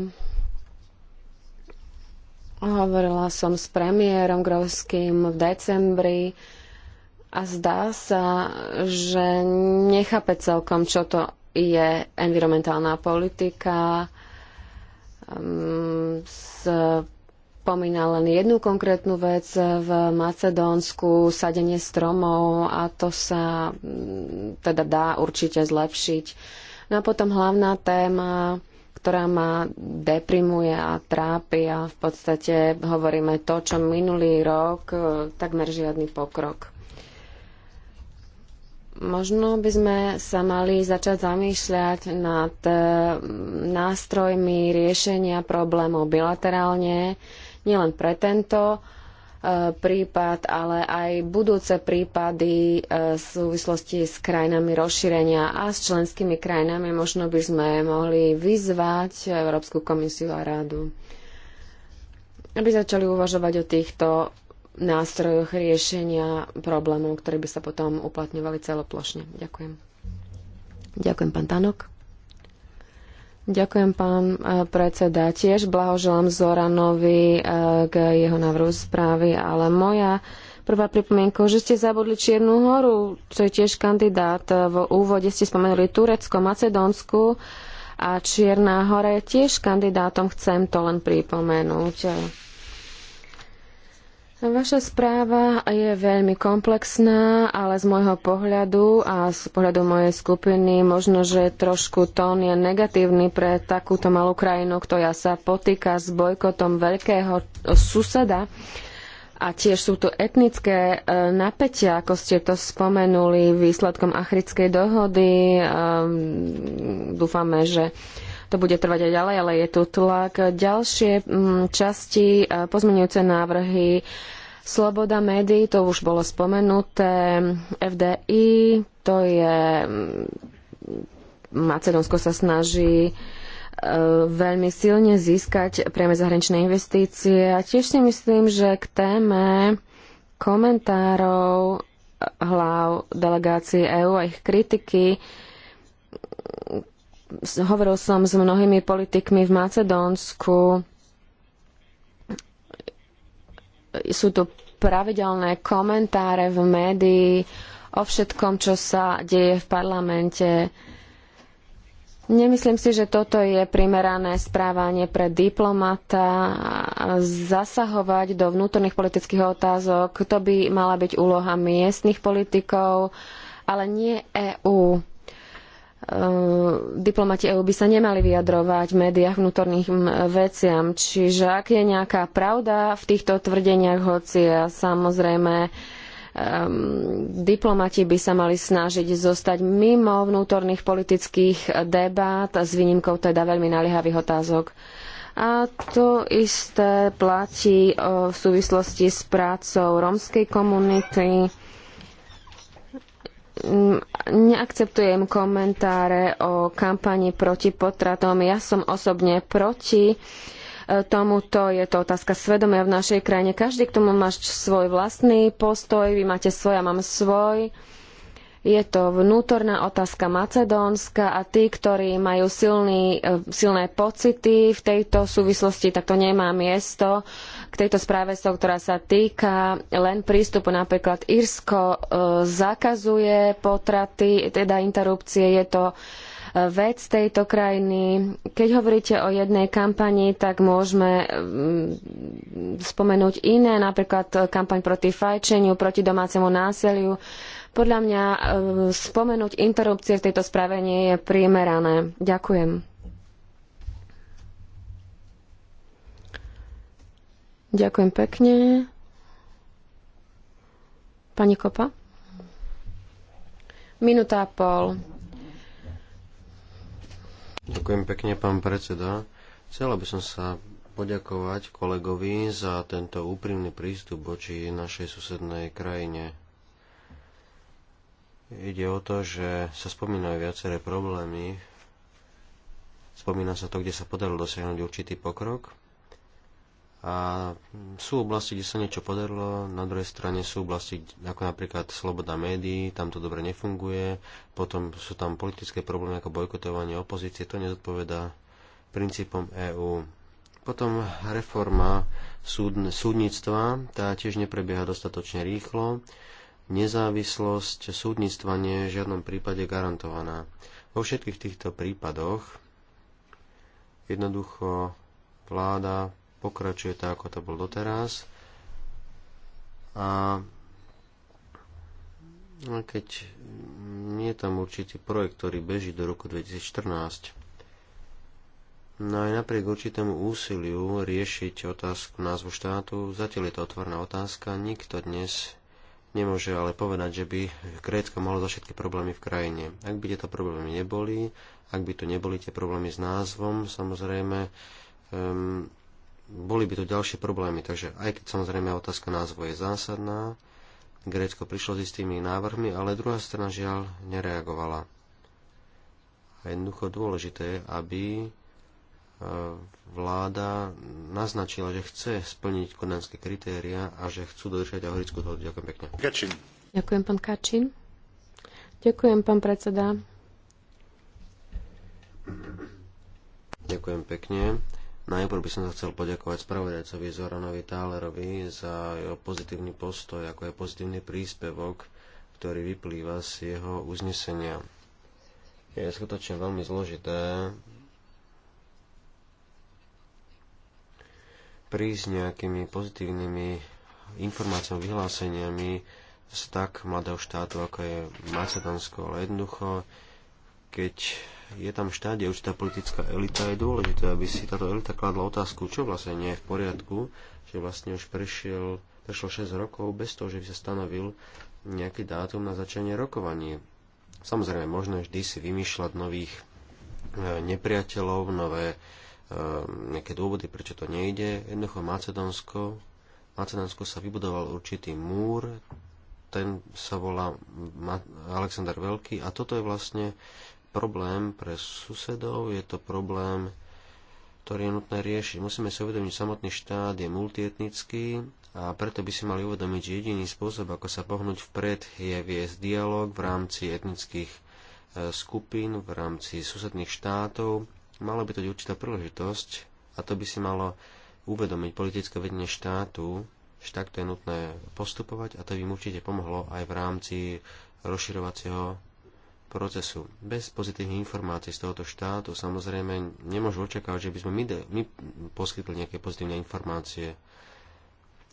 Hovorila som s premiérom Grovským v decembri a zdá sa, že nechápe celkom, čo to je environmentálna politika. Ehm, spomína len jednu konkrétnu vec v Macedónsku, sadenie stromov a to sa mm, teda dá určite zlepšiť. No a potom hlavná téma ktorá ma deprimuje a trápi a v podstate hovoríme to, čo minulý rok, e, takmer žiadny pokrok. Možno by sme sa mali začať zamýšľať nad e, nástrojmi riešenia problémov bilaterálne, nielen pre tento, Eh, prípad, ale aj budúce prípady eh, v súvislosti s krajinami rozšírenia a s členskými krajinami. Možno by sme mohli vyzvať Európsku komisiu a rádu, aby začali uvažovať o týchto nástrojoch riešenia problémov, ktoré by sa potom uplatňovali celoplošne. Ďakujem. Ďakujem, pán Tanok. Ďakujem, pán e, predseda. Tiež blahoželám Zoranovi e, k jeho návrhu správy, ale moja prvá pripomienka, že ste zabudli Čiernu horu, čo je tiež kandidát. V úvode ste spomenuli Turecko, Macedónsku a Čierna hora je tiež kandidátom. Chcem to len pripomenúť. Vaša správa je veľmi komplexná, ale z môjho pohľadu a z pohľadu mojej skupiny možno, že trošku tón je negatívny pre takúto malú krajinu, ktorá sa potýka s bojkotom veľkého suseda. A tiež sú tu etnické e, napätia, ako ste to spomenuli, výsledkom Africkej dohody. Ehm, dúfame, že to bude trvať aj ďalej, ale je tu tlak. Ďalšie mm, časti, e, pozmenujúce návrhy, Sloboda médií, to už bolo spomenuté, FDI, to je... Mm, Macedónsko sa snaží e, veľmi silne získať priame zahraničné investície a tiež si myslím, že k téme komentárov e, hlav delegácií EÚ a ich kritiky hovoril som s mnohými politikmi v Macedónsku. Sú tu pravidelné komentáre v médii o všetkom, čo sa deje v parlamente. Nemyslím si, že toto je primerané správanie pre diplomata. Zasahovať do vnútorných politických otázok, to by mala byť úloha miestnych politikov, ale nie EÚ E, diplomati EU by sa nemali vyjadrovať v médiách vnútorných veciam. Čiže ak je nejaká pravda v týchto tvrdeniach, hoci ja samozrejme um, diplomati by sa mali snažiť zostať mimo vnútorných politických debát s výnimkou teda veľmi naliehavých otázok. A to isté platí e, v súvislosti s prácou rómskej komunity Mm, neakceptujem komentáre o kampani proti potratom. Ja som osobne proti e, tomuto. Je to otázka svedomia v našej krajine. Každý k tomu má svoj vlastný postoj. Vy máte svoj, ja mám svoj. Je to vnútorná otázka Macedónska a tí, ktorí majú silný, eh, silné pocity v tejto súvislosti, tak to nemá miesto k tejto správe, ktorá sa týka len prístupu. Napríklad Írsko eh, zakazuje potraty, teda interrupcie. Je to eh, vec tejto krajiny. Keď hovoríte o jednej kampani, tak môžeme mm, spomenúť iné, napríklad kampaň proti fajčeniu, proti domácemu násiliu. Podľa mňa e, spomenúť interrupcie v tejto správe nie je primerané. Ďakujem. Ďakujem pekne. Pani Kopa? Minúta a pol. Ďakujem pekne, pán predseda. Chcela by som sa poďakovať kolegovi za tento úprimný prístup voči našej susednej krajine ide o to, že sa spomínajú viaceré problémy. Spomína sa to, kde sa podarilo dosiahnuť určitý pokrok. A sú oblasti, kde sa niečo podarilo, na druhej strane sú oblasti, ako napríklad sloboda médií, tam to dobre nefunguje, potom sú tam politické problémy ako bojkotovanie opozície, to nezodpoveda princípom EÚ. Potom reforma súdne, súdnictva, tá tiež neprebieha dostatočne rýchlo nezávislosť súdnictva nie je v žiadnom prípade garantovaná. Vo všetkých týchto prípadoch jednoducho vláda pokračuje tak, ako to bol doteraz a keď nie je tam určitý projekt, ktorý beží do roku 2014, No aj napriek určitému úsiliu riešiť otázku názvu štátu, zatiaľ je to otvorná otázka, nikto dnes Nemôže ale povedať, že by Grécko malo za všetky problémy v krajine. Ak by tieto problémy neboli, ak by tu neboli tie problémy s názvom, samozrejme, um, boli by tu ďalšie problémy. Takže aj keď samozrejme otázka názvu je zásadná, Grécko prišlo s istými návrhmi, ale druhá strana žiaľ nereagovala. A jednoducho dôležité je, aby vláda naznačila, že chce splniť konanské kritéria a že chcú dodržať ahorickú dohodu. Ďakujem pekne. Kačin. Ďakujem, pán Kačin. Ďakujem, pán predseda. Ďakujem pekne. Najprv by som sa chcel poďakovať spravodajcovi Zoranovi Tálerovi za jeho pozitívny postoj, ako je pozitívny príspevok, ktorý vyplýva z jeho uznesenia. Je skutočne veľmi zložité prísť nejakými pozitívnymi informáciami, vyhláseniami z tak mladého štátu, ako je Macedónsko, ale jednoducho, keď je tam je určitá politická elita, je dôležité, aby si táto elita kladla otázku, čo vlastne nie je v poriadku, že vlastne už prešiel, prešlo 6 rokov bez toho, že by sa stanovil nejaký dátum na začanie rokovanie. Samozrejme, možno vždy si vymýšľať nových e, nepriateľov, nové Ehm, nejaké dôvody, prečo to nejde. Jednoducho Macedónsko, Macedónsko sa vybudoval určitý múr, ten sa volá Alexander Veľký a toto je vlastne problém pre susedov, je to problém, ktorý je nutné riešiť. Musíme si uvedomiť, že samotný štát je multietnický a preto by si mali uvedomiť, že jediný spôsob, ako sa pohnúť vpred, je viesť dialog v rámci etnických eh, skupín, v rámci susedných štátov Malo by to byť určitá príležitosť a to by si malo uvedomiť politické vedenie štátu, že takto je nutné postupovať a to by im určite pomohlo aj v rámci rozširovacieho procesu. Bez pozitívnych informácií z tohoto štátu samozrejme nemôžu očakávať, že by sme my, de- my poskytli nejaké pozitívne informácie.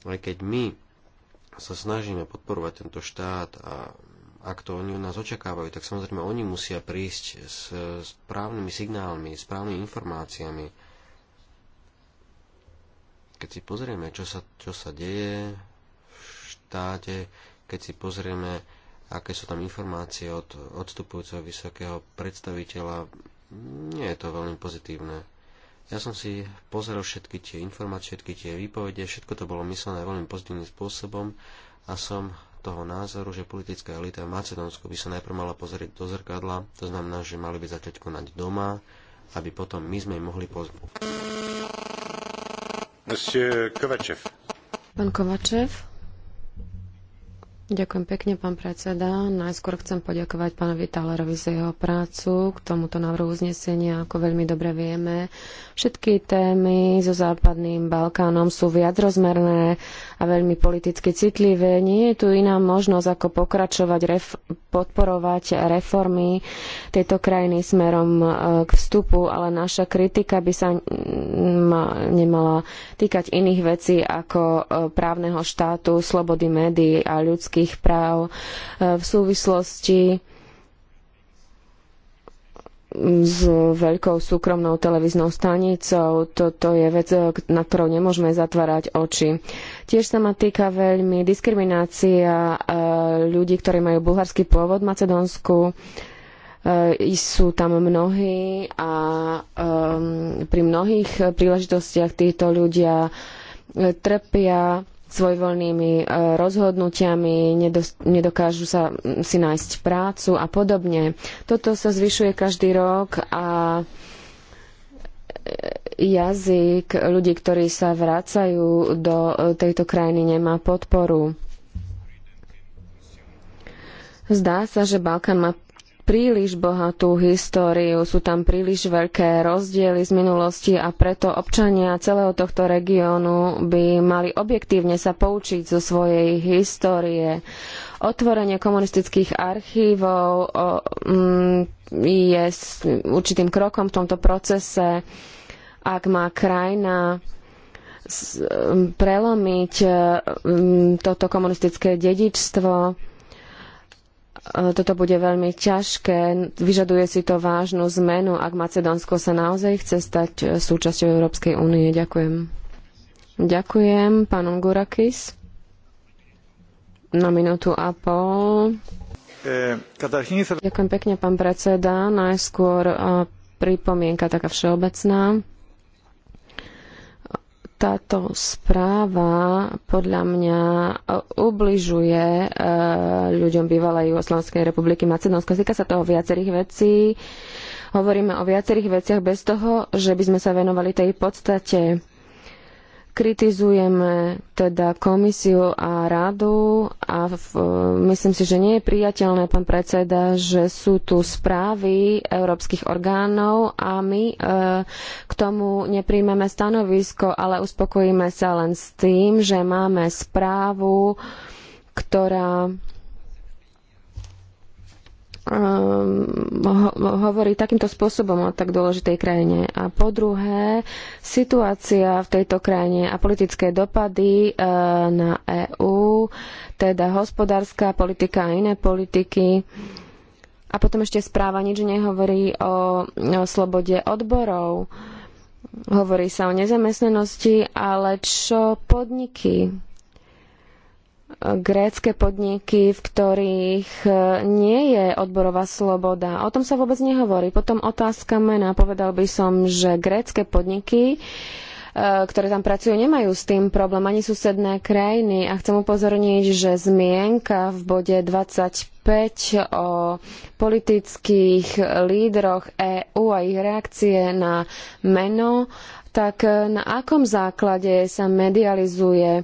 Aj keď my sa snažíme podporovať tento štát a ak to oni od nás očakávajú, tak samozrejme oni musia prísť s správnymi signálmi, správnymi informáciami. Keď si pozrieme, čo sa, čo sa deje v štáte, keď si pozrieme, aké sú tam informácie od odstupujúceho vysokého predstaviteľa, nie je to veľmi pozitívne. Ja som si pozrel všetky tie informácie, všetky tie výpovede, všetko to bolo myslené veľmi pozitívnym spôsobom a som toho názoru, že politická elita v Macedónsku by sa najprv mala pozrieť do zrkadla, to znamená, že mali by začať konať doma, aby potom my sme im mohli pozvať. Pán Kovačev. Ďakujem pekne, pán predseda. Najskôr chcem poďakovať pánovi Talerovi za jeho prácu k tomuto návrhu uznesenia. Ako veľmi dobre vieme, všetky témy so Západným Balkánom sú viac rozmerné a veľmi politicky citlivé. Nie je tu iná možnosť, ako pokračovať, ref, podporovať reformy tejto krajiny smerom e, k vstupu, ale naša kritika by sa nemala týkať iných vecí ako e, právneho štátu, slobody médií a ľudských ľudských práv e, v súvislosti s veľkou súkromnou televíznou stanicou. Toto je vec, e, na ktorou nemôžeme zatvárať oči. Tiež sa ma týka veľmi diskriminácia e, ľudí, ktorí majú bulharský pôvod v Macedónsku. Sú tam mnohí a pri mnohých príležitostiach títo ľudia trpia svojvoľnými e, rozhodnutiami, nedokážu sa si nájsť prácu a podobne. Toto sa zvyšuje každý rok a e, jazyk ľudí, ktorí sa vracajú do e, tejto krajiny, nemá podporu. Zdá sa, že Balkán má príliš bohatú históriu, sú tam príliš veľké rozdiely z minulosti a preto občania celého tohto regiónu by mali objektívne sa poučiť zo svojej histórie. Otvorenie komunistických archívov mm, je určitým krokom v tomto procese. Ak má krajina prelomiť toto komunistické dedičstvo, E, toto bude veľmi ťažké. Vyžaduje si to vážnu zmenu, ak Macedónsko sa naozaj chce stať e, súčasťou Európskej únie. Ďakujem. Ďakujem, pán Ungurakis. Na minútu a pol. E, Ďakujem pekne, pán predseda. Najskôr pripomienka taká všeobecná táto správa podľa mňa e, ubližuje e, ľuďom bývalej Jugoslavskej republiky Macedónska. Týka sa toho viacerých vecí. Hovoríme o viacerých veciach bez toho, že by sme sa venovali tej podstate Kritizujeme teda komisiu a radu a v, myslím si, že nie je priateľné, pán predseda, že sú tu správy európskych orgánov a my e, k tomu nepríjmeme stanovisko, ale uspokojíme sa len s tým, že máme správu, ktorá Ehm, ho, hovorí takýmto spôsobom o tak dôležitej krajine. A po druhé, situácia v tejto krajine a politické dopady eh, na EÚ, teda hospodárska politika a iné politiky. A potom ešte správa nič nehovorí o, o slobode odborov. Hovorí sa o nezamestnanosti, ale čo podniky grécke podniky, v ktorých e, nie je odborová sloboda. O tom sa vôbec nehovorí. Potom otázka mena. Povedal by som, že grécke podniky e, ktoré tam pracujú, nemajú s tým problém ani susedné krajiny. A chcem upozorniť, že zmienka v bode 25 o politických lídroch EÚ a ich reakcie na meno, tak e, na akom základe sa medializuje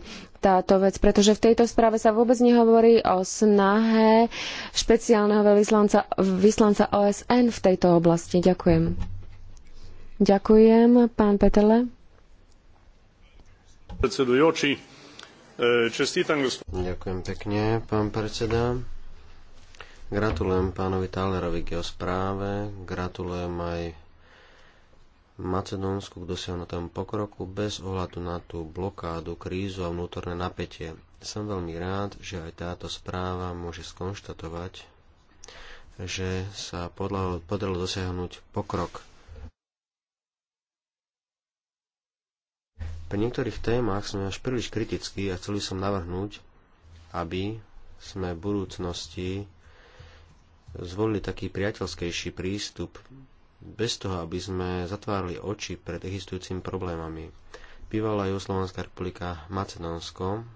táto vec, pretože v tejto správe sa vôbec nehovorí o snahe špeciálneho vyslanca, vyslanca OSN v tejto oblasti. Ďakujem. Ďakujem, pán Petele. Eh, Ďakujem pekne, pán predseda. Gratulujem pánovi Talerovi k jeho správe, gratulujem aj Macedónsku k dosiahnutému pokroku bez ohľadu na tú blokádu, krízu a vnútorné napätie. Som veľmi rád, že aj táto správa môže skonštatovať, že sa podarilo dosiahnuť pokrok. Pri niektorých témach sme až príliš kritickí a chceli som navrhnúť, aby sme v budúcnosti zvolili taký priateľskejší prístup bez toho, aby sme zatvárali oči pred existujúcimi problémami. Bývalá Jugoslovanská republika Macedónsko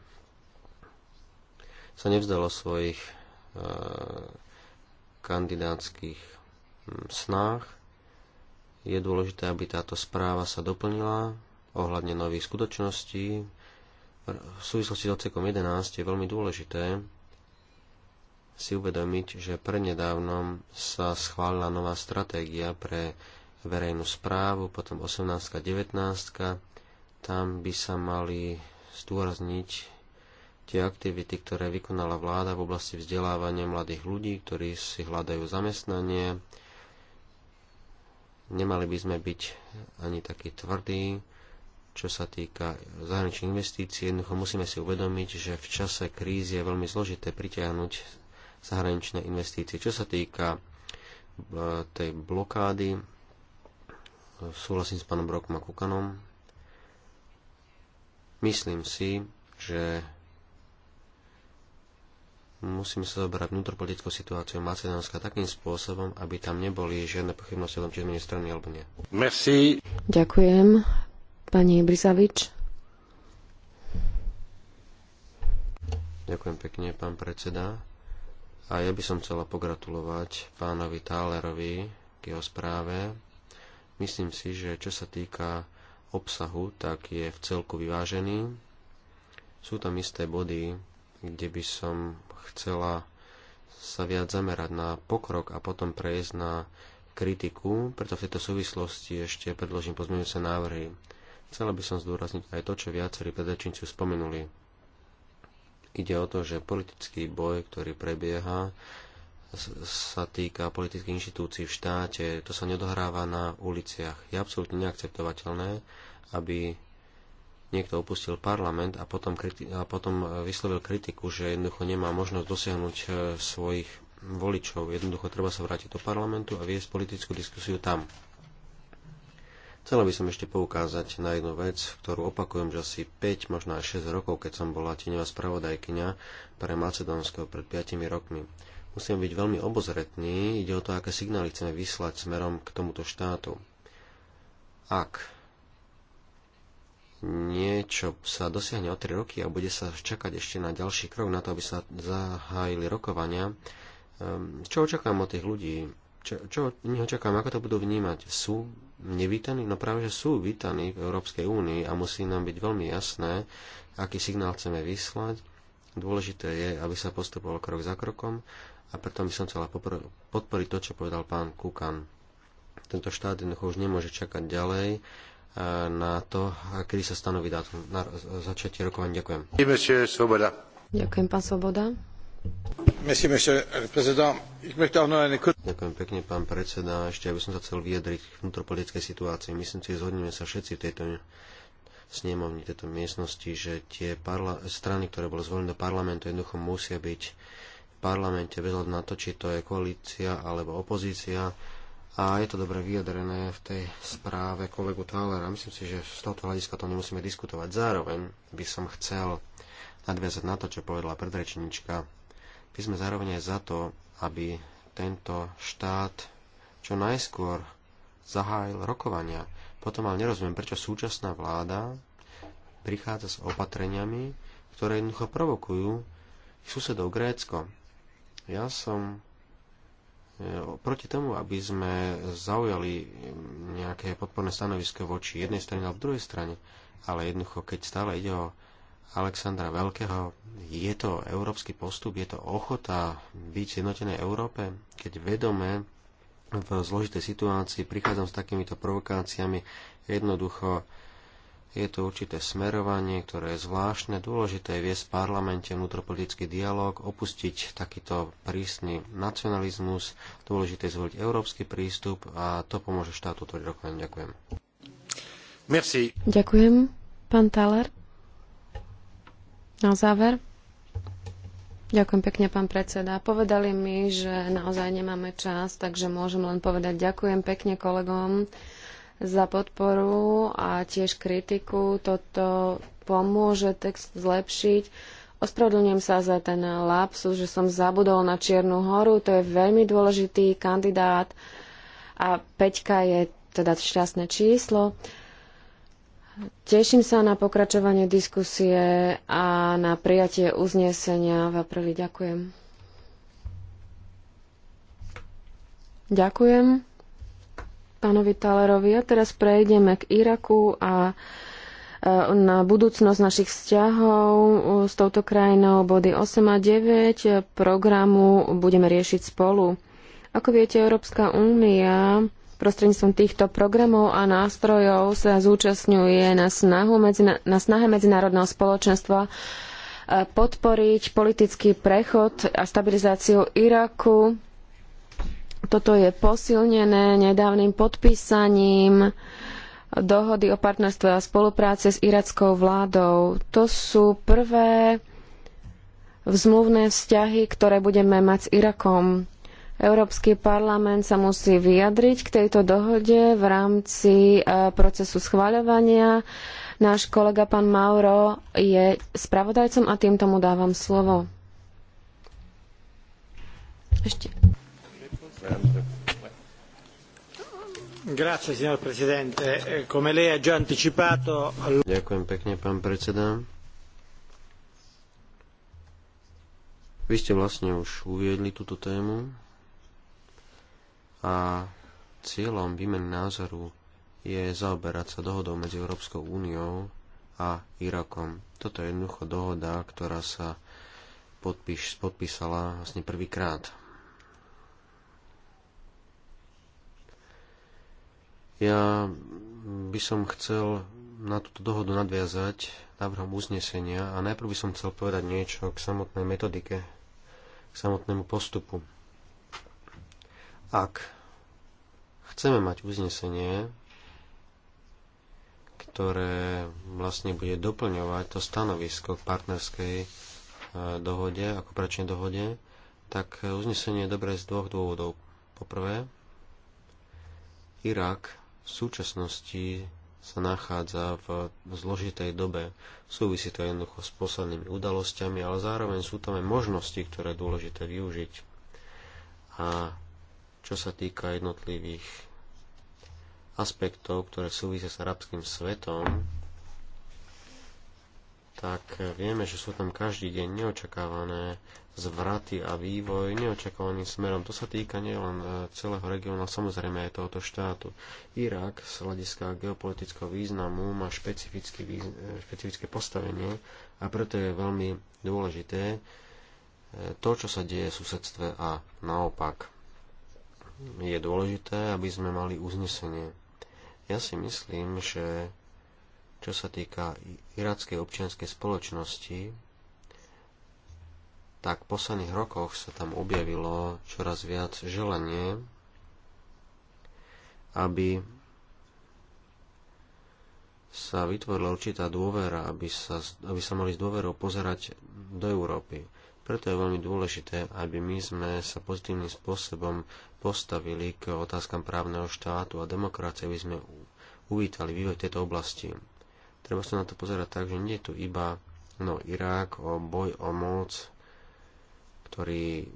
sa nevzdalo svojich e, kandidátskych snách. Je dôležité, aby táto správa sa doplnila ohľadne nových skutočností. V súvislosti s odsekom 11 je veľmi dôležité, si uvedomiť, že prednedávnom sa schválila nová stratégia pre verejnú správu, potom 18. a 19. Tam by sa mali zdôrazniť tie aktivity, ktoré vykonala vláda v oblasti vzdelávania mladých ľudí, ktorí si hľadajú zamestnanie. Nemali by sme byť ani takí tvrdí, čo sa týka zahraničných investícií, jednoducho musíme si uvedomiť, že v čase krízy je veľmi zložité pritiahnuť zahraničné investície. Čo sa týka e, tej blokády, e, súhlasím s pánom Brokom a Kukanom. Myslím si, že musíme sa zobrať vnútropolitickou situáciu Macedónska takým spôsobom, aby tam neboli žiadne pochybnosti o tom, či sme strany alebo nie. Merci. Ďakujem. Pani Brisavič. Ďakujem pekne, pán predseda. A ja by som chcela pogratulovať pánovi Tálerovi k jeho správe. Myslím si, že čo sa týka obsahu, tak je v celku vyvážený. Sú tam isté body, kde by som chcela sa viac zamerať na pokrok a potom prejsť na kritiku, preto v tejto súvislosti ešte predložím pozmeňujúce návrhy. Chcela by som zdôrazniť aj to, čo viacerí predrečníci spomenuli. Ide o to, že politický boj, ktorý prebieha, sa týka politických inštitúcií v štáte. To sa nedohráva na uliciach. Je absolútne neakceptovateľné, aby niekto opustil parlament a potom, kriti- a potom e, vyslovil kritiku, že jednoducho nemá možnosť dosiahnuť e, svojich voličov. Jednoducho treba sa vrátiť do parlamentu a viesť politickú diskusiu tam. Chcela by som ešte poukázať na jednu vec, ktorú opakujem, že asi 5, možno aj 6 rokov, keď som bola tieňová spravodajkyňa pre Macedónsko pred 5 rokmi. Musíme byť veľmi obozretní, ide o to, aké signály chceme vyslať smerom k tomuto štátu. Ak niečo sa dosiahne o 3 roky a bude sa čakať ešte na ďalší krok, na to, aby sa zahájili rokovania. Ehm, čo očakám od tých ľudí? Čo, čo od Ako to budú vnímať? Sú nevítaní? No práve, že sú vítaní v Európskej únii a musí nám byť veľmi jasné, aký signál chceme vyslať. Dôležité je, aby sa postupovalo krok za krokom a preto by som chcela podporiť to, čo povedal pán Kukan. Tento štát jednoducho už nemôže čakať ďalej na to, kedy sa stanoví dátum na začiatie rokovania. Ďakujem. Ďakujem, pán Svoboda. Ďakujem pekne, pán predseda. Ešte aby som sa chcel vyjadriť k vnútropolitickej situácii. Myslím si, zhodneme sa všetci v tejto snemovni, tejto miestnosti, že tie strany, ktoré boli zvolené do parlamentu, jednoducho musia byť v parlamente bez na to, či to je koalícia alebo opozícia. A je to dobre vyjadrené v tej správe kolegu Thalera. Myslím si, že z tohto hľadiska to nemusíme diskutovať. Zároveň by som chcel nadviazať na to, čo povedala predrečníčka my sme zároveň aj za to, aby tento štát čo najskôr zahájil rokovania. Potom ale nerozumiem, prečo súčasná vláda prichádza s opatreniami, ktoré jednoducho provokujú susedov Grécko. Ja som e, proti tomu, aby sme zaujali nejaké podporné stanovisko voči jednej strane alebo druhej strane, ale jednoducho, keď stále ide o Alexandra Veľkého. Je to európsky postup, je to ochota byť jednotenej Európe, keď vedome v zložitej situácii prichádzam s takýmito provokáciami. Jednoducho je to určité smerovanie, ktoré je zvláštne. Dôležité je viesť v parlamente vnútropolitický dialog, opustiť takýto prísny nacionalizmus, dôležité je zvoliť európsky prístup a to pomôže štátu tvoriť rokovanie. Ďakujem. Merci. Ďakujem. Pán Taler. Na záver. Ďakujem pekne, pán predseda. Povedali mi, že naozaj nemáme čas, takže môžem len povedať ďakujem pekne kolegom za podporu a tiež kritiku. Toto pomôže text zlepšiť. Ospravedlňujem sa za ten lapsus, že som zabudol na Čiernu horu. To je veľmi dôležitý kandidát a Peťka je teda šťastné číslo. Uh, Teším sa na pokračovanie diskusie a na prijatie uznesenia v apríli. Ďakujem. Ďakujem pánovi Talerovi. A teraz prejdeme k Iraku a e, na budúcnosť našich vzťahov e, s touto krajinou body 8 a 9 programu budeme riešiť spolu. Ako viete, Európska únia Prostredníctvom týchto programov a nástrojov sa zúčastňuje na, snahu medzina- na snahe medzinárodného spoločenstva e, podporiť politický prechod a stabilizáciu Iraku. Toto je posilnené nedávnym podpísaním dohody o partnerstve a spolupráce s irackou vládou. To sú prvé zmluvné vzťahy, ktoré budeme mať s Irakom. Európsky parlament sa musí vyjadriť k tejto dohode v rámci e, procesu schvaľovania. Náš kolega pán Mauro je spravodajcom a týmto mu dávam slovo. Ešte. Eh, Ďakujem pekne, pán predseda. Vy ste vlastne už uviedli túto tému a cieľom výmeny názoru je zaoberať sa dohodou medzi Európskou úniou a Irakom. Toto je jednoducho dohoda, ktorá sa podpíš, podpísala vlastne prvýkrát. Ja by som chcel na túto dohodu nadviazať návrhom uznesenia a najprv by som chcel povedať niečo k samotnej metodike, k samotnému postupu. Ak chceme mať uznesenie, ktoré vlastne bude doplňovať to stanovisko k partnerskej e, dohode, ako prečnej dohode, tak uznesenie je dobré z dvoch dôvodov. Poprvé, Irak v súčasnosti sa nachádza v zložitej dobe. Súvisí to jednoducho s poslednými udalosťami, ale zároveň sú tam aj možnosti, ktoré je dôležité využiť. A čo sa týka jednotlivých aspektov, ktoré súvisia s arabským svetom, tak vieme, že sú tam každý deň neočakávané zvraty a vývoj neočakávaným smerom. To sa týka nielen e, celého regiónu, samozrejme aj tohoto štátu. Irak z hľadiska geopolitického významu má špecifické, e, špecifické postavenie a preto je veľmi dôležité e, to, čo sa deje v susedstve a naopak je dôležité, aby sme mali uznesenie. Ja si myslím, že čo sa týka irackej občianskej spoločnosti, tak v posledných rokoch sa tam objavilo čoraz viac želanie, aby sa vytvorila určitá dôvera, aby sa, aby sa mali s dôverou pozerať do Európy. Preto je veľmi dôležité, aby my sme sa pozitívnym spôsobom postavili k otázkam právneho štátu a demokracie, aby sme uvítali vývoj tejto oblasti. Treba sa na to pozerať tak, že nie je tu iba no, Irák, o boj o moc, ktorý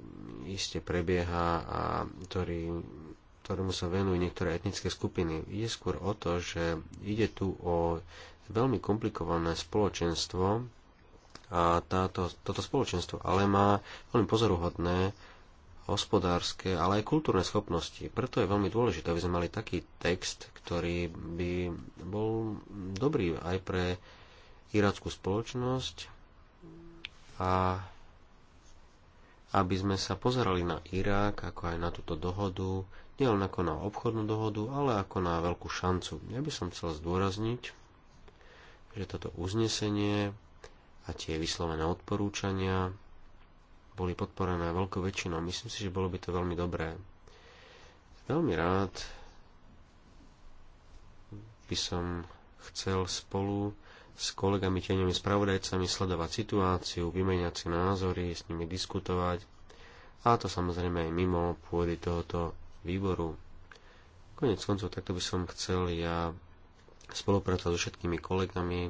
iste prebieha a ktorý, ktorému sa venujú niektoré etnické skupiny. Ide skôr o to, že ide tu o veľmi komplikované spoločenstvo a táto, toto spoločenstvo ale má veľmi pozoruhodné hospodárske, ale aj kultúrne schopnosti. Preto je veľmi dôležité, aby sme mali taký text, ktorý by bol dobrý aj pre irackú spoločnosť a aby sme sa pozerali na Irák, ako aj na túto dohodu, nielen ako na obchodnú dohodu, ale ako na veľkú šancu. Ja by som chcel zdôrazniť, že toto uznesenie a tie vyslovené odporúčania boli podporené veľkou väčšinou. Myslím si, že bolo by to veľmi dobré. Veľmi rád by som chcel spolu s kolegami tieňovými spravodajcami sledovať situáciu, vymeniať si názory, s nimi diskutovať a to samozrejme aj mimo pôdy tohoto výboru. Konec koncov takto by som chcel ja spolupracovať so všetkými kolegami,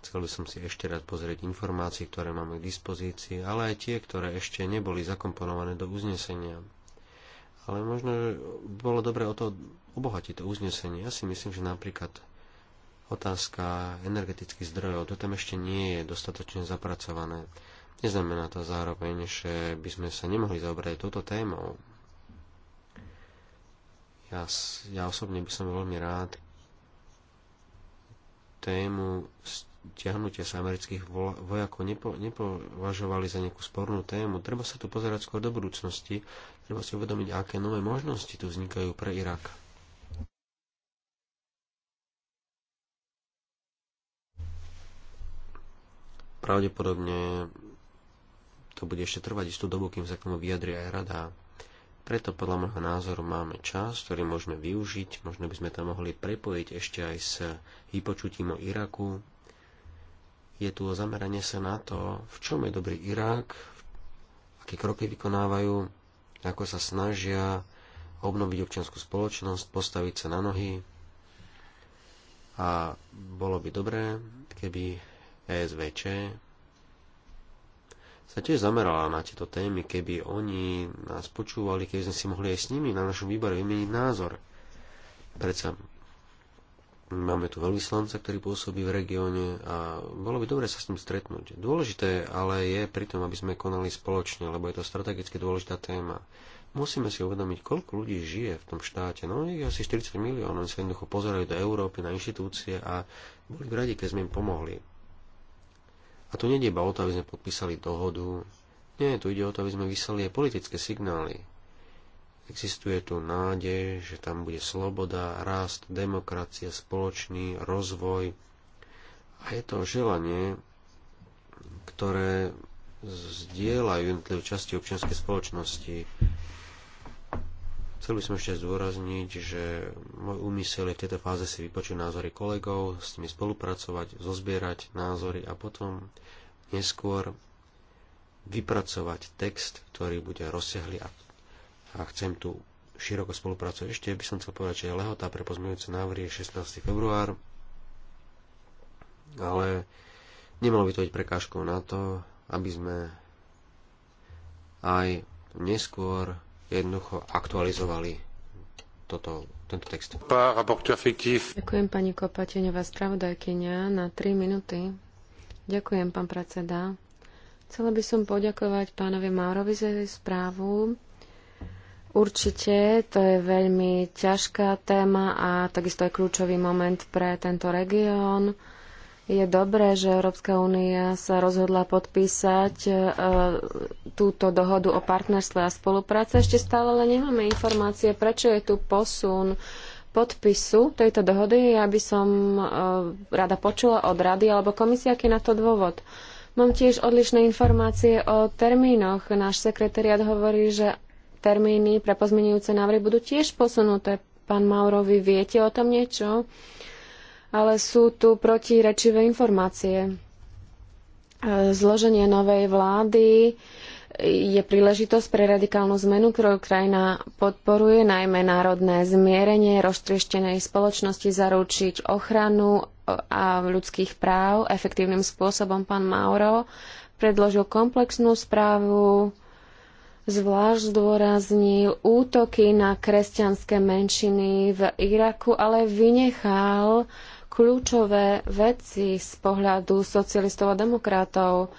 Chcel by som si ešte raz pozrieť informácie, ktoré máme k dispozícii, ale aj tie, ktoré ešte neboli zakomponované do uznesenia. Ale možno že bolo dobre o to obohatiť to uznesenie. Ja si myslím, že napríklad otázka energetických zdrojov, to tam ešte nie je dostatočne zapracované. Neznamená to zároveň, že by sme sa nemohli zaobrať touto témou. Ja, ja osobne by som veľmi rád tému ťahnutia sa amerických vojakov nepo, nepovažovali za nejakú spornú tému. Treba sa tu pozerať skôr do budúcnosti. Treba si uvedomiť, aké nové možnosti tu vznikajú pre Irak. Pravdepodobne to bude ešte trvať istú dobu, kým sa k tomu vyjadri aj rada. Preto podľa môjho názoru máme čas, ktorý môžeme využiť. Možno by sme tam mohli prepojiť ešte aj s vypočutím o Iraku, je tu zameranie sa na to, v čom je dobrý Irák, aké kroky vykonávajú, ako sa snažia obnoviť občianskú spoločnosť, postaviť sa na nohy. A bolo by dobré, keby ESVČ sa tiež zamerala na tieto témy, keby oni nás počúvali, keby sme si mohli aj s nimi na našom výbore vymeniť názor. Predsa Máme tu veľvyslanca, ktorý pôsobí v regióne a bolo by dobre sa s ním stretnúť. Dôležité ale je pri tom, aby sme konali spoločne, lebo je to strategicky dôležitá téma. Musíme si uvedomiť, koľko ľudí žije v tom štáte. No je asi 40 miliónov, oni sa jednoducho pozerajú do Európy, na inštitúcie a boli by radi, keď sme im pomohli. A tu nedieba o to, aby sme podpísali dohodu. Nie, tu ide o to, aby sme vyslali aj politické signály. Existuje tu nádej, že tam bude sloboda, rast, demokracia, spoločný rozvoj. A je to želanie, ktoré zdieľajú jednotlivé časti občianskej spoločnosti. Chcel by som ešte zdôrazniť, že môj úmysel je v tejto fáze si vypočuť názory kolegov, s nimi spolupracovať, zozbierať názory a potom neskôr vypracovať text, ktorý bude rozsiahly a a chcem tu široko spolupracovať. Ešte by som chcel povedať, že lehota pre pozmeňujúce návrhy je 16. február, ale nemalo by to byť prekážkou na to, aby sme aj neskôr jednoducho aktualizovali toto, tento text. Ďakujem pani Kopateňová spravodajkynia na 3 minúty. Ďakujem, pán predseda. Chcela by som poďakovať pánovi Márovi za správu. Určite to je veľmi ťažká téma a takisto je kľúčový moment pre tento región. Je dobré, že Európska únia sa rozhodla podpísať e, túto dohodu o partnerstve a spolupráce. Ešte stále ale nemáme informácie, prečo je tu posun podpisu tejto dohody. Ja by som e, rada počula od rady alebo komisie, aký na to dôvod. Mám tiež odlišné informácie o termínoch. Náš sekretariat hovorí, že termíny pre pozmenujúce návrhy budú tiež posunuté. Pán Maurovi, viete o tom niečo? Ale sú tu protirečivé informácie. E, zloženie novej vlády je príležitosť pre radikálnu zmenu, ktorú krajina podporuje, najmä národné zmierenie roztrieštenej spoločnosti, zaručiť ochranu e, a ľudských práv efektívnym spôsobom. Pán Mauro predložil komplexnú správu, zvlášť zdôraznil útoky na kresťanské menšiny v Iraku, ale vynechal kľúčové veci z pohľadu socialistov a demokratov.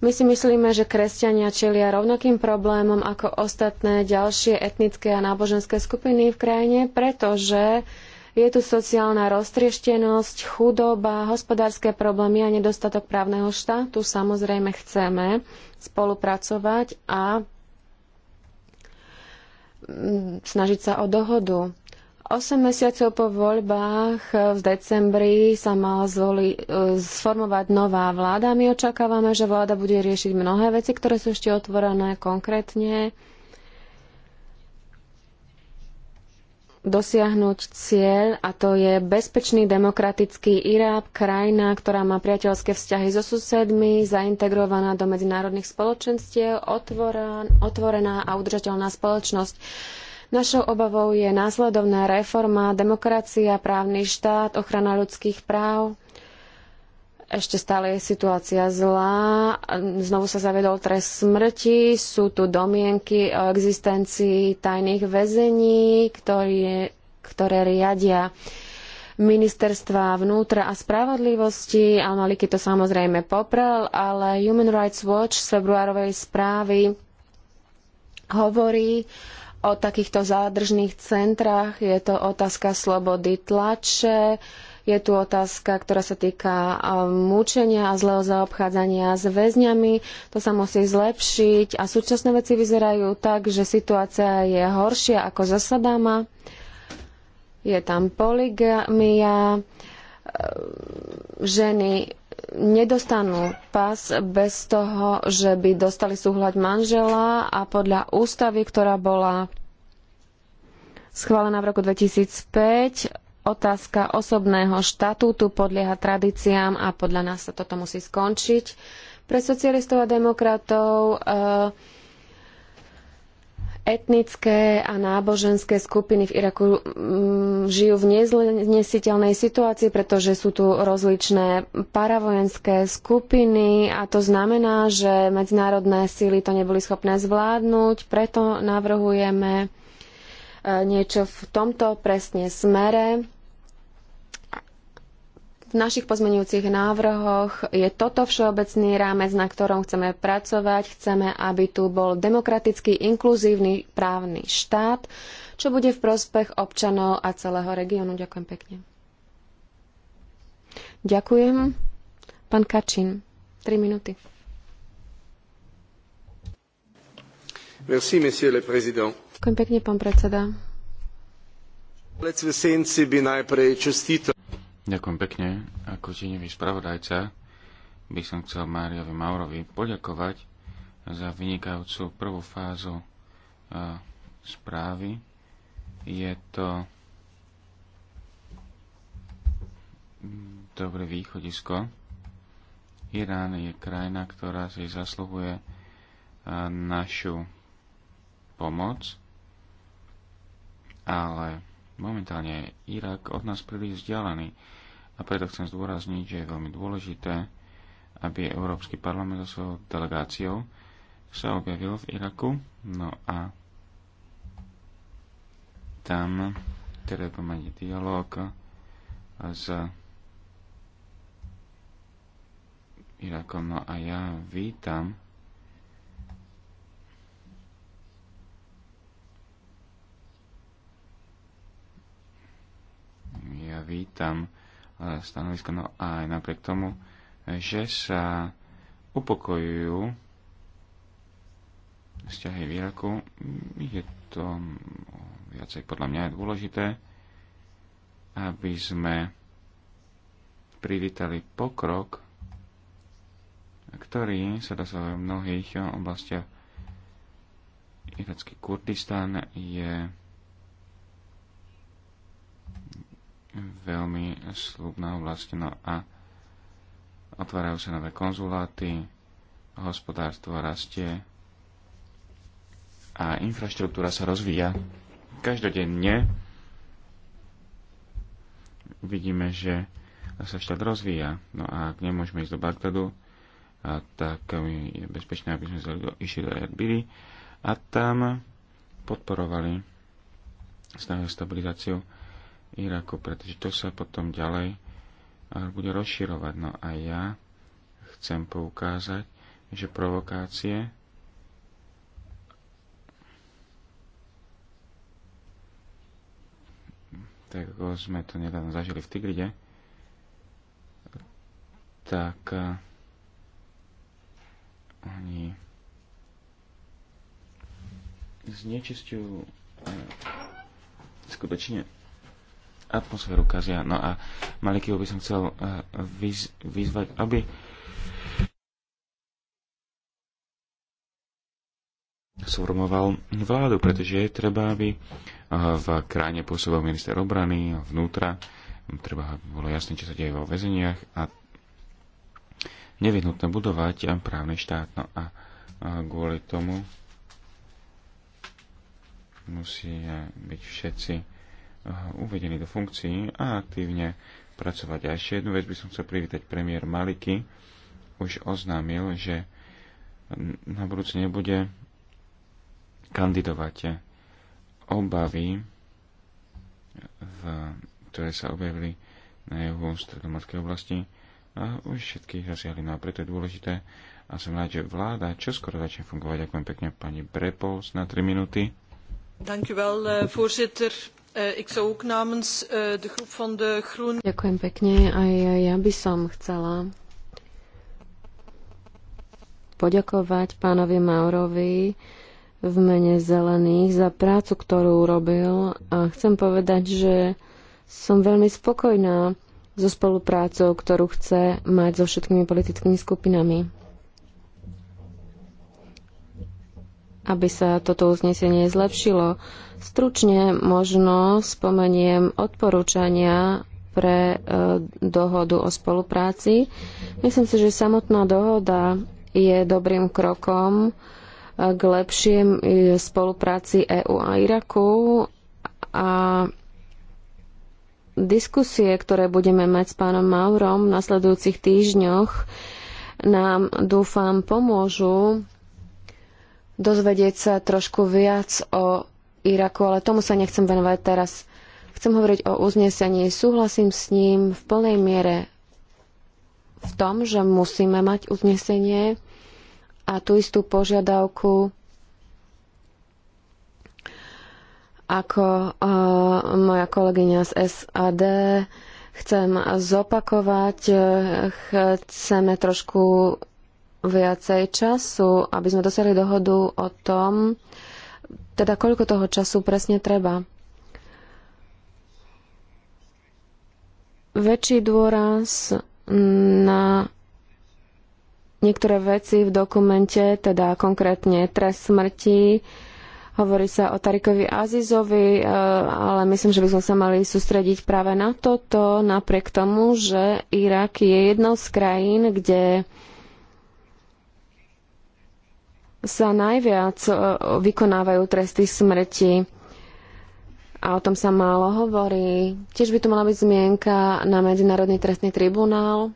My si myslíme, že kresťania čelia rovnakým problémom ako ostatné ďalšie etnické a náboženské skupiny v krajine, pretože je tu sociálna roztrieštenosť, chudoba, hospodárske problémy a nedostatok právneho štátu. Samozrejme chceme spolupracovať a snažiť sa o dohodu. 8 mesiacov po voľbách eh, v decembri sa mala zvoli, eh, sformovať nová vláda. My očakávame, že vláda bude riešiť mnohé veci, ktoré sú ešte otvorené konkrétne. dosiahnuť cieľ a to je bezpečný demokratický Irak, krajina, ktorá má priateľské vzťahy so susedmi, zaintegrovaná do medzinárodných spoločenstiev, otvorená a udržateľná spoločnosť. Našou obavou je následovná reforma, demokracia, právny štát, ochrana ľudských práv, ešte stále je situácia zlá. Znovu sa zavedol trest smrti. Sú tu domienky o existencii tajných väzení, ktoré, ktoré riadia ministerstva vnútra a spravodlivosti. Al-Maliki to samozrejme poprel, ale Human Rights Watch z februárovej správy hovorí o takýchto zádržných centrách. Je to otázka slobody tlače, je tu otázka, ktorá sa týka mučenia a zlého zaobchádzania s väzňami. To sa musí zlepšiť a súčasné veci vyzerajú tak, že situácia je horšia ako za Sadama. Je tam poligamia, e, ženy nedostanú pas bez toho, že by dostali súhľad manžela a podľa ústavy, ktorá bola schválená v roku 2005, otázka osobného štatútu podlieha tradíciám a podľa nás sa toto musí skončiť. Pre socialistov a demokratov eh, etnické a náboženské skupiny v Iraku mm, žijú v neznesiteľnej situácii, pretože sú tu rozličné paravojenské skupiny a to znamená, že medzinárodné síly to neboli schopné zvládnuť, preto navrhujeme eh, niečo v tomto presne smere v našich pozmeňujúcich návrhoch je toto všeobecný rámec, na ktorom chceme pracovať. Chceme, aby tu bol demokratický, inkluzívny právny štát, čo bude v prospech občanov a celého regiónu. Ďakujem pekne. Ďakujem. Pán Kačín, 3 minúty. Merci, monsieur le président. Ďakujem pekne, pán predseda. Lec Vesenci by najprej čestito Ďakujem pekne. Ako tieňový spravodajca by som chcel Máriovi Maurovi poďakovať za vynikajúcu prvú fázu e, správy. Je to dobré východisko. Irán je krajina, ktorá si zasluhuje e, našu pomoc, ale momentálne je Irak od nás príliš vzdialený a preto chcem zdôrazniť, že je veľmi dôležité, aby Európsky parlament so svojou delegáciou sa objavil v Iraku. No a tam treba mať dialog s Irakom. No a ja vítam ja vítam E, stanovisko. No aj napriek tomu, že sa upokojujú vzťahy v Iraku, je to viacej podľa mňa je dôležité, aby sme privítali pokrok, ktorý sa dosahuje v mnohých oblastiach. Iracký Kurdistan je veľmi slubná oblasť. No a otvárajú sa nové konzuláty, hospodárstvo rastie a infraštruktúra sa rozvíja. Každodenne vidíme, že sa štát rozvíja. No a ak nemôžeme ísť do Bagdadu, tak je bezpečné, aby sme išli do Erbily a tam podporovali stabilizáciu Iraku, pretože to sa potom ďalej eh, bude rozširovať. No a ja chcem poukázať, že provokácie tak ako sme to nedávno zažili v Tigride, tak eh, oni znečistujú eh, skutočne atmosféru kazia. No a Malikyho by som chcel eh, vyz, vyzvať, aby sformoval vládu, pretože je treba, aby eh, v krajine pôsobil minister obrany, vnútra, treba, aby bolo jasné, čo sa deje vo väzeniach a nevyhnutné budovať právny štát. No a kvôli tomu musia byť všetci uvedení do funkcií a aktívne pracovať. A ešte jednu vec by som chcel privítať premiér Maliky. Už oznámil, že na budúce nebude kandidovať. Obavy, v, ktoré sa objavili na juhu stredomorskej oblasti, a už všetkých zasiahli. No a preto je dôležité a som rád, že vláda čoskoro začne fungovať. Ďakujem pekne pani Brepols na 3 minúty. Dank u wel, eh, voorzitter. Ďakujem pekne. Aj ja by som chcela poďakovať pánovi Maurovi v mene Zelených za prácu, ktorú urobil. A chcem povedať, že som veľmi spokojná so spoluprácou, ktorú chce mať so všetkými politickými skupinami. aby sa toto uznesenie zlepšilo. Stručne možno spomeniem odporúčania pre e, dohodu o spolupráci. Myslím si, že samotná dohoda je dobrým krokom e, k lepším e, spolupráci EÚ a Iraku a diskusie, ktoré budeme mať s pánom Maurom v nasledujúcich týždňoch, nám dúfam pomôžu dozvedieť sa trošku viac o Iraku, ale tomu sa nechcem venovať teraz. Chcem hovoriť o uznesení. Súhlasím s ním v plnej miere v tom, že musíme mať uznesenie a tú istú požiadavku ako uh, moja kolegyňa z SAD. Chcem zopakovať, eh, chceme trošku viacej času, aby sme dosiahli dohodu o tom, teda koľko toho času presne treba. Väčší dôraz na niektoré veci v dokumente, teda konkrétne trest smrti, Hovorí sa o Tarikovi Azizovi, e, ale myslím, že by sme sa mali sústrediť práve na toto, napriek tomu, že Irak je jednou z krajín, kde sa najviac e, vykonávajú tresty smrti. A o tom sa málo hovorí. Tiež by tu mala byť zmienka na Medzinárodný trestný tribunál.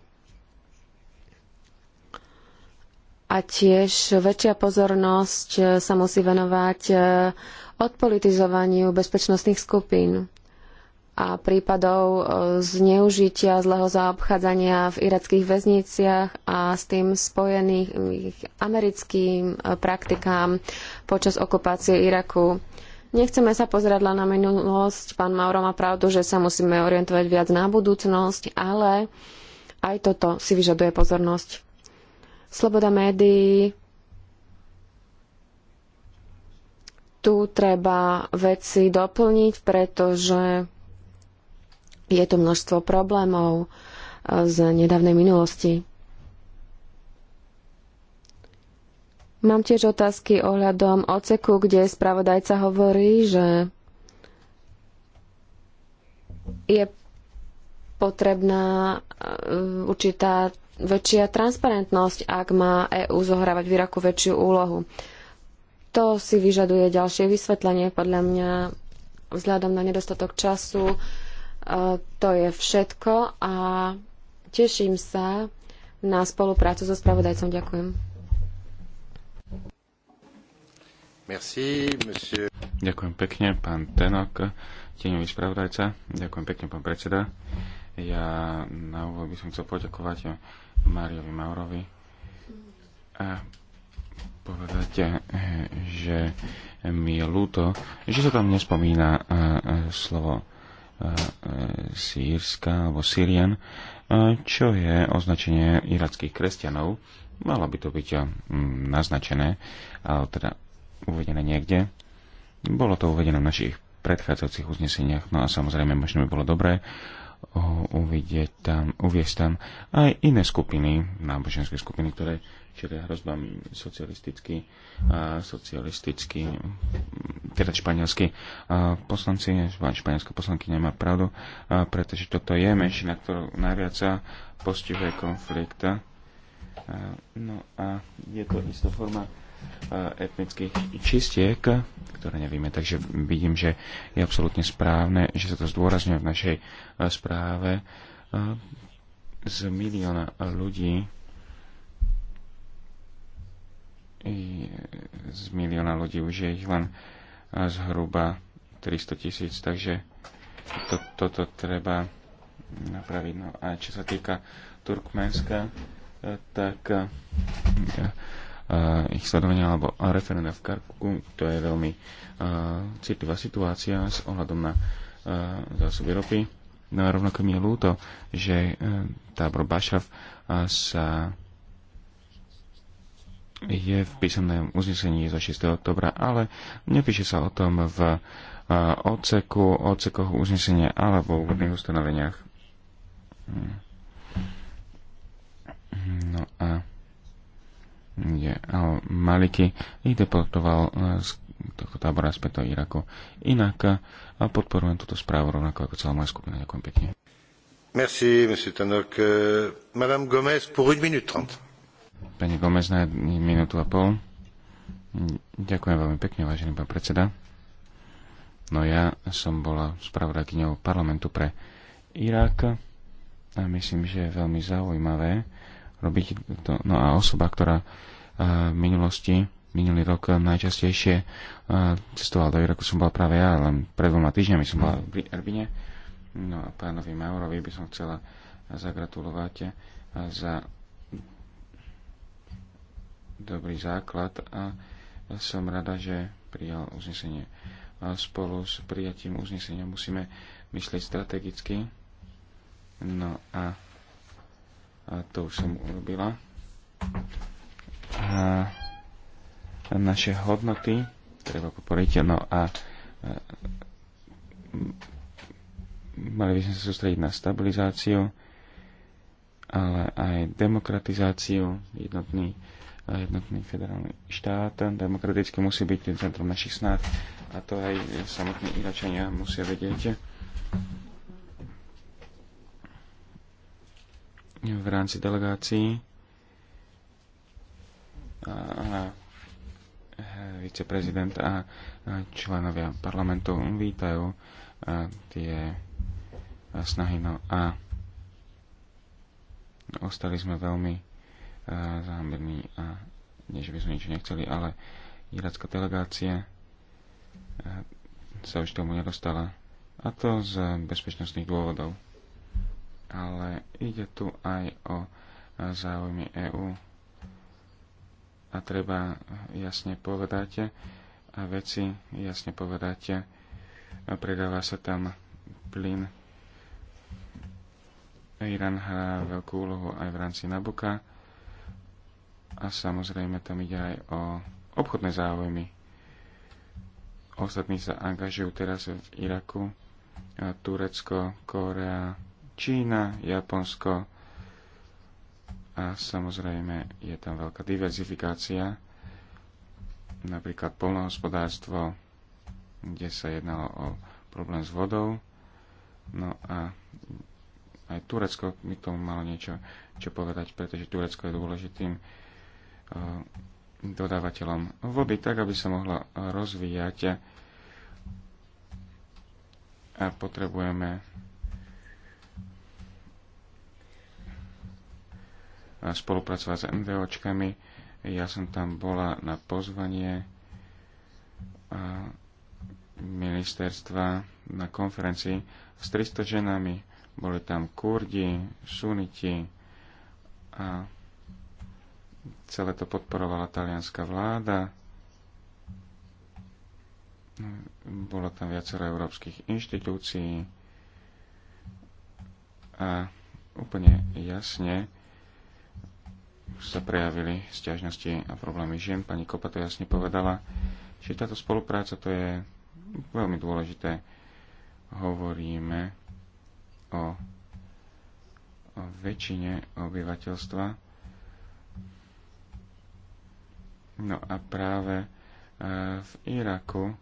A tiež väčšia pozornosť sa musí venovať e, odpolitizovaniu bezpečnostných skupín a prípadov e, zneužitia, zlého zaobchádzania v irackých väzniciach a s tým spojených americkým e, praktikám počas okupácie Iraku. Nechceme sa pozerať len na minulosť. Pán Mauro má pravdu, že sa musíme orientovať viac na budúcnosť, ale aj toto si vyžaduje pozornosť. Sloboda médií, tu treba veci doplniť, pretože je tu množstvo problémov e, z nedávnej minulosti. Mám tiež otázky ohľadom oceku, kde spravodajca hovorí, že je potrebná e, určitá väčšia transparentnosť, ak má EÚ zohrávať v Iraku väčšiu úlohu. To si vyžaduje ďalšie vysvetlenie, podľa mňa, vzhľadom na nedostatok času. E, to je všetko a teším sa na spoluprácu so spravodajcom. Ďakujem. Merci, monsieur. Ďakujem pekne, pán Tenok, tieňový spravodajca. Ďakujem pekne, pán predseda. Ja na úvod by som chcel poďakovať Máriovi Maurovi a povedať, e, že mi je ľúto, že sa tam nespomína e, slovo E, Sýrska alebo Syrian, e, čo je označenie irackých kresťanov. Malo by to byť e, naznačené, ale teda uvedené niekde. Bolo to uvedené v našich predchádzajúcich uzneseniach, no a samozrejme možno by bolo dobré, uvidieť tam, uviesť tam aj iné skupiny, náboženské skupiny, ktoré čili hrozbám socialisticky, a socialisticky, teda španielsky a poslanci, španielská poslanky nemá pravdu, a pretože toto je menšina, ktorú najviac sa postihuje A, No a je to istá forma etnických čistiek, ktoré nevieme. Takže vidím, že je absolútne správne, že sa to zdôrazňuje v našej správe. Z milióna ľudí z milióna ľudí už je ich len zhruba 300 tisíc, takže to, toto treba napraviť. No a čo sa týka Turkmenska, tak Eh, ich sledovania alebo referenda v Karku. To je veľmi eh, citlivá situácia s ohľadom na eh, zásoby ropy. No a rovnako mi je ľúto, že tábor Bašav sa je v písomnom uznesení zo 6. oktobra, ale nepíše sa o tom v odseku, odsekoch uznesenia alebo v úvodných ustanoveniach. Hm. Hm, no a kde eh, Maliki ich deportoval eh, z tohto tábora späť do Iraku. Inak a eh, podporujem túto správu rovnako ako celá moja skupina. Ďakujem pekne. Merci, monsieur Tanok. Madame Gomez pour une minute trente. Pani Gomez na minútu a pol. Ďakujem veľmi pekne, vážený pán predseda. No ja som bola spravodajkyňou parlamentu pre Irak a myslím, že je veľmi zaujímavé, robiť to. No a osoba, ktorá e, v minulosti, minulý rok e, najčastejšie e, cestoval do Iraku, som bol práve ja, len pred dvoma týždňami som bola v Erbine. No a pánovi Maurovi by som chcela zagratulovať za dobrý základ a som rada, že prijal uznesenie. A spolu s prijatím uznesenia musíme myslieť strategicky. No a a to už som urobila. A naše hodnoty treba poporiť. No a e, mali by sme sa sústrediť na stabilizáciu, ale aj demokratizáciu, jednotný, e, jednotný federálny štát, demokraticky musí byť centrum našich snách a to aj samotní Iračania musia vedieť v rámci delegácií a, a viceprezident a, a členovia parlamentu vítajú a tie a snahy. No a ostali sme veľmi zámerní a nie, že by sme nič nechceli, ale iracká delegácia sa už tomu nedostala. A to z bezpečnostných dôvodov ale ide tu aj o e, záujmy EÚ. A treba jasne povedať a veci jasne povedať, e, predáva sa tam plyn. Irán hrá veľkú úlohu aj v rámci Nabuka a samozrejme tam ide aj o obchodné záujmy. Ostatní sa angažujú teraz v Iraku, Turecko, Kórea, Čína, Japonsko a samozrejme je tam veľká diverzifikácia, napríklad polnohospodárstvo, kde sa jednalo o problém s vodou, no a aj Turecko mi tomu malo niečo čo povedať, pretože Turecko je dôležitým eh, dodávateľom vody, tak aby sa mohla rozvíjať a potrebujeme spolupracovať s MVOčkami. Ja som tam bola na pozvanie ministerstva na konferencii s 300 ženami. Boli tam kurdi, suniti a celé to podporovala talianská vláda. Bolo tam viacero európskych inštitúcií a úplne jasne sa prejavili stiažnosti a problémy žien. Pani Kopa to jasne povedala, že táto spolupráca to je veľmi dôležité. Hovoríme o, o väčšine obyvateľstva. No a práve e, v Iraku e,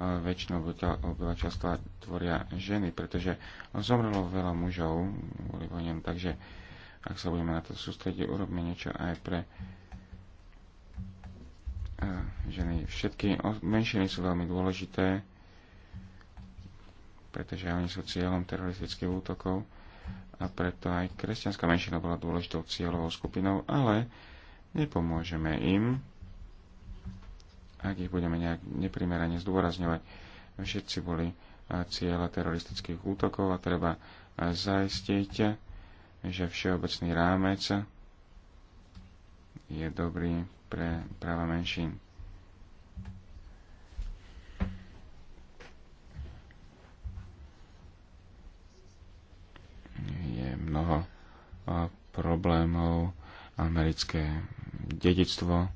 väčšinu obyvateľstva tvoria ženy, pretože zomrelo veľa mužov boli vojnem, takže ak sa budeme na to sústrediť, urobme niečo aj pre eh, ženy. Všetky menšiny sú veľmi dôležité, pretože oni sú cieľom teroristických útokov a preto aj kresťanská menšina bola dôležitou cieľovou skupinou, ale nepomôžeme im, ak ich budeme nejak neprimerane zdôrazňovať. Všetci boli eh, cieľa teroristických útokov a treba eh, zaistiť, že všeobecný rámec je dobrý pre práva menšín. Je mnoho problémov, americké dedictvo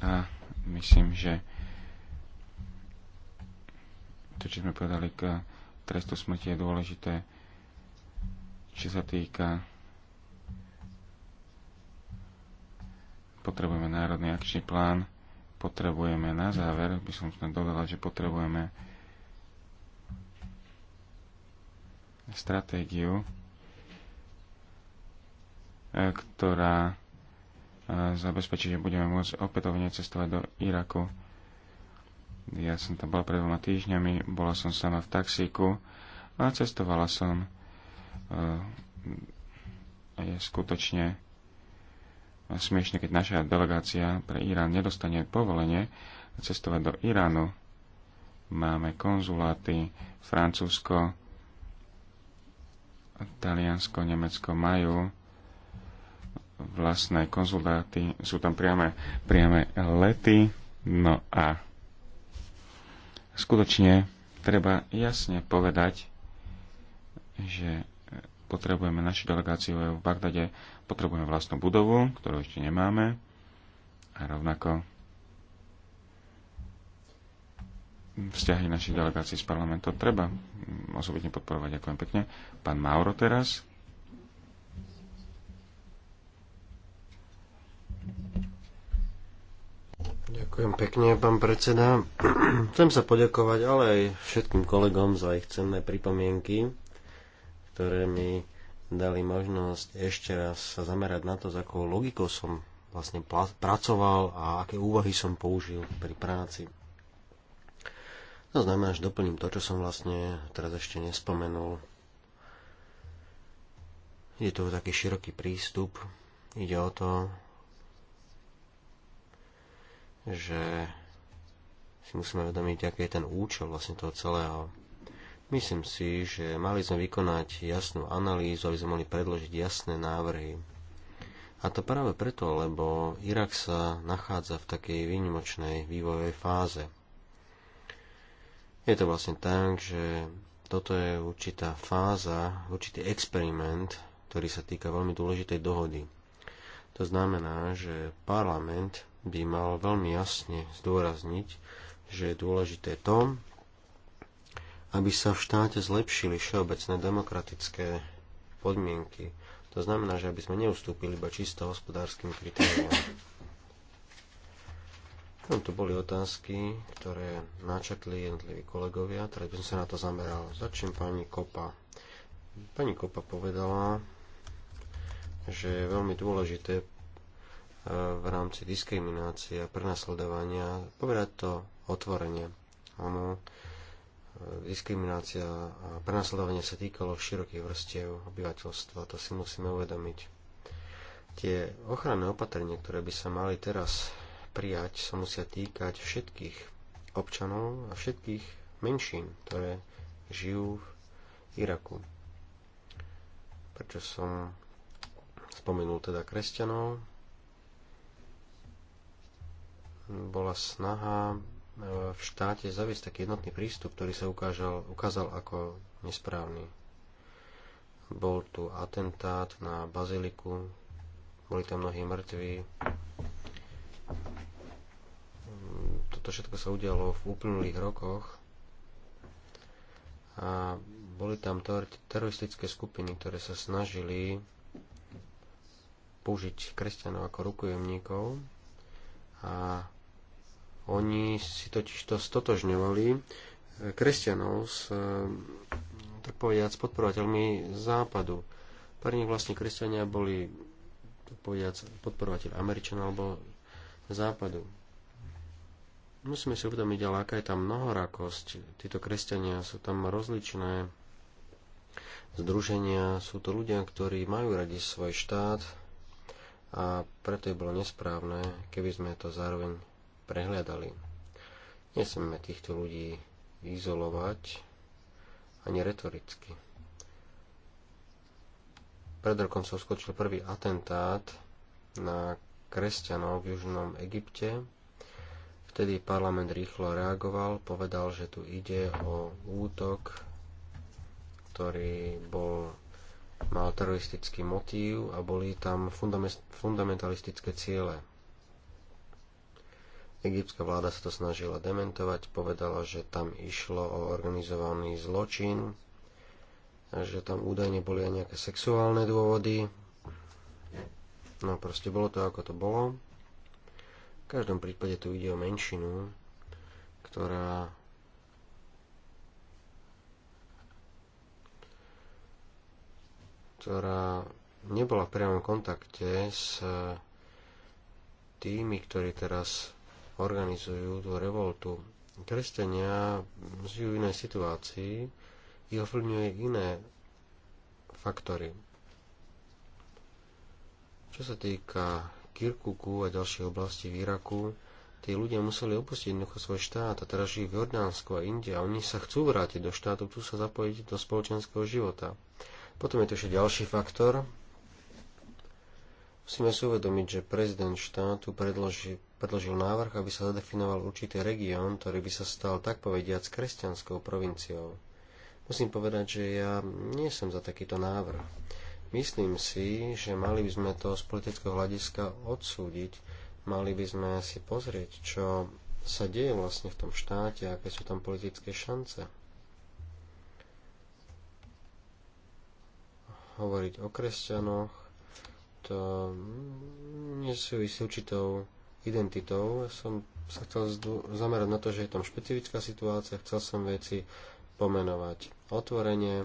a myslím, že to, čo sme povedali k trestu smrti, je dôležité čo sa týka potrebujeme národný akčný plán, potrebujeme na záver, by som sme dodala, že potrebujeme stratégiu, e, ktorá e, zabezpečí, že budeme môcť opätovne cestovať do Iraku. Ja som tam bola pred dvoma týždňami, bola som sama v taxíku a cestovala som je skutočne smiešne, keď naša delegácia pre Irán nedostane povolenie cestovať do Iránu. Máme konzuláty, Francúzsko, Taliansko, Nemecko majú vlastné konzuláty, sú tam priame, priame lety, no a skutočne treba jasne povedať, že potrebujeme naši delegáciu v Bagdade, potrebujeme vlastnú budovu, ktorú ešte nemáme. A rovnako vzťahy našich delegácií s parlamentom treba osobitne podporovať. Ďakujem pekne. Pán Mauro teraz. Ďakujem pekne, pán predseda. Chcem sa poďakovať ale aj všetkým kolegom za ich cenné pripomienky ktoré mi dali možnosť ešte raz sa zamerať na to, s akou logikou som vlastne pracoval a aké úvahy som použil pri práci. To znamená, že doplním to, čo som vlastne teraz ešte nespomenul. Je to taký široký prístup. Ide o to, že si musíme vedomiť, aký je ten účel vlastne toho celého Myslím si, že mali sme vykonať jasnú analýzu, aby sme mohli predložiť jasné návrhy. A to práve preto, lebo Irak sa nachádza v takej výnimočnej vývojovej fáze. Je to vlastne tak, že toto je určitá fáza, určitý experiment, ktorý sa týka veľmi dôležitej dohody. To znamená, že parlament by mal veľmi jasne zdôrazniť, že je dôležité to, aby sa v štáte zlepšili všeobecné demokratické podmienky. To znamená, že aby sme neustúpili iba čisto hospodárskym kritériám. No, to boli otázky, ktoré načetli jednotliví kolegovia, teraz by som sa na to zameral. Začnem pani Kopa. Pani Kopa povedala, že je veľmi dôležité eh, v rámci diskriminácie a prenasledovania povedať to otvorenie. Ono, diskriminácia a prenasledovanie sa týkalo širokých vrstiev obyvateľstva. To si musíme uvedomiť. Tie ochranné opatrenia, ktoré by sa mali teraz prijať, sa musia týkať všetkých občanov a všetkých menšín, ktoré žijú v Iraku. Prečo som spomenul teda kresťanov? Bola snaha v štáte zaviesť taký jednotný prístup, ktorý sa ukážal, ukázal ako nesprávny. Bol tu atentát na baziliku, boli tam mnohí mŕtvi. Toto všetko sa udialo v uplynulých rokoch a boli tam teroristické skupiny, ktoré sa snažili použiť kresťanov ako rukojemníkov a oni si totiž to stotožňovali e, kresťanov s, e, tak povediať, s podporovateľmi západu. Pre nich vlastne kresťania boli tak povediať, podporovateľ Američanov alebo západu. Musíme si uvedomiť, ale aká je tam mnohorakosť. Títo kresťania sú tam rozličné združenia, sú to ľudia, ktorí majú radi svoj štát a preto je bolo nesprávne, keby sme to zároveň prehľadali. Nesmieme týchto ľudí izolovať ani retoricky. Pred rokom sa skočil prvý atentát na kresťanov v Južnom Egypte. Vtedy parlament rýchlo reagoval, povedal, že tu ide o útok, ktorý bol mal teroristický motív a boli tam fundamentalistické ciele. Egyptská vláda sa to snažila dementovať, povedala, že tam išlo o organizovaný zločin, že tam údajne boli aj nejaké sexuálne dôvody. No proste bolo to, ako to bolo. V každom prípade tu ide o menšinu, ktorá ktorá nebola v priamom kontakte s tými, ktorí teraz organizujú tú revoltu. Kresťania žijú v inej situácii, ich ovplyvňuje iné faktory. Čo sa týka Kirkuku a ďalších oblasti v Iraku, tí ľudia museli opustiť jednoducho svoj štát a teraz žijú v Jordánsku a Indii a oni sa chcú vrátiť do štátu, chcú sa zapojiť do spoločenského života. Potom je to ešte ďalší faktor, Musíme si uvedomiť, že prezident štátu predloži, predložil návrh, aby sa zadefinoval určitý región, ktorý by sa stal tak povediac kresťanskou provinciou. Musím povedať, že ja nie som za takýto návrh. Myslím si, že mali by sme to z politického hľadiska odsúdiť, mali by sme si pozrieť, čo sa deje vlastne v tom štáte, aké sú tam politické šance. Hovoriť o kresťanoch, to nesúvisí určitou identitou. Ja som sa chcel zamerať na to, že je tam špecifická situácia, chcel som veci pomenovať. Otvorenie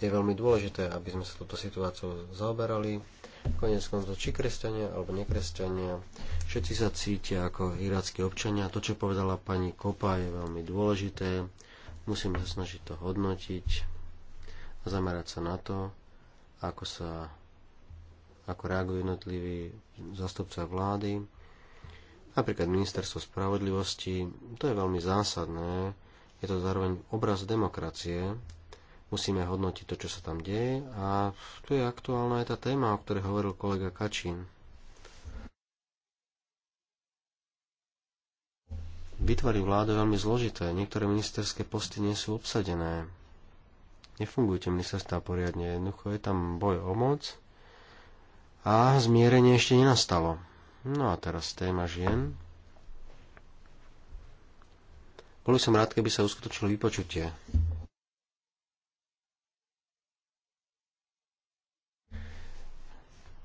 je veľmi dôležité, aby sme sa túto situáciu zaoberali. Konec koncov, či kresťania alebo nekresťania, všetci sa cítia ako iráckí občania. To, čo povedala pani Kopa, je veľmi dôležité. Musíme sa snažiť to hodnotiť a zamerať sa na to, ako sa ako reagujú jednotliví zastupca vlády. Napríklad ministerstvo spravodlivosti, to je veľmi zásadné, je to zároveň obraz demokracie, musíme hodnotiť to, čo sa tam deje a tu je aktuálna aj tá téma, o ktorej hovoril kolega Kačín. Vytvory vládu je veľmi zložité, niektoré ministerské posty nie sú obsadené, nefungujú tie poriadne. Jednoducho je tam boj o moc a zmierenie ešte nenastalo. No a teraz téma žien. Boli som rád, keby sa uskutočilo vypočutie.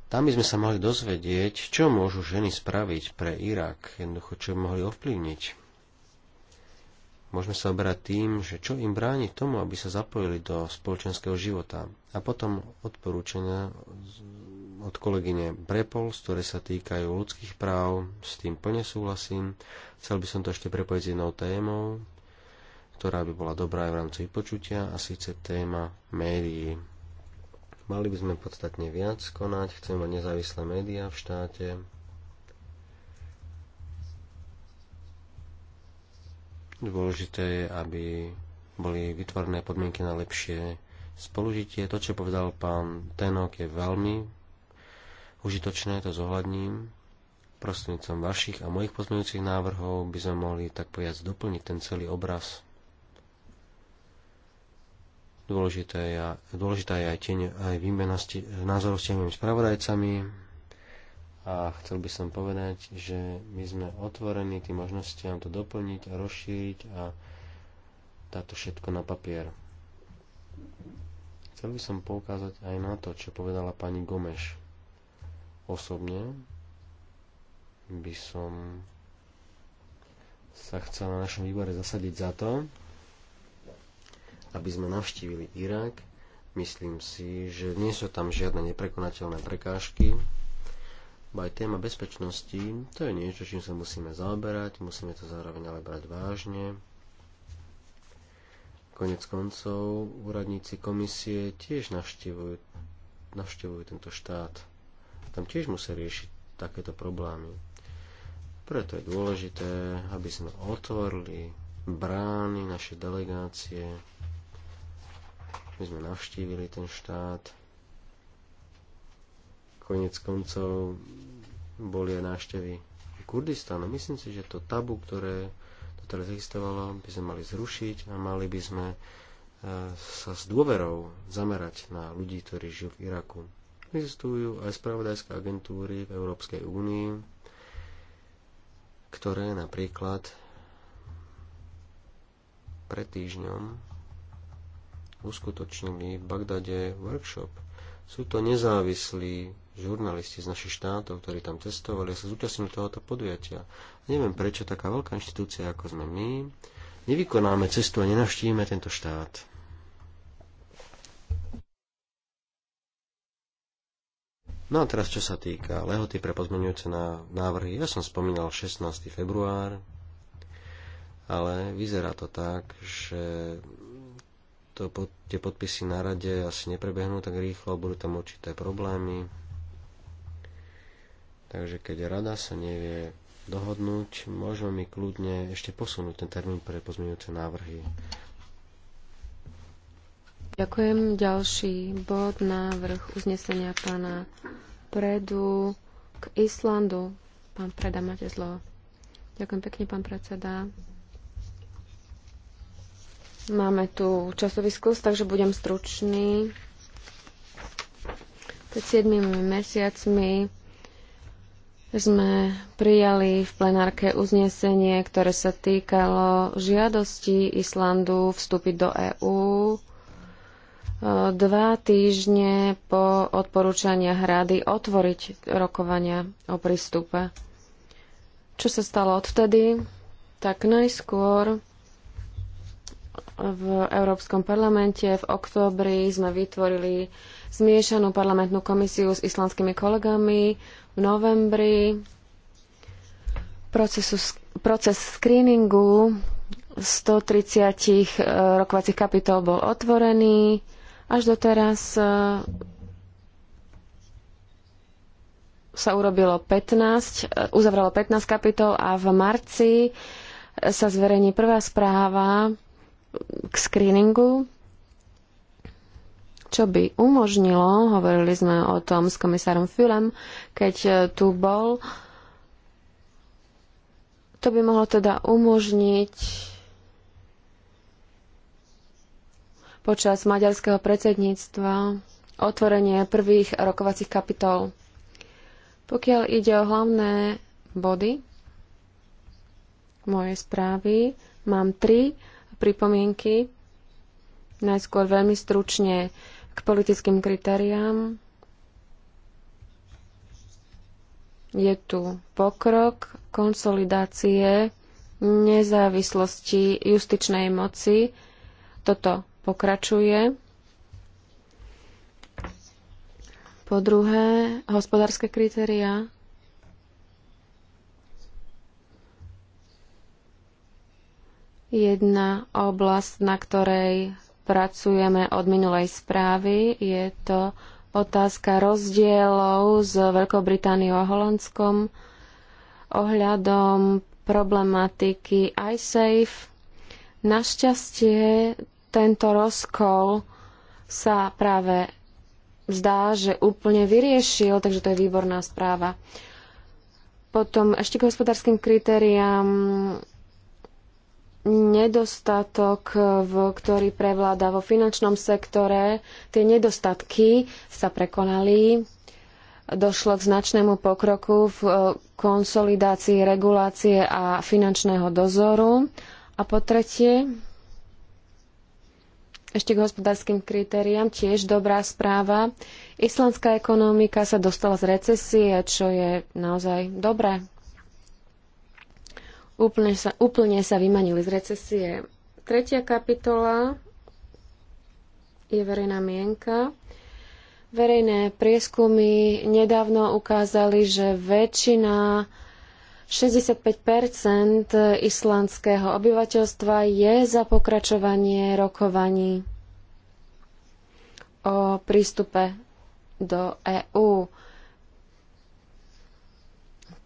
Tam by sme sa mohli dozvedieť, čo môžu ženy spraviť pre Irak, jednoducho čo by mohli ovplyvniť. Môžeme sa oberať tým, že čo im bráni tomu, aby sa zapojili do spoločenského života. A potom odporúčania od kolegyne Brepol, z ktoré sa týkajú ľudských práv, s tým plne súhlasím. Chcel by som to ešte prepojiť s jednou témou, ktorá by bola dobrá aj v rámci vypočutia, a síce téma médií. Mali by sme podstatne viac konať, chcem mať nezávislé médiá v štáte. Dôležité je, aby boli vytvorené podmienky na lepšie spolužitie. To, čo povedal pán Tenok, je veľmi užitočné, to zohľadním. Prostrednícom vašich a mojich pozmeňujúcich návrhov by sme mohli tak povedať doplniť ten celý obraz. Dôležitá je, dôležitá je aj, tieň, aj výmena názorov s tieňovými spravodajcami. A chcel by som povedať, že my sme otvorení tým možnostiam to doplniť a rozšíriť a dá to všetko na papier. Chcel by som poukázať aj na to, čo povedala pani Gomeš. Osobne by som sa chcel na našom výbore zasadiť za to, aby sme navštívili Irak. Myslím si, že nie sú tam žiadne neprekonateľné prekážky. Bo aj téma bezpečnosti, to je niečo, čím sa musíme zaoberať, musíme to zároveň ale brať vážne. Konec koncov, úradníci komisie tiež navštívujú, navštívujú tento štát tam tiež musia riešiť takéto problémy. Preto je dôležité, aby sme otvorili brány naše delegácie, aby sme navštívili ten štát, konec koncov boli aj návštevy Kurdistanu. Myslím si, že to tabu, ktoré teraz existovalo, by sme mali zrušiť a mali by sme eh, sa s dôverou zamerať na ľudí, ktorí žijú v Iraku. Existujú aj spravodajské agentúry v Európskej únii, ktoré napríklad pred týždňom uskutočnili v Bagdade workshop. Sú to nezávislí žurnalisti z našich štátov, ktorí tam testovali a sa zúčastnili tohoto podujatia. A neviem, prečo taká veľká inštitúcia, ako sme my, nevykonáme cestu a nenavštívime tento štát. No a teraz, čo sa týka lehoty pre pozmeňujúce návrhy, ja som spomínal 16. február, ale vyzerá to tak, že to, pod, tie podpisy na rade asi neprebehnú tak rýchlo, budú tam určité problémy. Takže keď rada sa nevie dohodnúť, môžeme mi kľudne ešte posunúť ten termín pre pozmeňujúce návrhy. Ďakujem. Ďalší bod, návrh uznesenia pána Predu k Islandu. Pán Preda, máte slovo. Ďakujem pekne, pán predseda. Máme tu časový skús, takže budem stručný. Pred 7 mesiacmi sme prijali v plenárke uznesenie, ktoré sa týkalo žiadosti Islandu vstúpiť do EÚ dva týždne po odporúčaniach rady otvoriť rokovania o prístupe. Čo sa stalo odvtedy? Tak najskôr v Európskom parlamente v októbri sme vytvorili zmiešanú parlamentnú komisiu s islandskými kolegami. V novembri procesu, proces screeningu 130 rokovacích kapitol bol otvorený. Až doteraz e, sa urobilo 15, uzavralo 15 kapitol a v marci e, sa zverejní prvá správa k screeningu, čo by umožnilo, hovorili sme o tom s komisárom Fülem, keď e, tu bol, to by mohlo teda umožniť počas maďarského predsedníctva otvorenie prvých rokovacích kapitol. Pokiaľ ide o hlavné body mojej správy, mám tri pripomienky. Najskôr veľmi stručne k politickým kritériám. Je tu pokrok konsolidácie nezávislosti justičnej moci. Toto pokračuje. Po druhé, hospodárske kritériá. Jedna oblasť, na ktorej pracujeme od minulej správy, je to otázka rozdielov s Veľkou Britániou a Holandskom ohľadom problematiky iSafe. Našťastie tento rozkol sa práve zdá, že úplne vyriešil, takže to je výborná správa. Potom ešte k hospodárskym kritériám nedostatok, v, ktorý prevláda vo finančnom sektore, tie nedostatky sa prekonali. Došlo k značnému pokroku v e, konsolidácii regulácie a finančného dozoru. A po tretie, ešte k hospodárskym kritériám tiež dobrá správa. Islandská ekonomika sa dostala z recesie, čo je naozaj dobré. Úplne sa, úplne sa vymanili z recesie. Tretia kapitola je verejná mienka. Verejné prieskumy nedávno ukázali, že väčšina 65 islandského obyvateľstva je za pokračovanie rokovaní o prístupe do EÚ.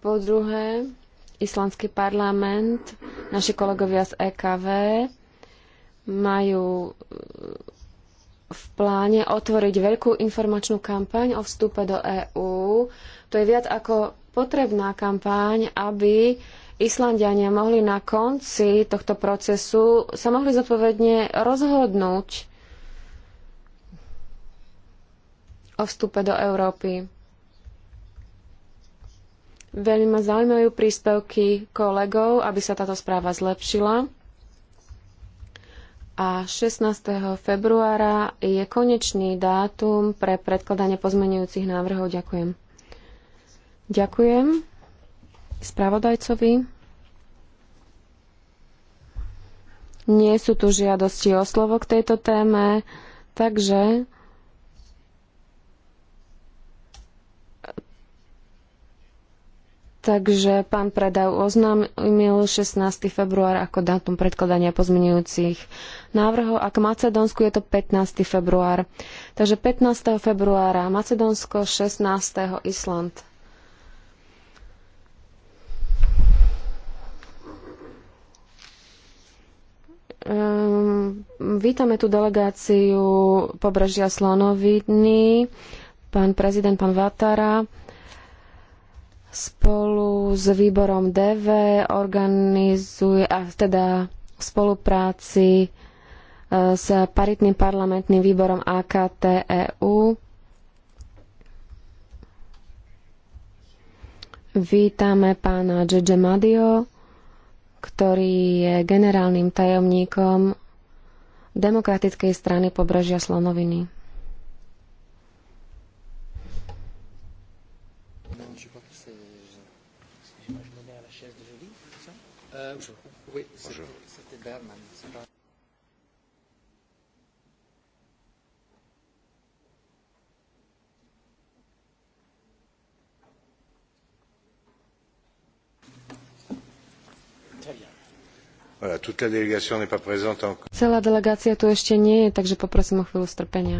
Po druhé, islandský parlament, naši kolegovia z EKV majú e, v pláne otvoriť veľkú informačnú kampaň o vstupe do EÚ. To je viac ako potrebná kampáň, aby Islandiania mohli na konci tohto procesu sa mohli zodpovedne rozhodnúť o vstupe do Európy. Veľmi ma zaujímajú príspevky kolegov, aby sa táto správa zlepšila. A 16. februára je konečný dátum pre predkladanie pozmenujúcich návrhov. Ďakujem. Ďakujem spravodajcovi. Nie sú tu žiadosti o slovo k tejto téme, takže Takže pán Predav oznámil 16. február ako dátum predkladania pozmenujúcich návrhov a k Macedónsku je to 15. február. Takže 15. februára Macedónsko, 16. Island. Ehm, vítame tú delegáciu pobrežia Slonovidny, pán prezident, pán Vatara. Spolu s výborom DV organizuje, a teda v spolupráci e, s paritným parlamentným výborom AKT e Vítame pána Džedže Madio, ktorý je generálnym tajomníkom Demokratickej strany pobrežia Slonoviny. Celá delegácia tu ešte nie je, takže poprosím o chvíľu strpenia.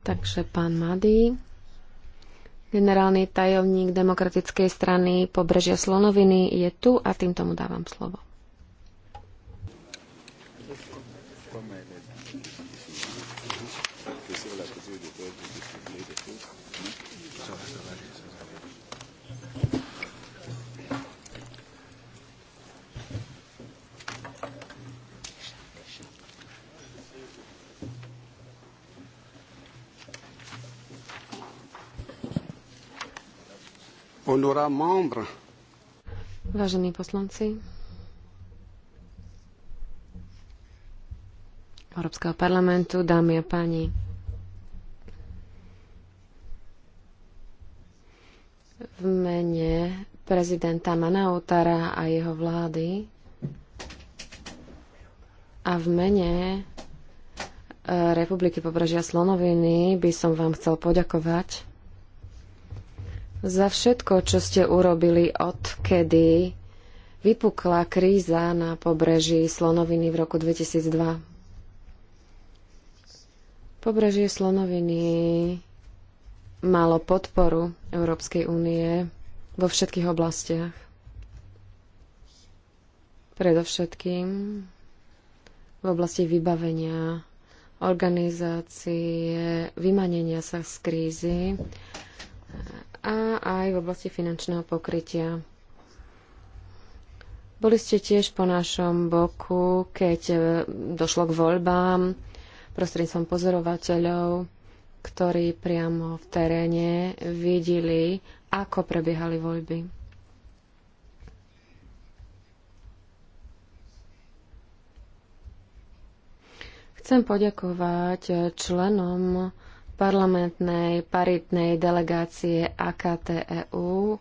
Takže pán Madi, generálny tajomník Demokratickej strany Pobrežia Slonoviny, je tu a týmto mu dávam slovo. sera membre. Vážení poslanci Európskeho parlamentu, dámy a páni, v mene prezidenta Manautara a jeho vlády a v mene eh, Republiky Pobrežia Slonoviny by som vám chcel poďakovať za všetko, čo ste urobili odkedy vypukla kríza na pobreží Slonoviny v roku 2002. Pobrežie Slonoviny malo podporu Európskej únie vo všetkých oblastiach. Predovšetkým v oblasti vybavenia, organizácie, vymanenia sa z krízy a aj v oblasti finančného pokrytia. Boli ste tiež po našom boku, keď e, došlo k voľbám prostredníctvom pozorovateľov, ktorí priamo v teréne videli, ako prebiehali voľby. Chcem poďakovať e, členom parlamentnej paritnej delegácie AKTEU,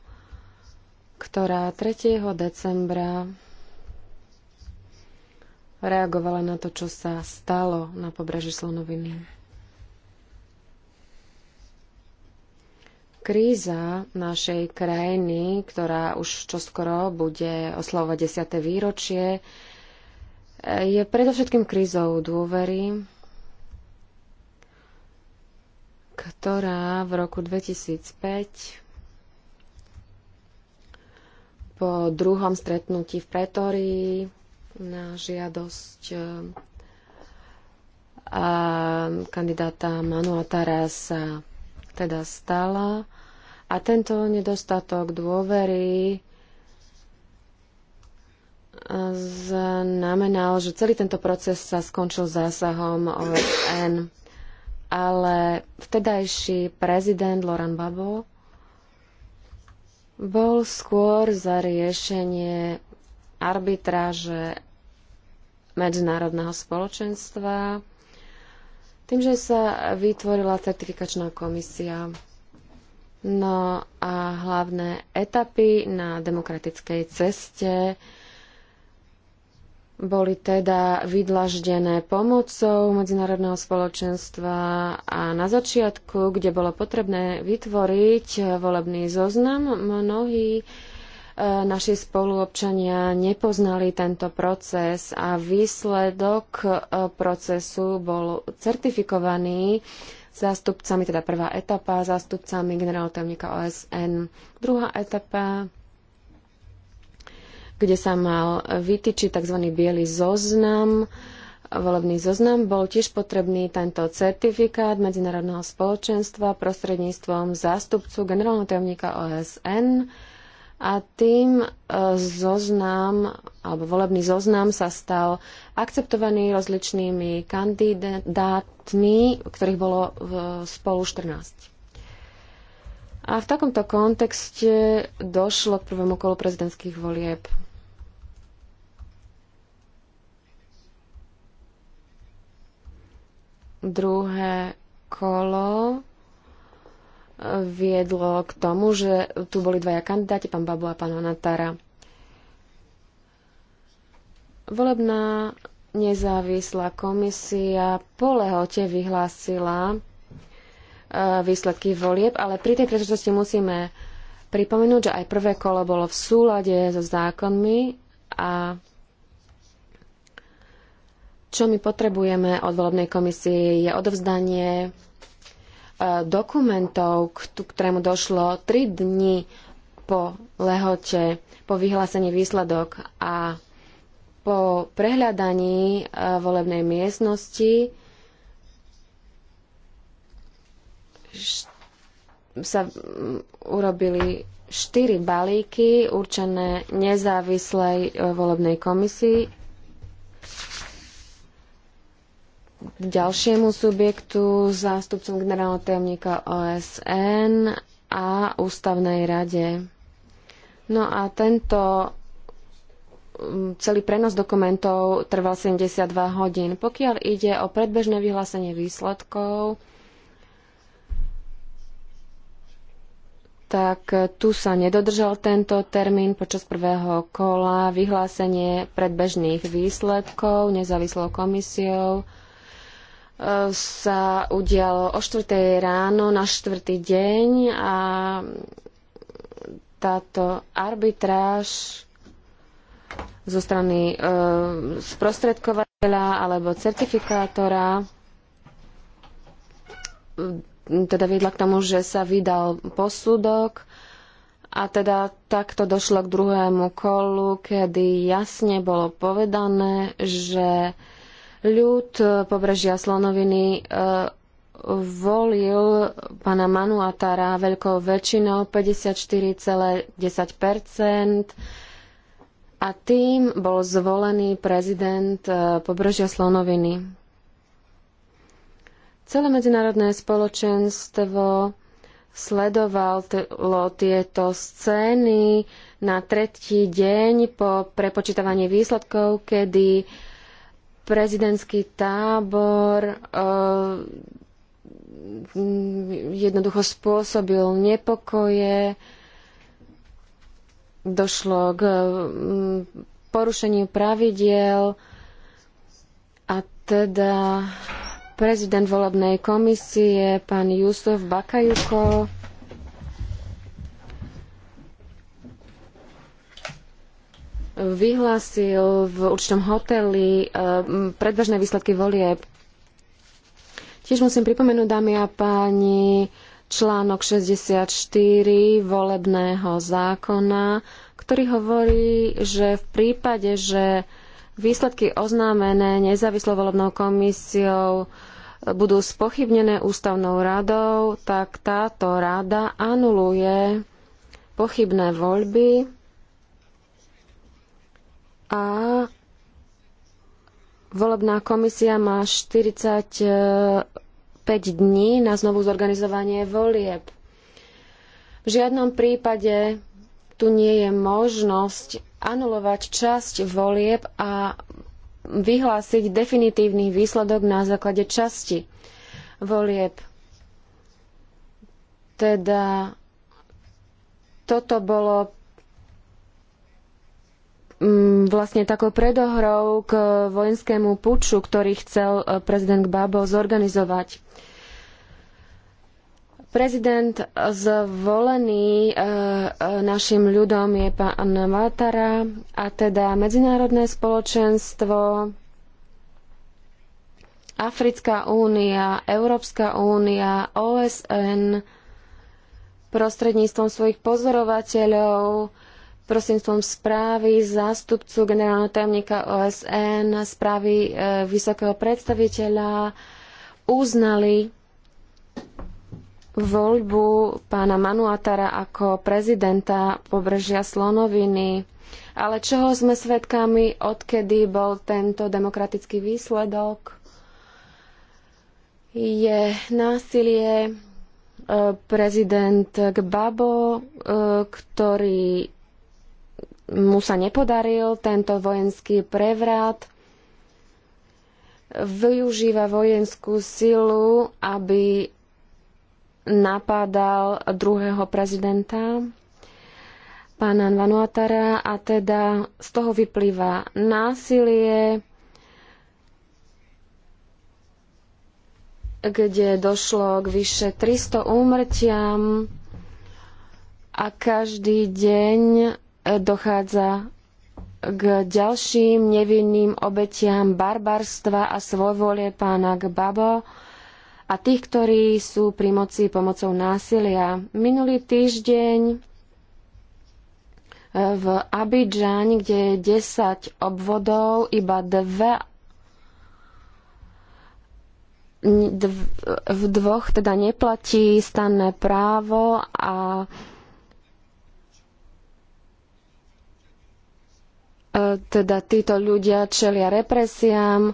ktorá 3. decembra reagovala na to, čo sa stalo na pobreží Slonoviny. Kríza našej krajiny, ktorá už čoskoro bude oslavovať 10. výročie, je predovšetkým krízou dôvery ktorá v roku 2005 po druhom stretnutí v Pretorii na žiadosť e, a kandidáta Manuela Tarasa teda stala. A tento nedostatok dôvery e, znamenal, že celý tento proces sa skončil zásahom OSN ale vtedajší prezident Laurent Babo bol skôr za riešenie arbitráže medzinárodného spoločenstva tým, že sa vytvorila certifikačná komisia. No a hlavné etapy na demokratickej ceste boli teda vydlaždené pomocou medzinárodného spoločenstva a na začiatku, kde bolo potrebné vytvoriť volebný zoznam, mnohí e, naši spoluobčania nepoznali tento proces a výsledok e, procesu bol certifikovaný zástupcami, teda prvá etapa, zástupcami generálneho tajomníka OSN. Druhá etapa kde sa mal vytýčiť tzv. biely zoznam, volebný zoznam, bol tiež potrebný tento certifikát medzinárodného spoločenstva prostredníctvom zástupcu generálneho tajomníka OSN a tým e, zoznam alebo volebný zoznam sa stal akceptovaný rozličnými kandidátmi, ktorých bolo spolu 14. A v takomto kontexte došlo k prvému kolu prezidentských volieb Druhé kolo viedlo k tomu, že tu boli dvaja kandidáti, pán Babu a pán Onatara. Volebná nezávislá komisia po lehote vyhlásila e, výsledky volieb, ale pri tej príležitosti musíme pripomenúť, že aj prvé kolo bolo v súlade so zákonmi a čo my potrebujeme od volebnej komisie je odovzdanie e, dokumentov, ktorému došlo 3 dni po lehote, po vyhlásení výsledok a po prehľadaní e, volebnej miestnosti sa mm, urobili štyri balíky určené nezávislej e, volebnej komisii K ďalšiemu subjektu, zástupcom generálneho tajomníka OSN a ústavnej rade. No a tento mm, celý prenos dokumentov trval 72 hodín. Pokiaľ ide o predbežné vyhlásenie výsledkov, tak tu sa nedodržal tento termín počas prvého kola. Vyhlásenie predbežných výsledkov nezávislou komisiou sa udialo o 4. ráno na 4. deň a táto arbitráž zo strany e, sprostredkovateľa alebo certifikátora teda viedla k tomu, že sa vydal posudok a teda takto došlo k druhému kolu, kedy jasne bolo povedané, že e, Ľud eh, pobrežia Slonoviny eh, volil pána Manuatara veľkou väčšinou 54,10% a tým bol zvolený prezident eh, pobrežia Slonoviny. Celé medzinárodné spoločenstvo sledovalo tieto scény na tretí deň po prepočítavaní výsledkov, kedy prezidentský tábor e, jednoducho spôsobil nepokoje, došlo k mm, porušeniu pravidiel a teda prezident volebnej komisie, pán Jusuf Bakajuko, vyhlásil v určitom hoteli eh, predbežné výsledky volieb. Tiež musím pripomenúť, dámy a páni, článok 64 volebného zákona, ktorý hovorí, že v prípade, že výsledky oznámené nezávislou volebnou komisiou eh, budú spochybnené ústavnou radou, tak táto rada anuluje pochybné voľby a volebná komisia má 45 dní na znovu zorganizovanie volieb. V žiadnom prípade tu nie je možnosť anulovať časť volieb a vyhlásiť definitívny výsledok na základe časti volieb. Teda toto bolo Mm, vlastne takou predohrou k vojenskému puču, ktorý chcel e, prezident Gbagbo zorganizovať. Prezident zvolený e, e, našim ľudom je pán Vátara a teda medzinárodné spoločenstvo, Africká únia, Európska únia, OSN prostredníctvom svojich pozorovateľov prostredníctvom správy zástupcu generálneho tajomníka OSN, správy e, vysokého predstaviteľa uznali voľbu pána Manuatara ako prezidenta pobrežia Slonoviny. Ale čoho sme svedkami, odkedy bol tento demokratický výsledok? Je násilie e, prezident Gbabo, e, ktorý mu sa nepodaril tento vojenský prevrat. Využíva vojenskú silu, aby napádal druhého prezidenta, pána Vanuatara, a teda z toho vyplýva násilie, kde došlo k vyše 300 úmrtiam a každý deň dochádza k ďalším nevinným obetiam barbarstva a svojvolie pána Gbabo a tých, ktorí sú pri moci pomocou násilia. Minulý týždeň eh, v Abidžani, kde je 10 obvodov, iba dve v dvoch teda neplatí stanné právo a teda títo ľudia čelia represiám, e,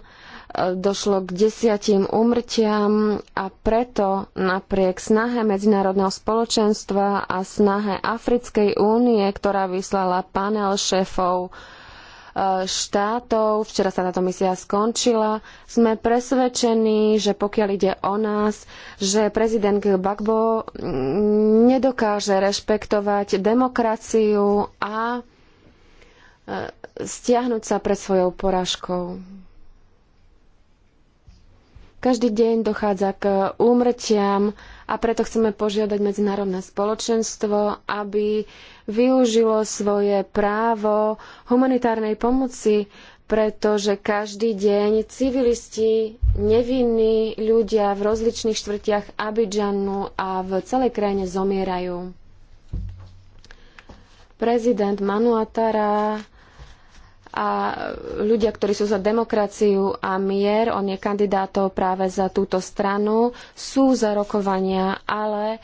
došlo k desiatim úmrtiam a preto napriek snahe medzinárodného spoločenstva a snahe Africkej únie, ktorá vyslala panel šéfov e, štátov, včera sa táto misia skončila, sme presvedčení, že pokiaľ ide o nás, že prezident Gbagbo nedokáže rešpektovať demokraciu a e, stiahnuť sa pred svojou porážkou. Každý deň dochádza k úmrtiam a preto chceme požiadať medzinárodné spoločenstvo, aby využilo svoje právo humanitárnej pomoci, pretože každý deň civilisti, nevinní ľudia v rozličných štvrtiach Abidžanu a v celej krajine zomierajú. Prezident Manuatara a ľudia, ktorí sú za demokraciu a mier, on je kandidátov práve za túto stranu, sú za rokovania, ale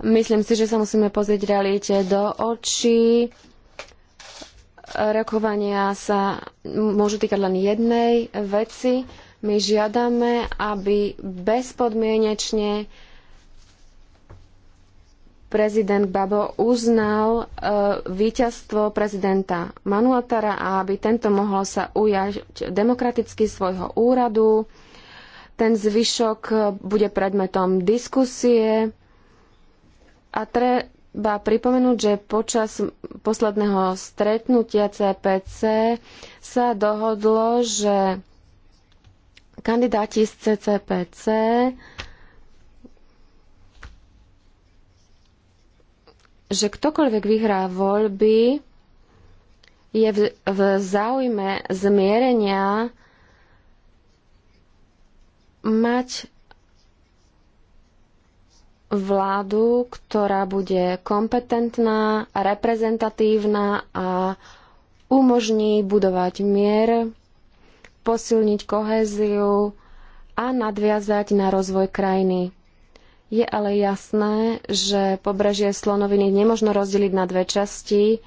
myslím si, že sa musíme pozrieť realite do očí. Rokovania sa môžu týkať len jednej veci. My žiadame, aby bezpodmienečne prezident Babo uznal e, víťazstvo prezidenta Manuatara a aby tento mohol sa ujať demokraticky svojho úradu. Ten zvyšok bude predmetom diskusie a treba pripomenúť, že počas posledného stretnutia CPC sa dohodlo, že kandidáti z CCPC že ktokoľvek vyhrá voľby, je v, v záujme zmierenia mať vládu, ktorá bude kompetentná, reprezentatívna a umožní budovať mier, posilniť kohéziu a nadviazať na rozvoj krajiny. Je ale jasné, že pobrežie Slonoviny nemožno rozdeliť na dve časti.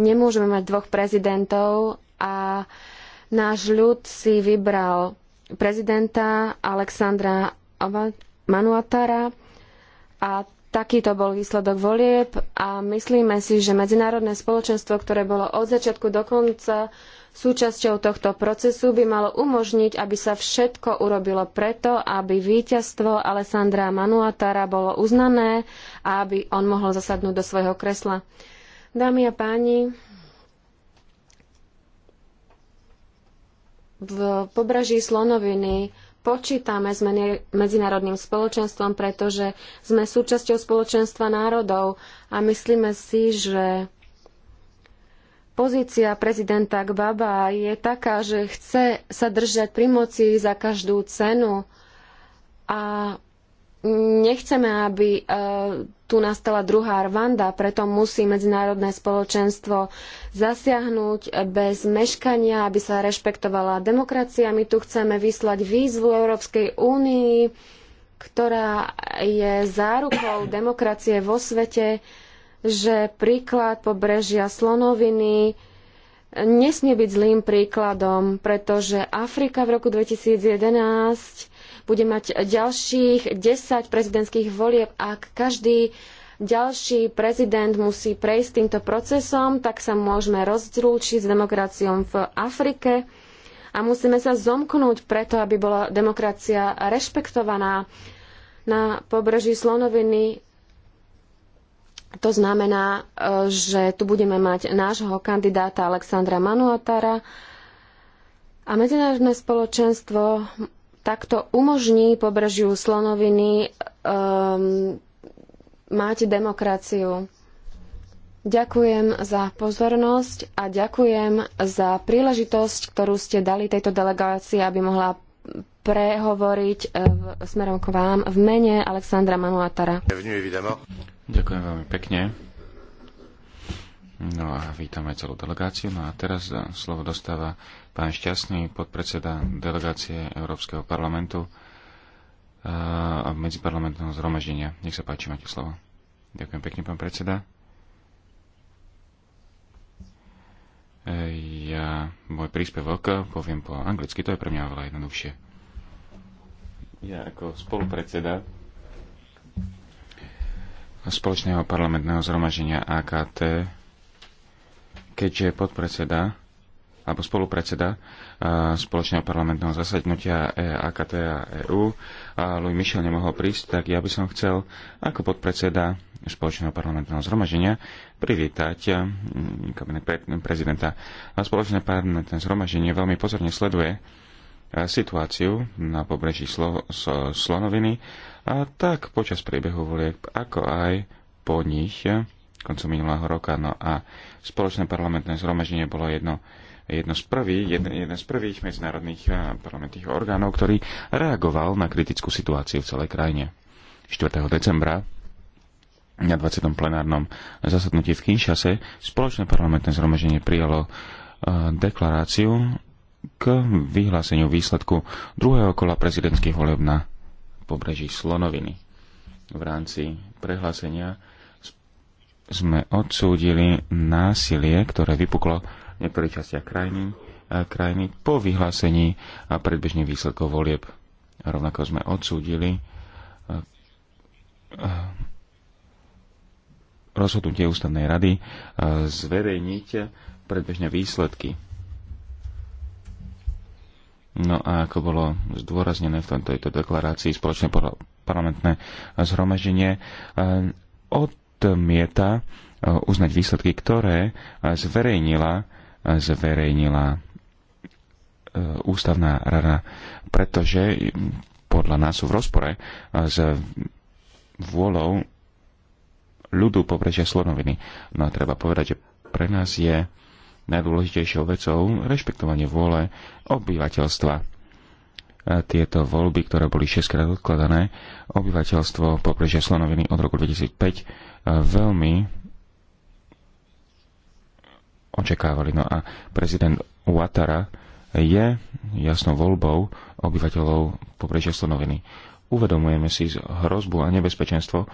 Nemôžeme mať dvoch prezidentov a náš ľud si vybral prezidenta Alexandra Manuatara a takýto bol výsledok volieb a myslíme si, že medzinárodné spoločenstvo, ktoré bolo od začiatku do konca Súčasťou tohto procesu by malo umožniť, aby sa všetko urobilo preto, aby víťazstvo Alessandra Manuatara bolo uznané a aby on mohol zasadnúť do svojho kresla. Dámy a páni, v pobraží Slonoviny počítame s medzinárodným spoločenstvom, pretože sme súčasťou spoločenstva národov a myslíme si, že Pozícia prezidenta Gbaba je taká, že chce sa držať pri moci za každú cenu a nechceme, aby e, tu nastala druhá Rwanda, preto musí medzinárodné spoločenstvo zasiahnuť bez meškania, aby sa rešpektovala demokracia. My tu chceme vyslať výzvu Európskej únii, ktorá je zárukou demokracie vo svete že príklad pobrežia Slonoviny nesmie byť zlým príkladom, pretože Afrika v roku 2011 bude mať ďalších 10 prezidentských volieb. Ak každý ďalší prezident musí prejsť týmto procesom, tak sa môžeme rozdrúčiť s demokraciou v Afrike a musíme sa zomknúť preto, aby bola demokracia rešpektovaná. Na pobreží Slonoviny to znamená, e, že tu budeme mať nášho kandidáta Alexandra Manuatara a medzinárodné spoločenstvo takto umožní pobrežiu Slonoviny um, mať demokraciu. Ďakujem za pozornosť a ďakujem za príležitosť, ktorú ste dali tejto delegácii, aby mohla prehovoriť e, v, smerom k vám v mene Alexandra Manuatara. No. Ďakujem veľmi pekne. No a vítame celú delegáciu. No a teraz e, slovo dostáva pán Šťastný, podpredseda delegácie Európskeho parlamentu e, a medziparlamentného zhromaždenia. Nech sa páči, máte slovo. Ďakujem pekne, pán predseda. Ja môj príspevok poviem po anglicky, to je pre mňa oveľa jednoduchšie ja ako spolupredseda spoločného parlamentného zhromaženia AKT, keďže podpredseda alebo spolupredseda spoločného parlamentného zasadnutia AKT e a EU a Louis Michel nemohol prísť, tak ja by som chcel ako podpredseda spoločného parlamentného zhromaženia privítať kabinet prezidenta. A spoločné parlamentné zhromaženie veľmi pozorne sleduje situáciu na pobreží Slo- Slonoviny, a tak počas priebehu volieb, ako aj po nich, koncom minulého roka. No a spoločné parlamentné zhromaždenie bolo jedno, jedno z prvých, jeden, jeden z prvých medzinárodných eh, parlamentných orgánov, ktorý reagoval na kritickú situáciu v celej krajine. 4. decembra na 20. plenárnom zasadnutí v Kinshase spoločné parlamentné zhromaždenie prijalo eh, deklaráciu k vyhláseniu výsledku druhého kola prezidentských voleb na pobreží Slonoviny. V rámci prehlásenia sme odsúdili násilie, ktoré vypuklo v niektorých častiach krajiny, krajiny po vyhlásení a predbežných výsledkov volieb. Rovnako sme odsúdili rozhodnutie ústavnej rady zverejniť predbežné výsledky No a ako bolo zdôraznené v tejto deklarácii spoločné parlamentné zhromaždenie, e, odmieta e, uznať výsledky, ktoré e, zverejnila, zverejnila ústavná rada, pretože podľa nás sú v rozpore s vôľou ľudu pobrežia Slonoviny. No a treba povedať, že pre nás je najdôležitejšou vecou rešpektovanie vôle obyvateľstva tieto voľby, ktoré boli 6 krát odkladané, obyvateľstvo pobrežia Slonoviny od roku 2005 e, veľmi očakávali. No a prezident Ouattara je jasnou voľbou obyvateľov pobrežia Slonoviny. Uvedomujeme si hrozbu a nebezpečenstvo, e,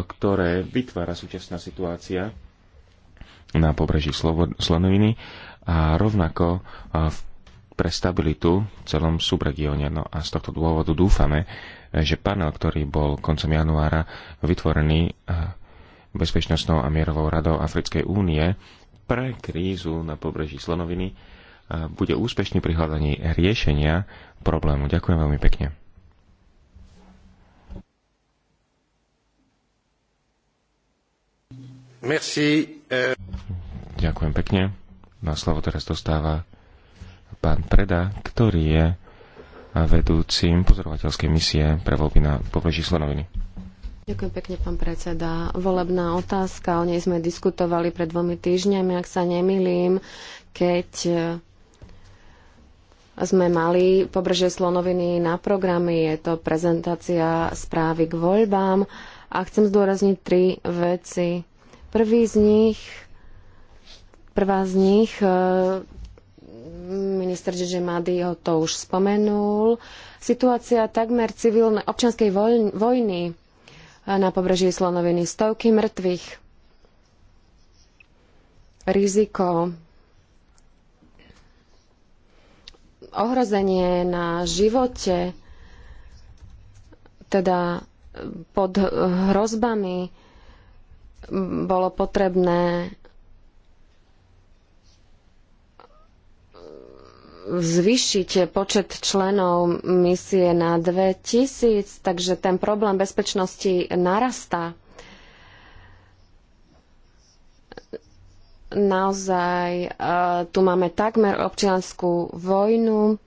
ktoré vytvára súčasná situácia na pobreží Slonoviny a rovnako pre stabilitu v celom subregióne. No a z tohto dôvodu dúfame, že panel, ktorý bol koncom januára vytvorený Bezpečnostnou a mierovou radou Africkej únie pre krízu na pobreží Slonoviny, bude úspešný pri hľadaní riešenia problému. Ďakujem veľmi pekne. Merci. Eh. Ďakujem pekne. Na slovo teraz dostáva pán Preda, ktorý je vedúcim pozorovateľskej misie pre voľby na pobreží Slonoviny. Ďakujem pekne, pán predseda. Volebná otázka, o nej sme diskutovali pred dvomi týždňami, ak sa nemilím, keď eh, sme mali pobrežie Slonoviny na programy. Je to prezentácia správy k voľbám. A chcem zdôrazniť tri veci. Prvý z nich, prvá z nich, e, minister Mady ho to už spomenul, situácia takmer civilnej občianskej vojny e, na pobreží Slonoviny, stovky mŕtvych, riziko ohrozenie na živote, teda pod hrozbami bolo potrebné eh, zvyšiť počet členov misie na 2000, takže ten problém bezpečnosti narastá. Naozaj eh, tu máme takmer občianskú vojnu,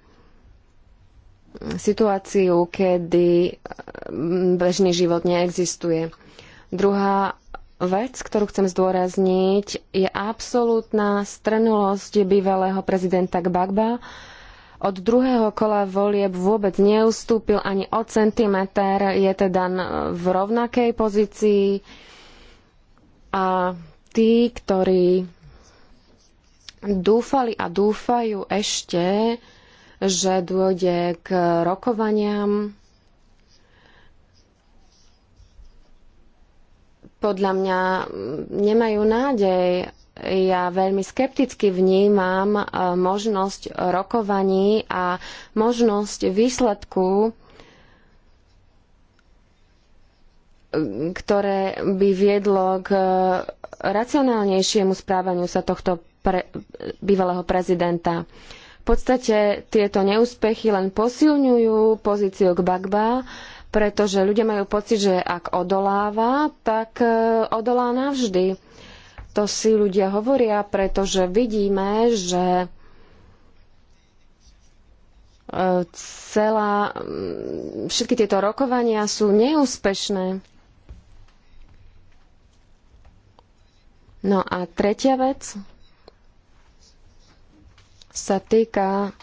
situáciu, kedy eh, bežný život neexistuje. Druhá vec, ktorú chcem zdôrazniť, je absolútna strnulosť bývalého prezidenta Gbagba. Od druhého kola volieb vôbec neustúpil ani o centimeter, je teda v rovnakej pozícii a tí, ktorí dúfali a dúfajú ešte, že dôjde k rokovaniam podľa mňa mm, nemajú nádej. Ja veľmi skepticky vnímam e, možnosť rokovaní a možnosť výsledku, mm, ktoré by viedlo k e, racionálnejšiemu správaniu sa tohto pre, bývalého prezidenta. V podstate tieto neúspechy len posilňujú pozíciu Gbagba, pretože ľudia majú pocit, že ak odoláva, tak e, odolá navždy. To si ľudia hovoria, pretože vidíme, že e, celá, všetky tieto rokovania sú neúspešné. No a tretia vec sa týka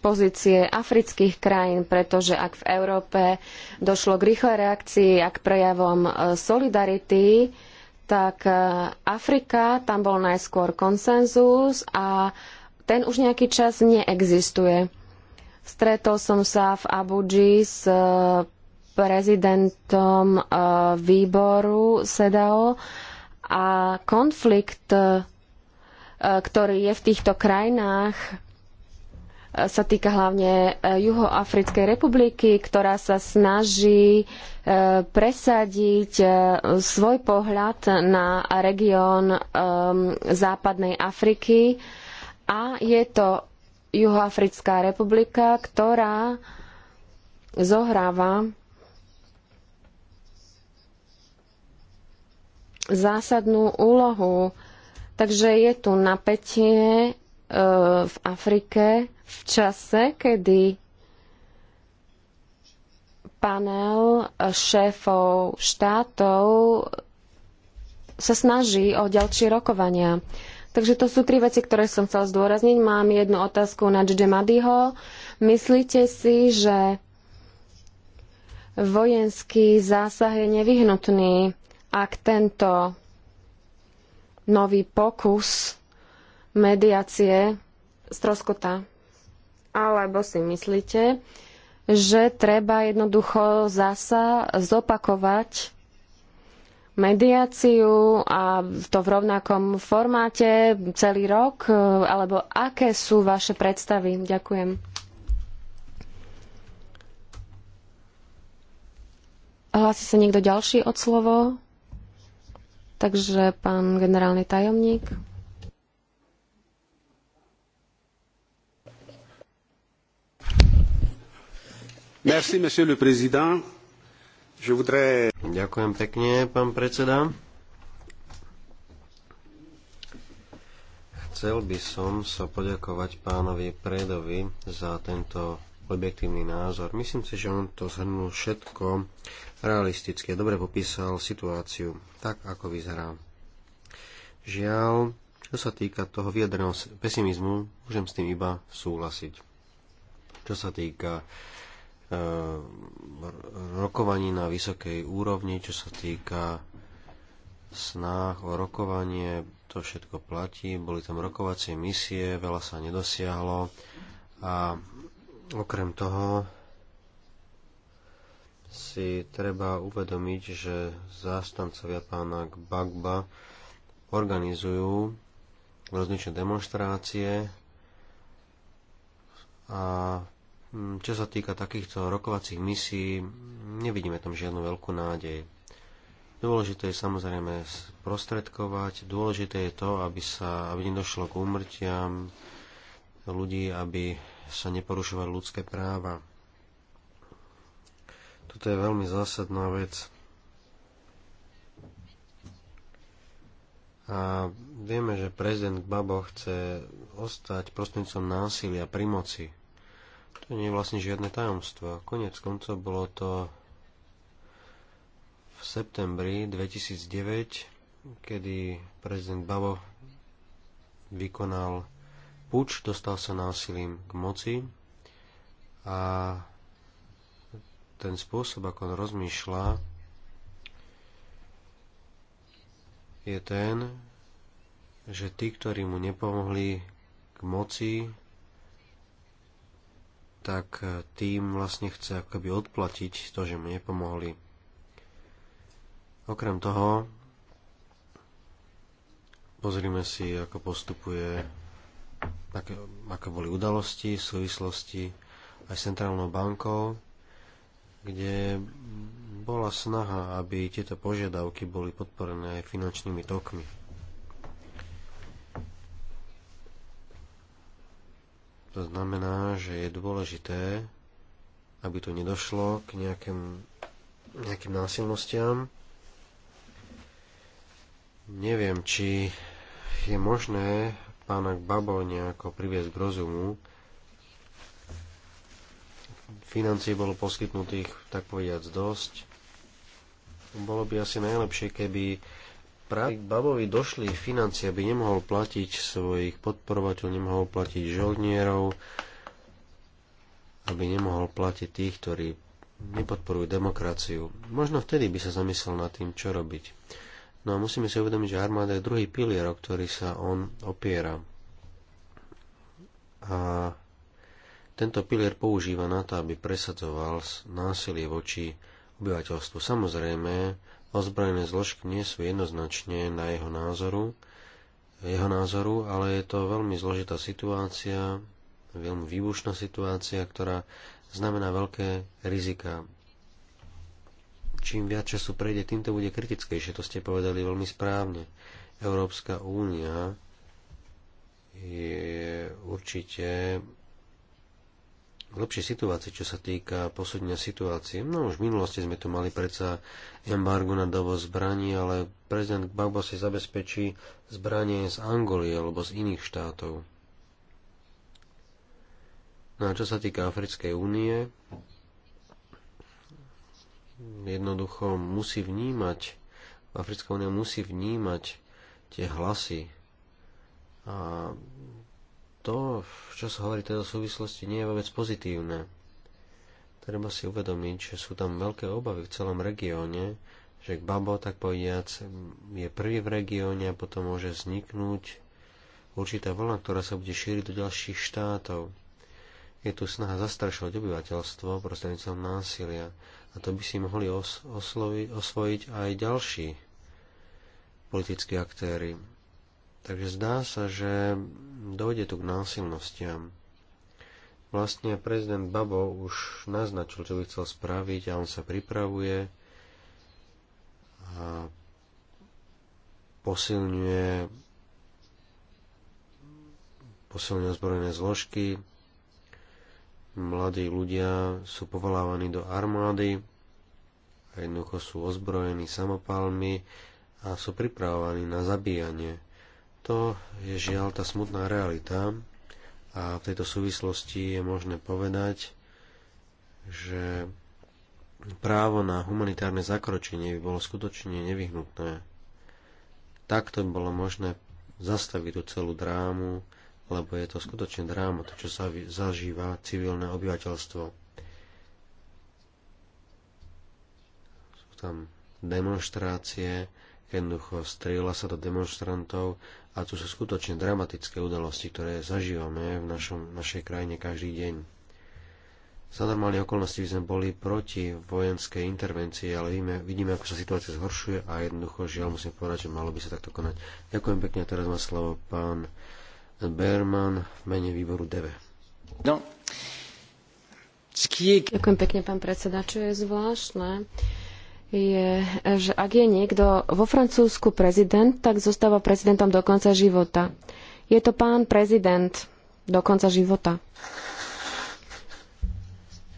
pozície afrických krajín, pretože ak v Európe došlo k rýchlej reakcii a k prejavom e, solidarity, tak e, Afrika, tam bol najskôr konsenzus a ten už nejaký čas neexistuje. Stretol som sa v Abuji s e, prezidentom výboru SEDAO a konflikt, ktorý je v týchto krajinách, sa týka hlavne e, Juhoafrickej republiky, ktorá sa snaží e, presadiť e, svoj pohľad na región ehm, západnej Afriky. A je to Juhoafrická republika, ktorá zohráva zásadnú úlohu. Takže je tu napätie v Afrike v čase, kedy panel šéfov štátov sa snaží o ďalšie rokovania. Takže to sú tri veci, ktoré som chcela zdôrazniť. Mám jednu otázku na Džde Madiho. Myslíte si, že vojenský zásah je nevyhnutný, ak tento nový pokus mediácie stroskota? Alebo si myslíte, že treba jednoducho zasa zopakovať mediáciu a to v rovnakom formáte celý rok? Alebo aké sú vaše predstavy? Ďakujem. Hlási sa niekto ďalší od slovo? Takže pán generálny tajomník. Merci, monsieur le président. Je voudrais... Ďakujem pekne, pán predseda. Chcel by som sa poďakovať pánovi Predovi za tento objektívny názor. Myslím si, že on to zhrnul všetko realisticky a dobre popísal situáciu, tak ako vyzerá. Žiaľ, čo sa týka toho vyjadreného pesimizmu, môžem s tým iba súhlasiť. Čo sa týka Eh, rokovaní na vysokej úrovni, čo sa týka snách o rokovanie, to všetko platí, boli tam rokovacie misie, veľa sa nedosiahlo a okrem toho si treba uvedomiť, že zástancovia pána Gbagba organizujú rozličné demonstrácie a Hm, čo sa týka takýchto rokovacích misií, nevidíme tam žiadnu veľkú nádej. Dôležité je samozrejme prostredkovať, dôležité je to, aby, sa, aby nedošlo k úmrtiam ľudí, aby sa neporušovali ľudské práva. Toto je veľmi zásadná vec. A vieme, že prezident Babo chce ostať prostrednícom násilia pri moci. To nie je vlastne žiadne tajomstvo. Konec koncov bolo to v septembri 2009, kedy prezident Babo vykonal puč, dostal sa násilím k moci a ten spôsob, ako on rozmýšľa, je ten, že tí, ktorí mu nepomohli k moci, tak e, tým vlastne chce akoby odplatiť to, že mu nepomohli. Okrem toho, pozrime si, ako postupuje, aké, aké boli udalosti, súvislosti aj centrálnou bankou, kde bola snaha, aby tieto požiadavky boli podporené aj finančnými tokmi. To znamená, že je dôležité, aby tu nedošlo k nejakým nejakým násilnostiam. Neviem, či je možné pána Babo nejako priviesť k rozumu. Financie bolo poskytnutých, tak povediac, dosť. Bolo by asi najlepšie, keby práve Babovi došli financie, aby nemohol platiť svojich podporovateľov, nemohol platiť žoldnierov, aby nemohol platiť tých, ktorí nepodporujú demokraciu. Možno vtedy by sa zamyslel nad tým, čo robiť. No a musíme si uvedomiť, že armáda je druhý pilier, o ktorý sa on opiera. A tento pilier používa na to, aby presadzoval násilie voči obyvateľstvu. Samozrejme, ozbrojené zložky nie sú jednoznačne na jeho názoru, jeho názoru, ale je to veľmi zložitá situácia, veľmi výbušná situácia, ktorá znamená veľké rizika. Čím viac času prejde, tým to bude kritickejšie, to ste povedali veľmi správne. Európska únia je určite lepšej situácii, čo sa týka posúdenia situácie. No už v minulosti sme tu mali predsa embargo na dovoz zbraní, ale prezident Gbagbo si zabezpečí zbranie z Angolie alebo z iných štátov. No a čo sa týka Africkej únie, jednoducho musí vnímať, Africká únia musí vnímať tie hlasy a to, čo sa hovorí teda v súvislosti, nie je vôbec pozitívne. Treba si uvedomiť, že sú tam veľké obavy v celom regióne, že Gbabo, tak povediac, je prvý v regióne a potom môže vzniknúť určitá vlna, ktorá sa bude šíriť do ďalších štátov. Je tu snaha zastrašovať obyvateľstvo prostredníctvom násilia a to by si mohli os- osvojiť aj ďalší politickí aktéry Takže zdá sa, že dojde tu k násilnostiam. Vlastne prezident Babo už naznačil, čo by chcel spraviť a on sa pripravuje a posilňuje posilňuje zbrojné zložky, mladí ľudia sú povolávaní do armády a jednoducho sú ozbrojení samopalmi a sú pripravovaní na zabíjanie. To je žiaľ tá smutná realita a v tejto súvislosti je možné povedať, že právo na humanitárne zakročenie by bolo skutočne nevyhnutné. Takto by bolo možné zastaviť tú celú drámu, lebo je to skutočne dráma, to čo sa zažíva civilné obyvateľstvo. Sú tam demonstrácie, jednoducho strieľa sa do demonstrantov a tu sú skutočne dramatické udalosti, ktoré zažívame v našom, našej krajine každý deň. Za normálne okolnosti by sme boli proti vojenskej intervencii, ale vidíme, vidíme ako sa situácia zhoršuje a jednoducho žiaľ musím povedať, že malo by sa takto konať. Ďakujem pekne teraz má slovo pán Berman v mene výboru DV. No. Ďakujem pekne, pán predseda. Čo je zvláštne, je, že ak je niekto vo Francúzsku prezident, tak zostáva prezidentom do konca života. Je to pán prezident do konca života.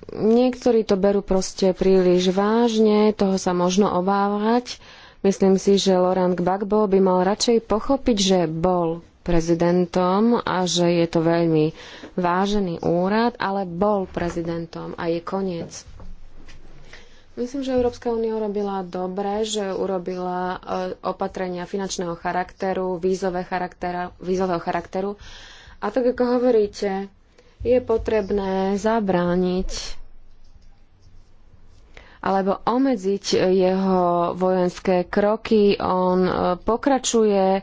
Niektorí to berú proste príliš vážne, toho sa možno obávať. Myslím si, že Laurent Gbagbo by mal radšej pochopiť, že bol prezidentom a že je to veľmi vážený úrad, ale bol prezidentom a je koniec. Myslím, že Európska únia urobila dobre, že urobila e, opatrenia finančného charakteru, vízové charakteru, vízového charakteru. A tak, ako hovoríte, je potrebné zabrániť alebo omedziť jeho vojenské kroky. On e, pokračuje e,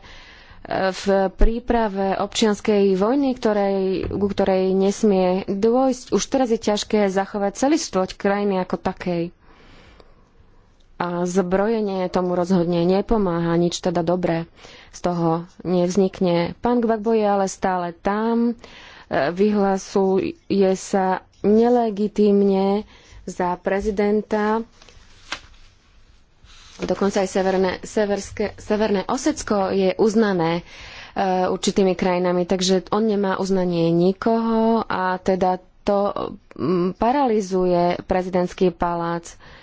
v príprave občianskej vojny, ktorej, ku ktorej nesmie dôjsť. Už teraz je ťažké zachovať celistvoť krajiny ako takej. A zbrojenie tomu rozhodne nepomáha, nič teda dobré z toho nevznikne. Pán Gbagbo je ale stále tam, e, vyhlasuje sa nelegitímne za prezidenta. Dokonca aj Severné, severské, Severné Osecko je uznané e, určitými krajinami, takže on nemá uznanie nikoho a teda to paralizuje prezidentský palác. E,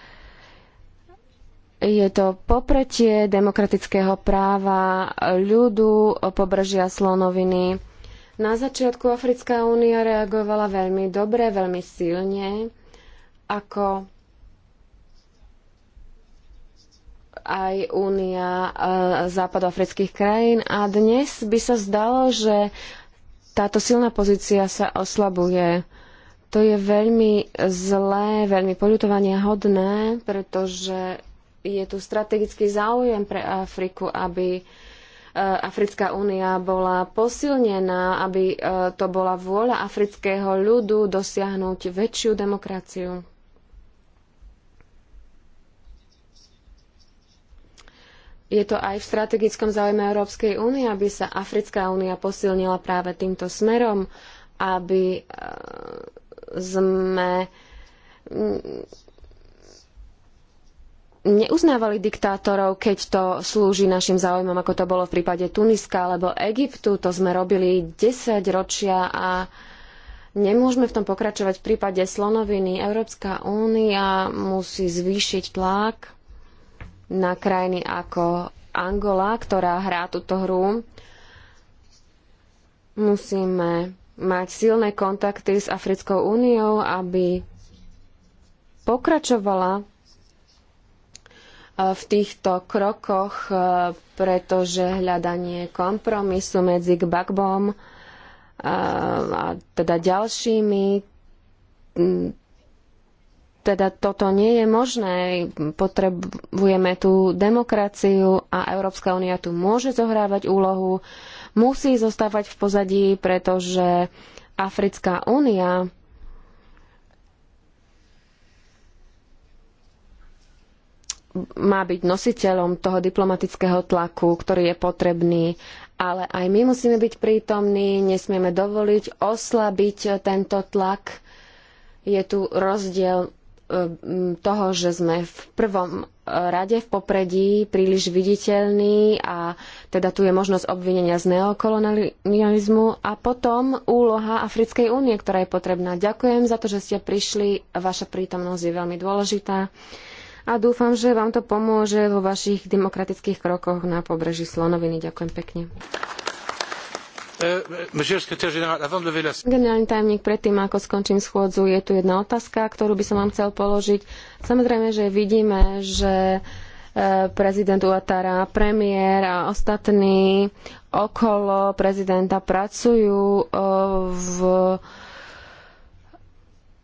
je to popretie demokratického práva ľudu pobržia slonoviny. Na začiatku Africká únia reagovala veľmi dobre, veľmi silne, ako aj Únia eh, západoafrických krajín a dnes by sa zdalo, že táto silná pozícia sa oslabuje. To je veľmi zlé, veľmi poľutovania hodné, pretože je tu strategický záujem pre Afriku, aby e, Africká únia bola posilnená, aby e, to bola vôľa afrického ľudu dosiahnuť väčšiu demokraciu. Je to aj v strategickom záujme Európskej únie, aby sa Africká únia posilnila práve týmto smerom, aby e, sme neuznávali diktátorov, keď to slúži našim záujmom, ako to bolo v prípade Tuniska alebo Egyptu. To sme robili 10 ročia a nemôžeme v tom pokračovať v prípade slonoviny. Európska únia musí zvýšiť tlak na krajiny ako Angola, ktorá hrá túto hru. Musíme mať silné kontakty s Africkou úniou, aby pokračovala v týchto krokoch, e, pretože hľadanie kompromisu medzi Gbagbom e, a teda ďalšími, teda toto nie je možné. Potrebujeme tú demokraciu a Európska únia tu môže zohrávať úlohu, musí zostávať v pozadí, pretože Africká únia má byť nositeľom toho diplomatického tlaku, ktorý je potrebný, ale aj my musíme byť prítomní, nesmieme dovoliť oslabiť tento tlak. Je tu rozdiel e, toho, že sme v prvom rade v popredí príliš viditeľní a teda tu je možnosť obvinenia z neokolonializmu a potom úloha Africkej únie, ktorá je potrebná. Ďakujem za to, že ste prišli. Vaša prítomnosť je veľmi dôležitá a dúfam, že vám to pomôže vo vašich demokratických krokoch na pobreží Slonoviny. Ďakujem pekne. E, Generálny tajomník, predtým ako skončím schôdzu, je tu jedna otázka, ktorú by som vám chcel položiť. Samozrejme, že vidíme, že e, prezident Uatara, premiér a ostatní okolo prezidenta pracujú e, v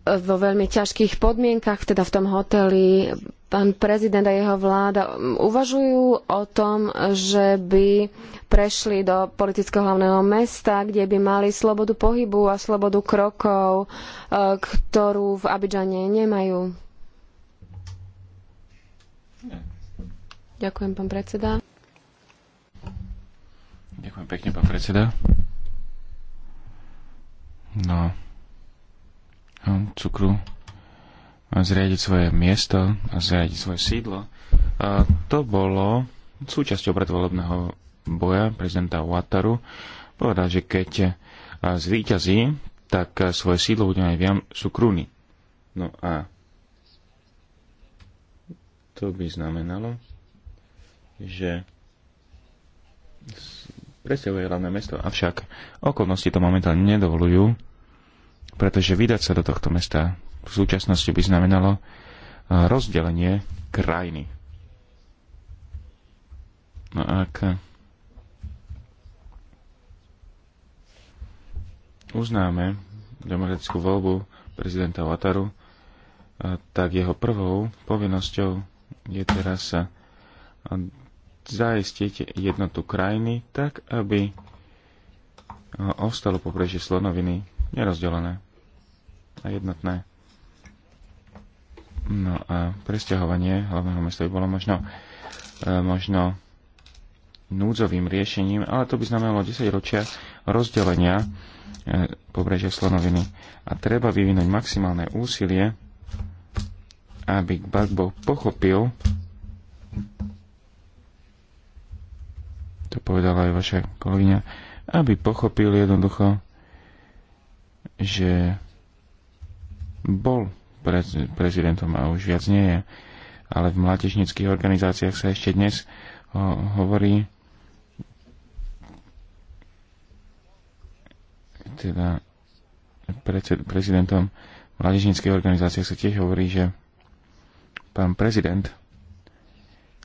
vo veľmi ťažkých podmienkach, teda v tom hoteli. Pán prezident a jeho vláda um, uvažujú o tom, že by prešli do politického hlavného mesta, kde by mali slobodu pohybu a slobodu krokov, uh, ktorú v Abidžane nemajú. Ďakujem, pán predseda. Ďakujem pekne, pán predseda. No cukru zriadiť svoje miesto a zriadiť svoje sídlo. A to bolo súčasťou predvolebného boja prezidenta Wataru. Povedal, že keď e, zvíťazí, tak e, svoje sídlo bude aj viam Sukrúni. No a to by znamenalo, že predstavuje hlavné mesto, avšak okolnosti to momentálne nedovolujú pretože vydať sa do tohto mesta v súčasnosti by znamenalo eh, rozdelenie krajiny. No ak uznáme demokratickú voľbu prezidenta Wataru, eh, tak jeho prvou povinnosťou je teraz zaistiť jednotu krajiny tak, aby eh, ostalo pobrežie slonoviny nerozdelené a jednotné. No a presťahovanie hlavného mesta by bolo možno, e, možno núdzovým riešením, ale to by znamenalo 10 ročia rozdelenia e, pobrežia Slonoviny. A treba vyvinúť maximálne úsilie, aby Gbagbo pochopil, to povedala aj vaša kolegyňa, aby pochopil jednoducho, že bol prez, prezidentom a už viac nie je. Ale v mládežnických organizáciách sa ešte dnes ho, hovorí teda predsed, prezidentom mládežnickej organizácie sa tiež hovorí, že pán prezident,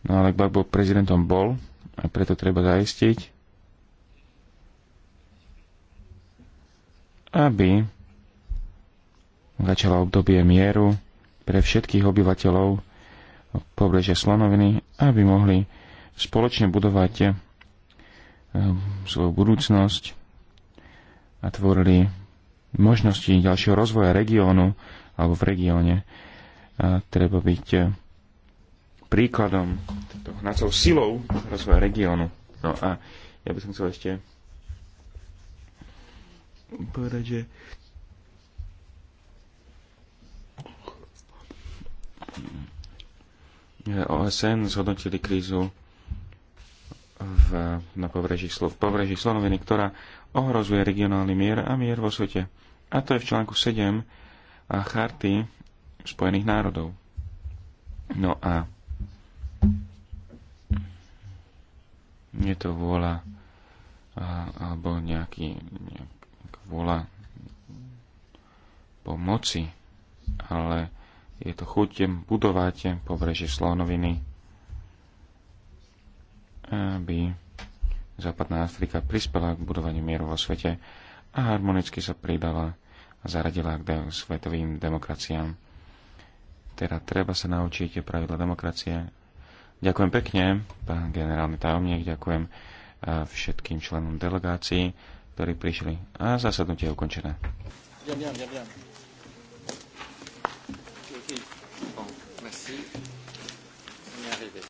no ale Gbagbo prezidentom bol a preto treba zaistiť, aby začala obdobie mieru pre všetkých obyvateľov pobrežia Slonoviny, aby mohli spoločne budovať eh, svoju budúcnosť a tvorili možnosti ďalšieho rozvoja regiónu alebo v regióne. A treba byť eh, príkladom, hnacou silou rozvoja regiónu. No a ja by som chcel ešte povedať, že OSN zhodnotili krízu v, na pobreží, v pobreží Slonoviny, ktorá ohrozuje regionálny mier a mier vo svete. A to je v článku 7 a charty Spojených národov. No a je to vôľa alebo nejaký, nejaký vôľa pomoci, ale je to chuť budovať pobrežie Slonoviny, aby západná Afrika prispela k budovaniu mieru vo svete a harmonicky sa pridala a zaradila k de- svetovým demokraciám. Teda treba sa naučiť pravidla demokracie. Ďakujem pekne, pán generálny tajomník, ďakujem e, všetkým členom delegácií, ktorí prišli. A zasadnutie je ukončené. Ďakujem, ďakujem. Merci.